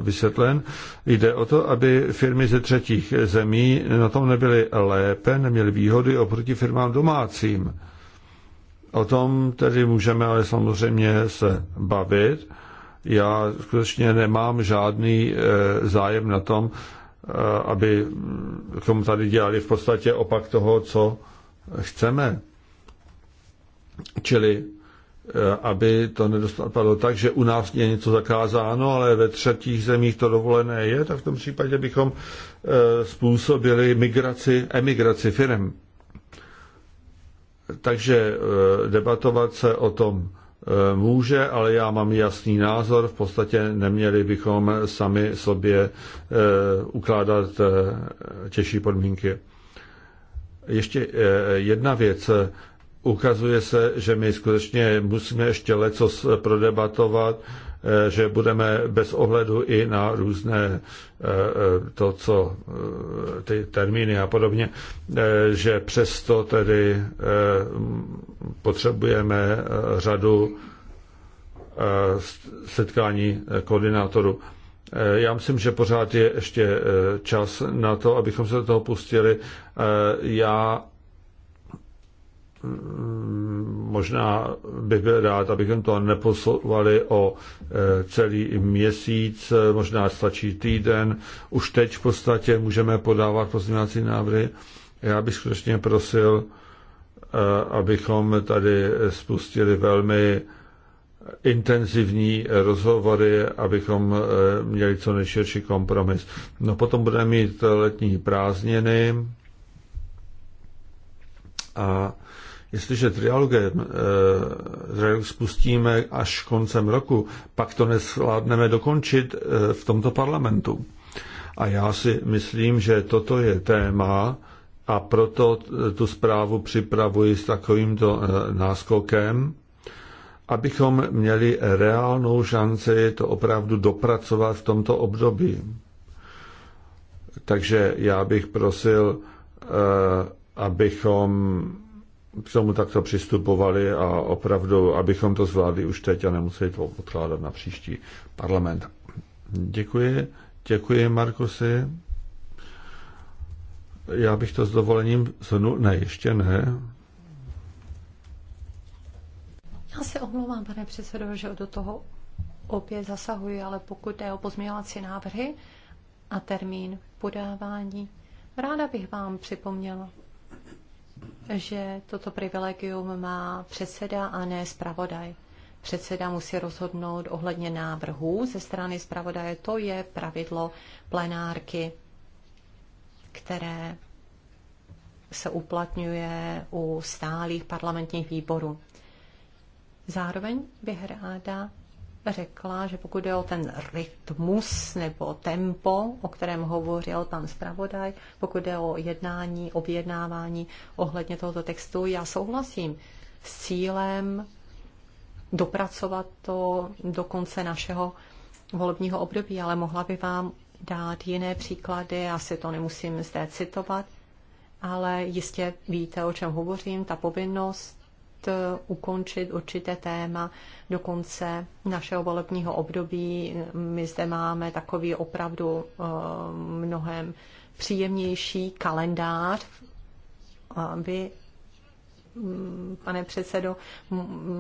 vysvětlen. Jde o to, aby firmy ze třetích zemí na tom nebyly lépe, neměly výhody oproti firmám domácím. O tom tedy můžeme ale samozřejmě se bavit já skutečně nemám žádný eh, zájem na tom, eh, aby k tomu tady dělali v podstatě opak toho, co chceme. Čili eh, aby to nedostalo tak, že u nás je něco zakázáno, ale ve třetích zemích to dovolené je, tak v tom případě bychom způsobili migraci, emigraci firm. Takže debatovat se o tom Eh, může, ale já mám jasný názor. V podstatě neměli bychom sami sobě eh, ukládat eh, těžší podmínky. Ještě jedna věc. Ukazuje se, že my skutečně musíme ještě leco prodebatovat Eh, že budeme bez ohledu i na různé eh, eh, to, co ty termíny a podobně, že přesto tedy potřebujeme řadu setkání koordinátorů. Já myslím, že pořád je ještě čas na to, abychom se do toho pustili. Já Mm, možná bych byl rád, abychom to neposouvali o e, celý měsíc, e, možná stačí týden. Už teď v podstatě můžeme podávat pozměňovací návrhy. Já bych skutečně prosil, e, abychom tady spustili velmi intenzivní rozhovory, abychom měli co nejširší kompromis. No potom budeme mít letní prázdniny a Jestliže trialogem, eh, trialog spustíme až koncem roku, pak to nesládneme dokončit eh, v tomto parlamentu. A já si myslím, že toto je téma a proto eh, tu zprávu připravuji s takovýmto náskokem, abychom měli reálnou šanci to opravdu dopracovat v tomto období. Takže já bych prosil, abychom k tomu takto přistupovali a opravdu, abychom to zvládli už teď a nemuseli to odkládat na příští parlament. Děkuji, děkuji Markusy. Já bych to s dovolením zhrnul. Ne, ještě ne. Já se omlouvám, pane předsedo, že do toho opět zasahuji, ale pokud je o pozměňovací návrhy a termín podávání, ráda bych vám připomněla, že toto privilegium má předseda a ne zpravodaj. Předseda musí rozhodnout ohledně návrhů ze strany zpravodaje. To je pravidlo plenárky, které se uplatňuje u stálých parlamentních výborů. Zároveň bych ráda řekla, že pokud jde o ten rytmus nebo tempo, o kterém hovořil pan zpravodaj, pokud jde o jednání, objednávání ohledně tohoto textu, já souhlasím s cílem dopracovat to do konce našeho volebního období, ale mohla by vám dát jiné příklady, asi to nemusím zde citovat, ale jistě víte, o čem hovořím, ta povinnost Eh, ukončit určité téma do konce našeho volebního období. My zde máme takový opravdu eh, mnohem příjemnější kalendář. Vy mm, pane předsedo,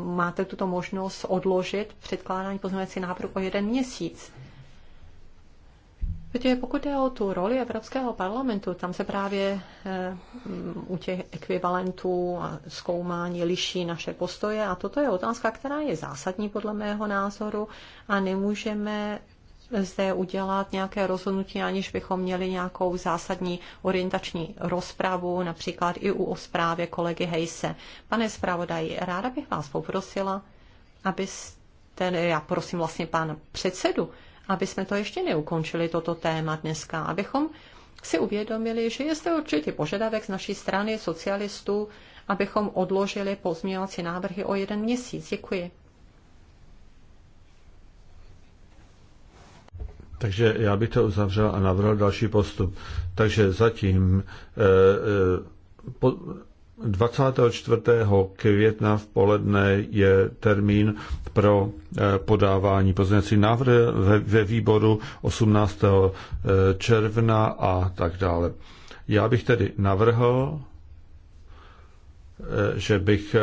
máte tuto možnost odložit předkládání pozměňovací návrhu o jeden měsíc. Víte, pokud je o tu roli Evropského parlamentu, tam se právě eh, u těch ekvivalentů a zkoumání liší naše postoje a toto je otázka, která je zásadní podle mého názoru a nemůžeme zde udělat nějaké rozhodnutí, aniž bychom měli nějakou zásadní orientační rozpravu, například i u zprávě kolegy Hejse. Pane zpravodaji, ráda bych vás poprosila, abyste, já prosím vlastně pan předsedu, aby jsme to ještě neukončili, toto téma dneska, abychom si uvědomili, že je zde určitý požadavek z naší strany socialistů, abychom odložili pozměňovací návrhy o jeden měsíc. Děkuji. Takže já bych to uzavřel a navrhl další postup. Takže zatím eh, eh po, 24. května v poledne je termín pro eh, podávání pozměňovací návrh ve výboru 18. Eh, června a tak dále. Já bych tedy navrhl, eh, že bych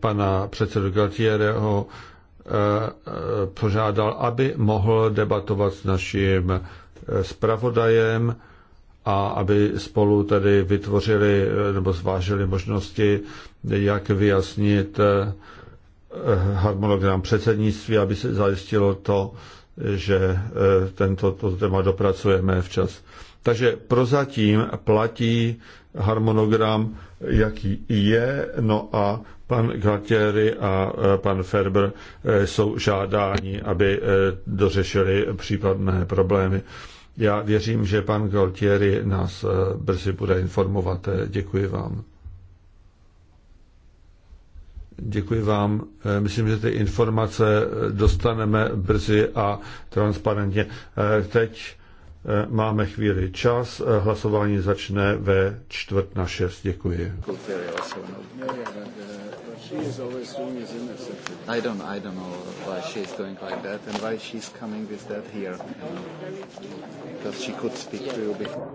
pana předsedu Galtiereho požádal, aby mohl debatovat s naším zpravodajem a aby spolu tedy vytvořili eh, nebo zvážili možnosti, jak vyjasnit eh, harmonogram předsednictví, aby se zajistilo to, že eh, tento to téma dopracujeme včas. Takže prozatím platí harmonogram, jaký je, no a pan Gatieri a pan Ferber jsou žádáni, aby dořešili případné problémy. Já věřím, že pan Galtieri nás eh, brzy bude informovat. Eh, děkuji vám. Děkuji vám. Eh, myslím, že ty informace dostaneme brzy a transparentně. Teď Eh, máme chvíli čas, eh, hlasování začne ve čtvrt na šest. Děkuji. I don't, I don't know why like that and why coming with that here. Because she could speak to you before.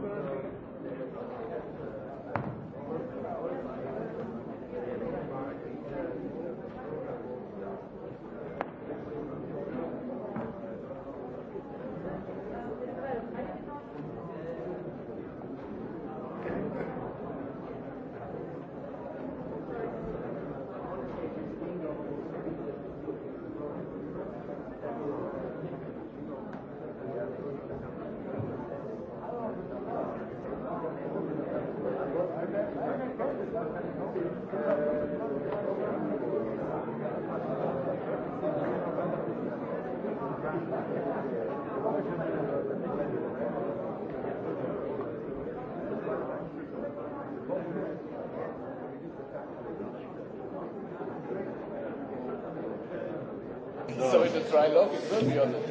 trilogue, it will be on the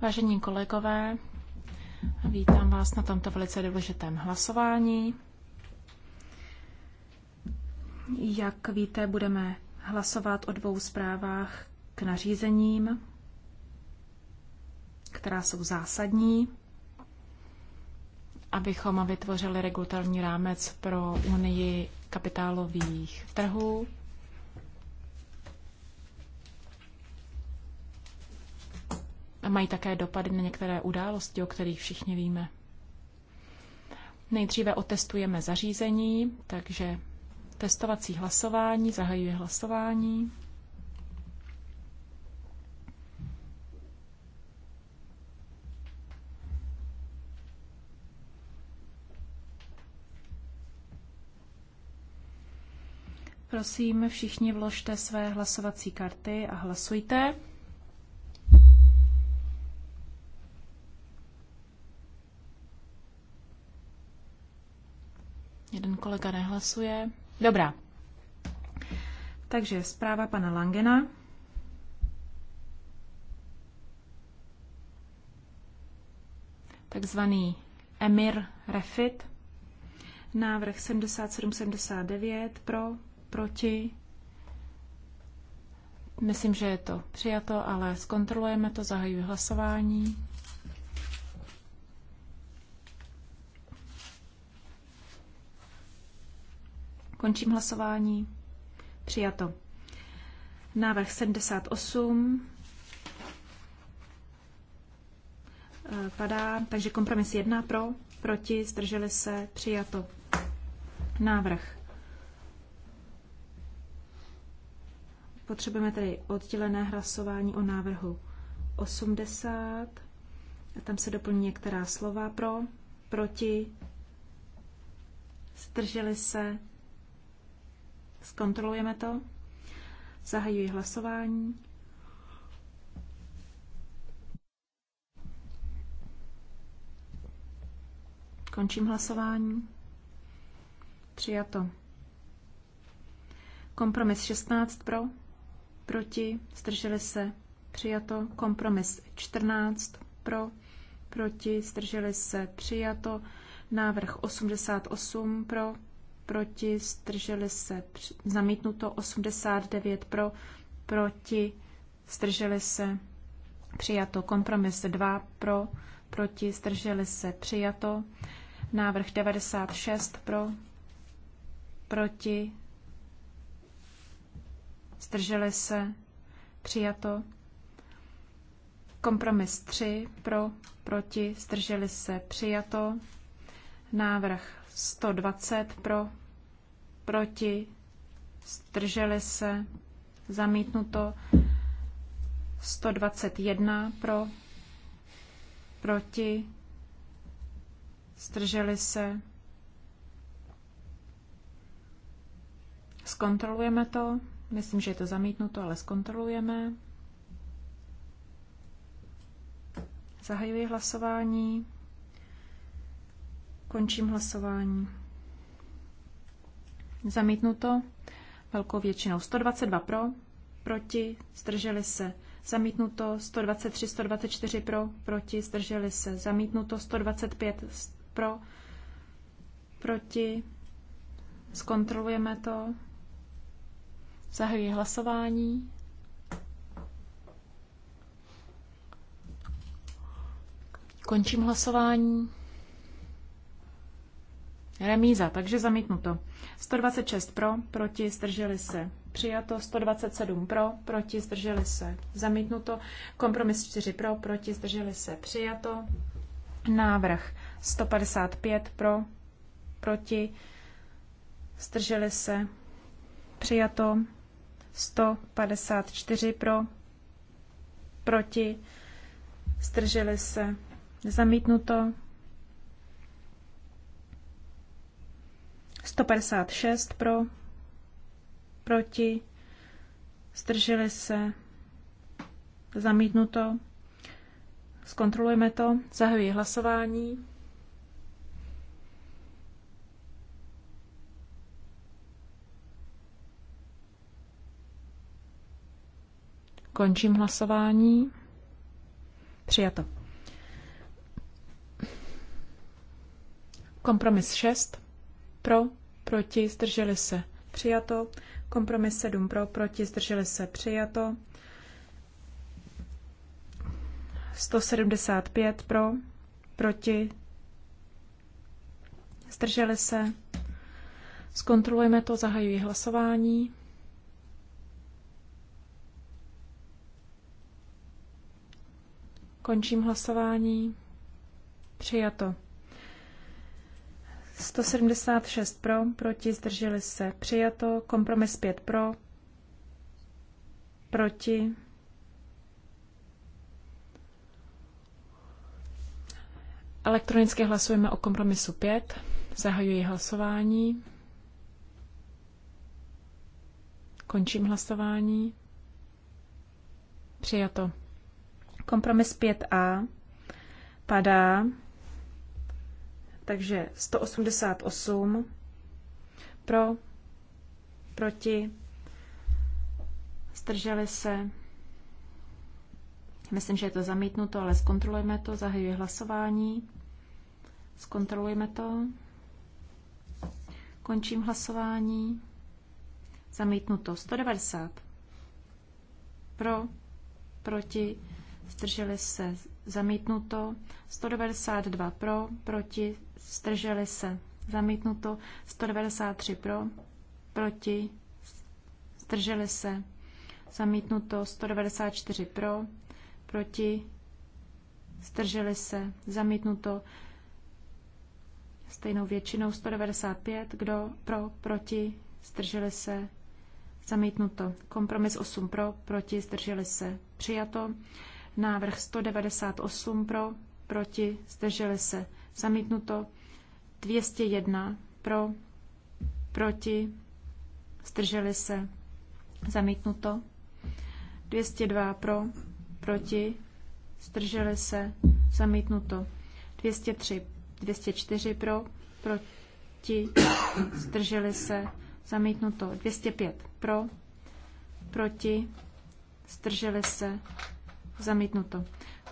Vážení kolegové, vítám vás na tomto velice důležitém hlasování. Jak víte, budeme hlasovat o dvou zprávách k nařízením, která jsou zásadní, abychom vytvořili regulatorní rámec pro Unii kapitálových trhů a mají také dopady na některé události, o kterých všichni víme. Nejdříve otestujeme zařízení, takže testovací hlasování, zahajuje hlasování. Prosím, všichni vložte své hlasovací karty a hlasujte. kolega nehlasuje. Dobrá. Takže zpráva pana Langena. Takzvaný Emir Refit. Návrh 7779 pro, proti. Myslím, že je to přijato, ale zkontrolujeme to, zahajuji hlasování. Končím hlasování. Přijato. Návrh 78 eh, padá, takže kompromis 1 pro, proti, zdrželi se, přijato. Návrh. Potřebujeme tedy oddělené hlasování o návrhu 80. A tam se doplní některá slova pro, proti, zdrželi se, Zkontrolujeme to. Zahajuji hlasování. Končím hlasování. Přijato. Kompromis 16 pro, proti, zdrželi se, přijato. Kompromis 14 pro, proti, zdrželi se, přijato. Návrh 88 pro, proti, strželi se zamítnuto 89 pro, proti, strželi se přijato kompromis 2 pro, proti, strželi se přijato návrh 96 pro, proti, strželi se přijato kompromis 3 pro, proti, strželi se přijato návrh 120 pro, proti, zdrželi se, zamítnuto 121 pro, proti, zdrželi se. Zkontrolujeme to. Myslím, že je to zamítnuto, ale zkontrolujeme. Zahajuji hlasování. Končím hlasování. Zamítnuto velkou většinou 122 pro, proti, zdrželi se. Zamítnuto 123, 124 pro, proti, zdrželi se. Zamítnuto 125 pro, proti. Zkontrolujeme to. Zahajuji hlasování. Končím hlasování. Remíza, takže zamítnuto. 126 pro, proti, zdrželi se. Přijato 127 pro, proti, zdrželi se. Zamítnuto. Kompromis 4 pro, proti, zdrželi se. Přijato. Návrh 155 pro, proti, zdrželi se. Přijato. 154 pro, proti, zdrželi se. Zamítnuto. 156 pro, proti, zdrželi se, zamítnuto. Zkontrolujeme to, zahajuji hlasování. Končím hlasování. Přijato. Kompromis 6. Pro proti, zdrželi se, přijato. Kompromis 7 pro, proti, zdrželi se, přijato. 175 pro, proti, zdrželi se. Zkontrolujeme to, zahajuji hlasování. Končím hlasování. Přijato. 176 pro, proti, zdrželi se, přijato. Kompromis 5 pro, proti. Elektronicky hlasujeme o kompromisu 5. Zahajuji hlasování. Končím hlasování. Přijato. Kompromis 5a padá. Takže 188 pro, proti, strželi se. Myslím, že je to zamítnuto, ale zkontrolujeme to, zahajuje hlasování. Zkontrolujeme to. Končím hlasování. Zamítnuto 190. Pro, proti, strželi se zamítnuto. 192 pro, proti, zdrželi se, zamítnuto 193 pro, proti, zdrželi se, zamítnuto 194 pro, proti, zdrželi se, zamítnuto stejnou většinou 195, kdo pro, proti, zdrželi se, zamítnuto. Kompromis 8 pro, proti, zdrželi se, přijato. Návrh 198 pro, proti, zdrželi se, zamítnuto 201 pro, proti, zdrželi se, zamítnuto 202 pro, proti, zdrželi se, zamítnuto 203, 204 pro, proti, zdrželi se, zamítnuto 205 pro, proti, zdrželi se, zamítnuto.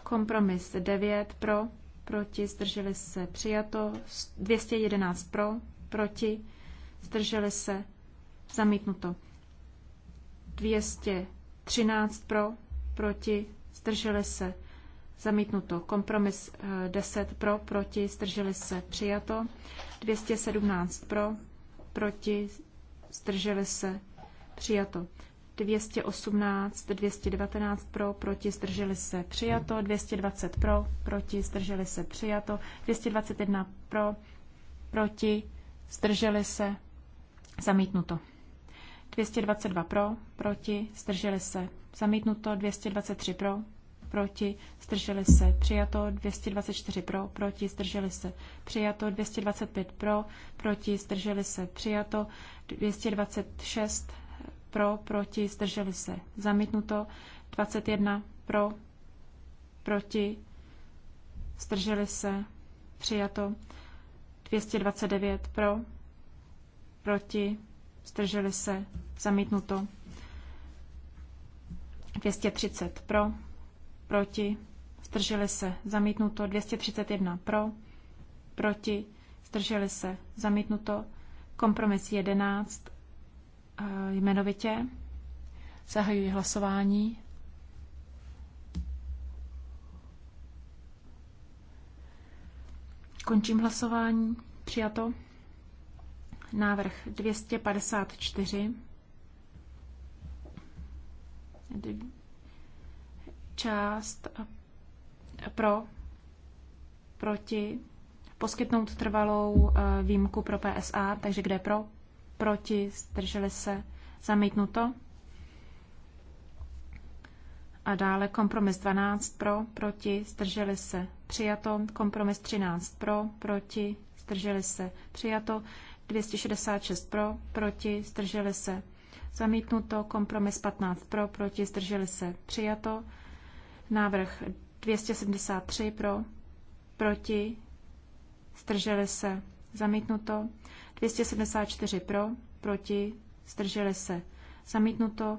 Kompromis 9 pro, proti, zdrželi se přijato, 211 pro, proti, zdrželi se zamítnuto, 213 pro, proti, zdrželi se zamítnuto, kompromis 10 eh, pro, proti, zdrželi se přijato, 217 pro, proti, zdrželi se přijato, 218, 219 pro, proti, zdrželi se přijato, 220 pro, proti, zdrželi se přijato, 221 pro, proti, zdrželi se, zamítnuto. 222 pro, proti, zdrželi se, zamítnuto, 223 pro, proti, zdrželi se, přijato 224 pro, proti, zdrželi se, přijato 225 pro, proti, zdrželi se, přijato 226 pro, proti, zdrželi se. Zamítnuto 21 pro, proti, zdrželi se. Přijato 229 pro, proti, zdrželi se. Zamítnuto 230 pro, proti, zdrželi se. Zamítnuto 231 pro, proti, zdrželi se. Zamítnuto kompromis 11 jmenovitě. Zahajuji hlasování. Končím hlasování. Přijato. Návrh 254. Část pro, proti, poskytnout trvalou e, výjimku pro PSA, takže kde pro, proti, zdrželi se, zamítnuto. A dále kompromis 12 pro, proti, zdrželi se, přijato. Kompromis 13 pro, proti, zdrželi se, přijato. 266 pro, proti, zdrželi se, zamítnuto. Kompromis 15 pro, proti, zdrželi se, přijato. Návrh 273 pro, proti, zdrželi se, zamítnuto. 274 pro, proti, zdrželi se. Zamítnuto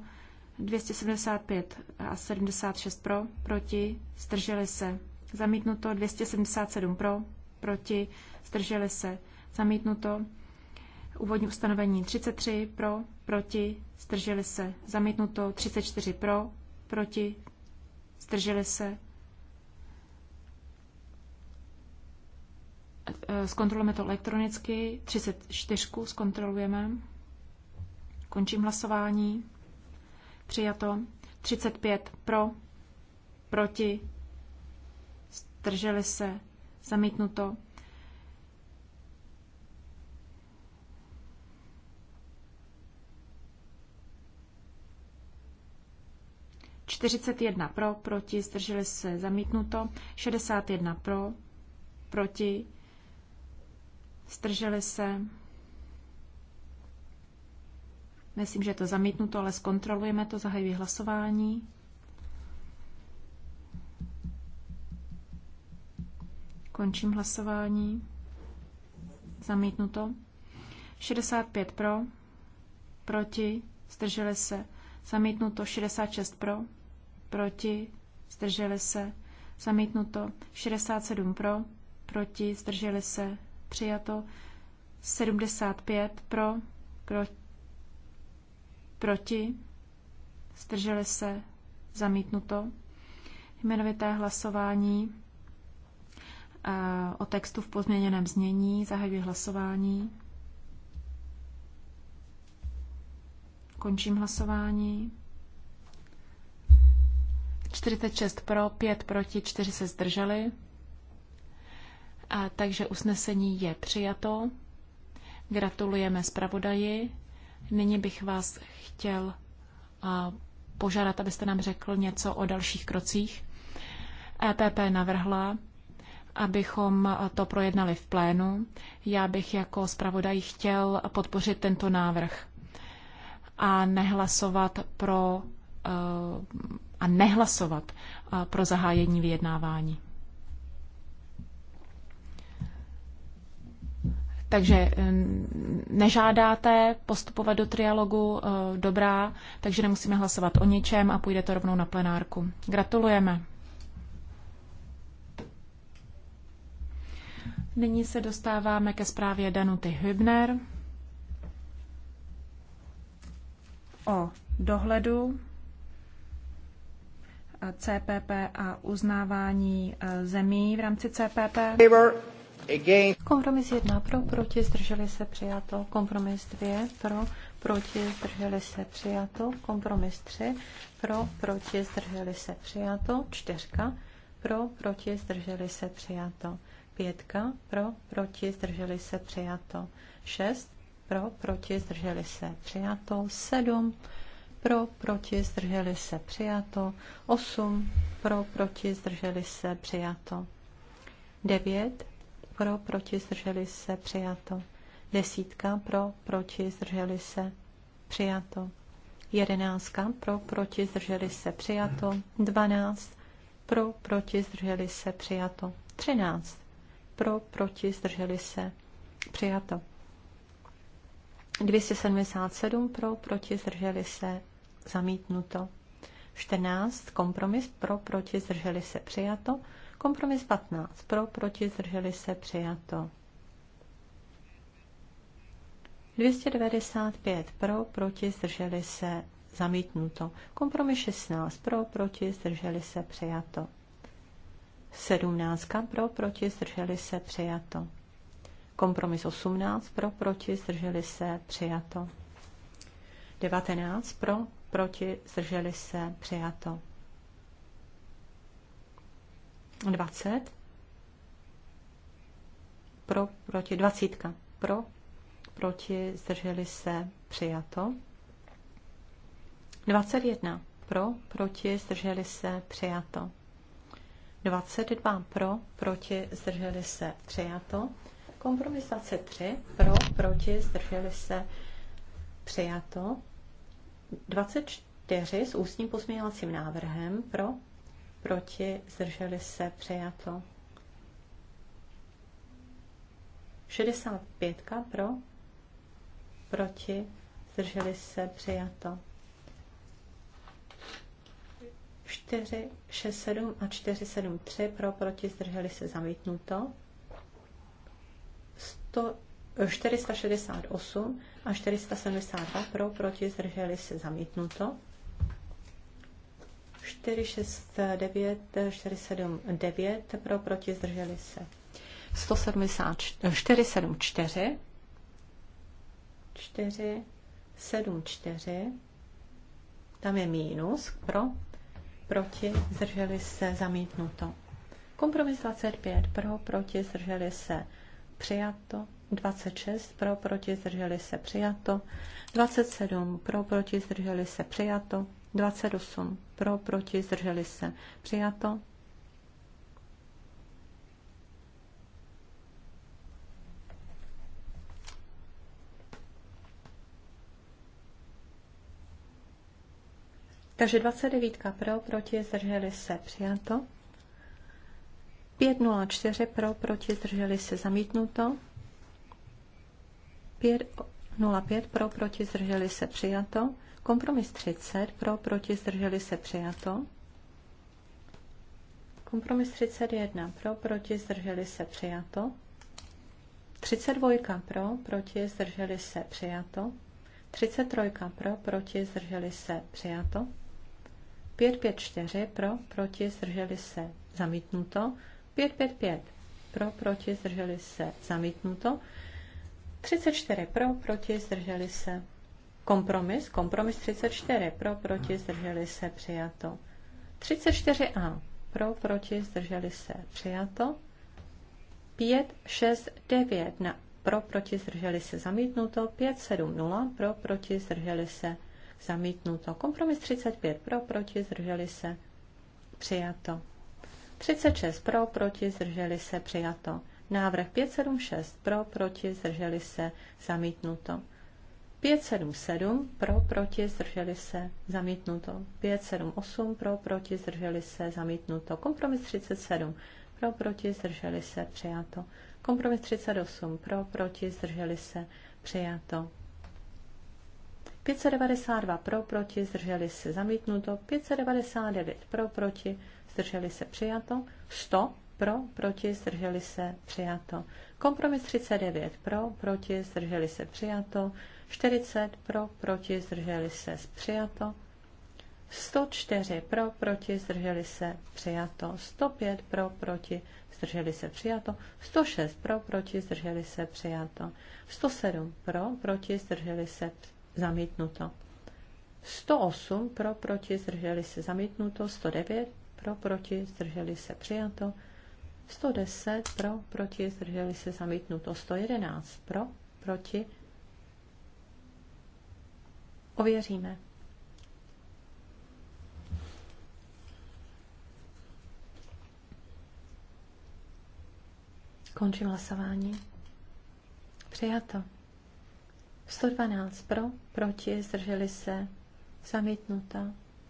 275 a 76 pro, proti, zdrželi se. Zamítnuto 277 pro, proti, zdrželi se. Zamítnuto úvodní ustanovení 33 pro, proti, zdrželi se. Zamítnuto 34 pro, proti, zdrželi se. Zkontrolujeme to elektronicky. 34 zkontrolujeme. Končím hlasování. Přijato. 35 pro, proti, zdrželi se, zamítnuto. Čtyřicet jedna pro, proti, zdrželi se, zamítnuto. Šedesát jedna pro, proti, Zdrželi se? Myslím, že je to zamítnuto, ale zkontrolujeme to, zahajuji hlasování. Končím hlasování. Zamítnuto. 65 pro, proti, zdrželi se. Zamítnuto 66 pro, proti, zdrželi se. Zamítnuto 67 pro, proti, zdrželi se přijato 75 pro, pro proti, zdrželi se, zamítnuto. Jmenovité hlasování o textu v pozměněném znění, zahajuji hlasování. Končím hlasování. 46 pro, 5 proti, 4 se zdrželi. A, takže usnesení je přijato. Gratulujeme zpravodaji. Nyní bych vás chtěl a, požádat, abyste nám řekl něco o dalších krocích. EPP navrhla, abychom to projednali v plénu. Já bych jako zpravodaj chtěl podpořit tento návrh a nehlasovat pro e, a nehlasovat e, pro zahájení vyjednávání. Takže eh, nežádáte postupovat do trialogu, eh, dobrá, takže nemusíme hlasovat o ničem a půjde to rovnou na plenárku. Gratulujeme. Nyní se dostáváme ke zprávě Danuty Hübner o dohledu eh, CPP a uznávání zemí v rámci CPP. Kompromis 1 pro, proti, zdrželi se přijato. Kompromis 2 pro, proti, zdrželi se přijato. Kompromis 3 pro, proti, zdrželi se přijato. 4 pro, proti, zdrželi se přijato. 5 pro, proti, zdrželi se přijato. 6 pro, proti, zdrželi se přijato. 7 pro, proti, zdrželi se přijato. 8 pro, proti, zdrželi se přijato. 9 pro, proti, zdrželi se, přijato. Desítka pro, proti, zdrželi se, přijato. Jedenáctka pro, proti, zdrželi se, přijato. Dvanáct pro, proti, zdrželi se, přijato. Třináct pro, proti, zdrželi se, přijato. 277 pro, proti, zdrželi se, zamítnuto. 14 kompromis pro, proti, zdrželi se, přijato. Kompromis 15. Pro, proti, zdrželi se, přijato. 295. Pro, proti, zdrželi se, zamítnuto. Kompromis 16. Pro, proti, zdrželi se, přijato. 17. Pro, proti, zdrželi se, přijato. Kompromis 18. Pro, proti, zdrželi se, přijato. 19. Pro, proti, zdrželi se, přijato. 20. Pro, proti, 20. Pro, proti, zdrželi se, přijato. 21. Pro, proti, zdrželi se, přijato. 22. Pro, proti, zdrželi se, přijato. Kompromis 23. Pro, proti, zdrželi se, přijato. 24 s ústním pozměňovacím návrhem pro, proti, zdrželi se, přijato. 65 pro, proti, zdrželi se, přijato. 4, 6, 7 a 4, 7, 3 pro, proti, zdrželi se, zamítnuto. 100, 468 a 472 pro, proti, zdrželi se, zamítnuto. 469, 479 pro, proti, zdrželi se. 174, 474, 474, tam je mínus pro, proti, zdrželi se, zamítnuto. Kompromis 25 pro, proti, zdrželi se, přijato. 26 pro, proti, zdrželi se, přijato. 27 pro, proti, zdrželi se, přijato. 28 pro, proti, zdrželi se. Přijato. Takže 29 pro, proti, zdrželi se. Přijato. 504 pro, proti, zdrželi se. Zamítnuto. 505 pro, proti, zdrželi se. Přijato. Kompromis 30 pro, proti, zdrželi se přijato. Kompromis 31 pro, proti, zdrželi se přijato. 32 pro, proti, zdrželi se přijato. 33 pro, proti, zdrželi se přijato. 554 pro, proti, zdrželi se zamítnuto. 555 pro, proti, zdrželi se zamítnuto. 34 pro, proti, zdrželi se Kompromis, kompromis 34, pro, proti, zdrželi se, přijato. 34a, pro, proti, zdrželi se, přijato. 5, 6, 9, na, pro, proti, zdrželi se, zamítnuto. 5, 7, 0, pro, proti, zdrželi se, zamítnuto. Kompromis 35, pro, proti, zdrželi se, přijato. 36 pro, proti, zdrželi se, přijato. Návrh 576 pro, proti, zdrželi se, zamítnuto. 577 pro, proti, zdrželi se, zamítnuto. 578 pro, proti, zdrželi se, zamítnuto. Kompromis 37 pro, proti, zdrželi se, přijato. Kompromis 38 pro, proti, zdrželi se, přijato. 592 pro, proti, zdrželi se, zamítnuto. 599 pro, proti, zdrželi se, přijato. 100 pro, proti, zdrželi se, přijato. Kompromis 39 pro, proti, zdrželi se, přijato. 40 pro, proti, zdrželi se, přijato. 104 pro, proti, zdrželi se, přijato. 105 pro, proti, zdrželi se, přijato. 106 pro, proti, zdrželi se, přijato. 107 pro, proti, zdrželi se, zamítnuto. 108 pro, proti, zdrželi se, zamítnuto. 109 pro, proti, zdrželi se, přijato. 110 pro, proti, zdrželi se zamítnuto. 111 pro, proti. Ověříme. Končím hlasování. Přijato. 112 pro, proti, zdrželi se, zamítnuto.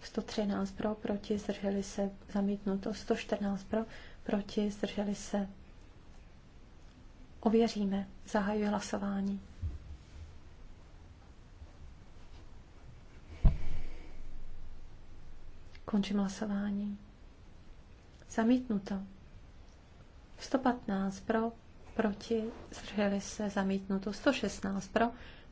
113 pro, proti, zdrželi se, zamítnuto. 114 pro, proti, zdrželi se. Ověříme. zahajuje hlasování. Končím hlasování. Zamítnuto. 115 pro, proti, zdrželi se, zamítnuto. 116 pro,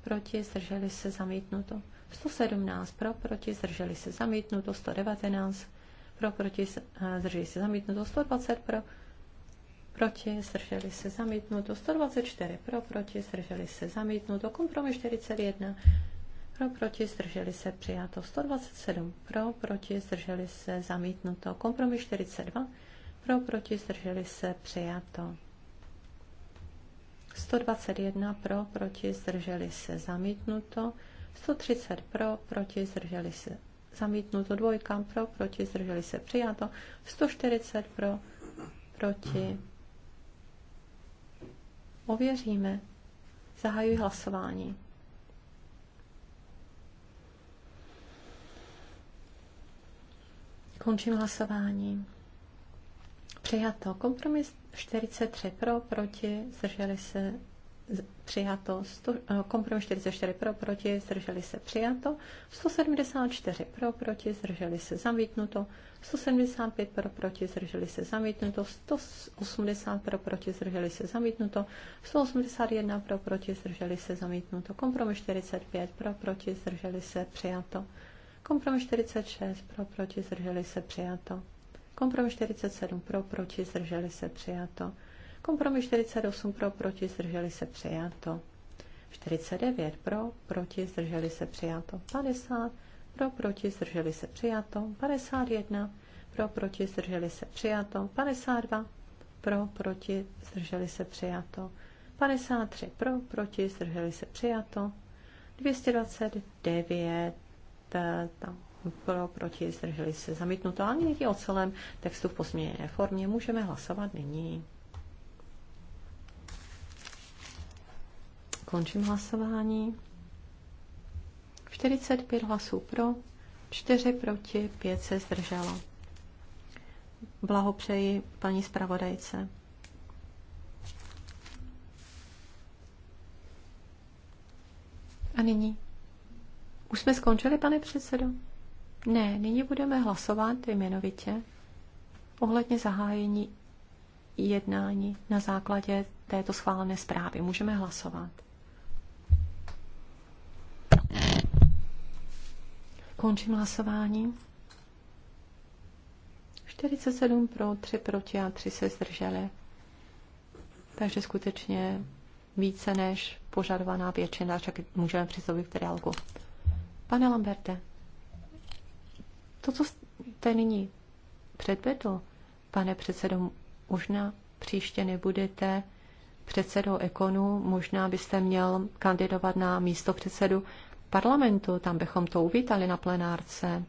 proti, zdrželi se, zamítnuto. 117 pro, proti, zdrželi se, zamítnuto. 119 pro, proti, zdrželi se zamítnuto, 120 pro, proti, zdrželi se zamítnuto, 124 pro, proti, zdrželi se zamítnuto, kompromis 41 pro, proti, zdrželi se přijato, 127 pro, proti, zdrželi se zamítnuto, kompromis 42 pro, proti, zdrželi se přijato. 121 pro, proti, zdrželi se zamítnuto, 130 pro, proti, zdrželi se zamítnuto, dvojka pro, proti, zdrželi se přijato, 140 pro, proti. Ověříme. Zahajuji hlasování. Končím hlasování. Přijato. Kompromis 43 pro, proti, zdrželi se přijato, eh, kompromis 44 pro, proti, zdrželi se přijato, 174 pro, proti, zdrželi se zamítnuto, 175 pro, proti, zdrželi se zamítnuto, 180 pro, proti, zdrželi se zamítnuto, 181 pro, proti, zdrželi se zamítnuto, kompromis 45 pro, proti, zdrželi se přijato, kompromis 46 pro, proti, zdrželi se přijato, kompromis 47 pro, proti, zdrželi se přijato, Kompromis 48 pro, proti, zdrželi se přijato. 49 pro, proti, zdrželi se přijato. 50 pro, proti, zdrželi se přijato. 51 pro, proti, zdrželi se přijato. 52 pro, proti, zdrželi se přijato. 53 pro, proti, zdrželi se přijato. 229 eh, tam pro, proti, zdrželi se zamítnuto. ani nyní o celém textu v pozměněné formě můžeme hlasovat nyní. Končím hlasování. 45 hlasů pro, 4 proti, 5 se zdrželo. Blahopřeji paní zpravodajce. A nyní? Už jsme skončili, pane předsedo? Ne, nyní budeme hlasovat jmenovitě ohledně zahájení jednání na základě této schválené zprávy. Můžeme hlasovat. Končím hlasování. 47 pro, 3 proti a 3 se zdrželi. Takže skutečně více než požadovaná většina, tak můžeme přistoupit k reálku. Pane Lamberte, to, co jste nyní předvedl, pane předsedo, možná příště nebudete předsedou ekonu, možná byste měl kandidovat na místo předsedu parlamentu, tam bychom to uvítali na plenárce.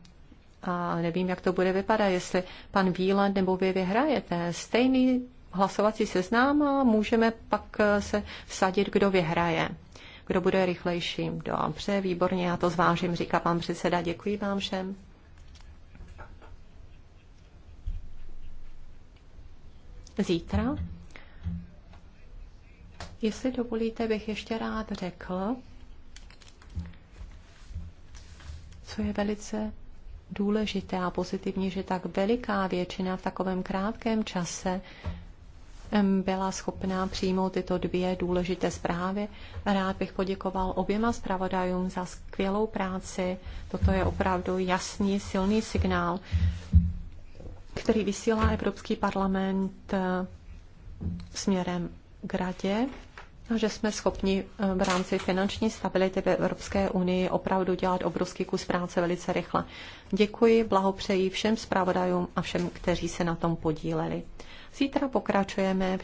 A nevím, jak to bude vypadat, jestli pan Výland nebo vy vyhrajete. Stejný hlasovací seznám a můžeme pak eh, se vsadit, kdo vyhraje. Kdo bude rychlejší. Dobře, výborně, já to zvážím, říká pan předseda. Děkuji vám všem. Zítra, jestli dovolíte, bych ještě rád řekl, co je velice důležité a pozitivní, že tak veliká většina v takovém krátkém čase byla schopná přijmout tyto dvě důležité zprávy. Rád bych poděkoval oběma zpravodajům za skvělou práci. Toto je opravdu jasný, silný signál, který vysílá Evropský parlament eh, směrem k radě No, že jsme schopni eh, v rámci finanční stability v Evropské unii opravdu dělat obrovský kus práce velice rychle. Děkuji, blahopřeji všem zpravodajům a všem, kteří se na tom podíleli. Zítra pokračujeme.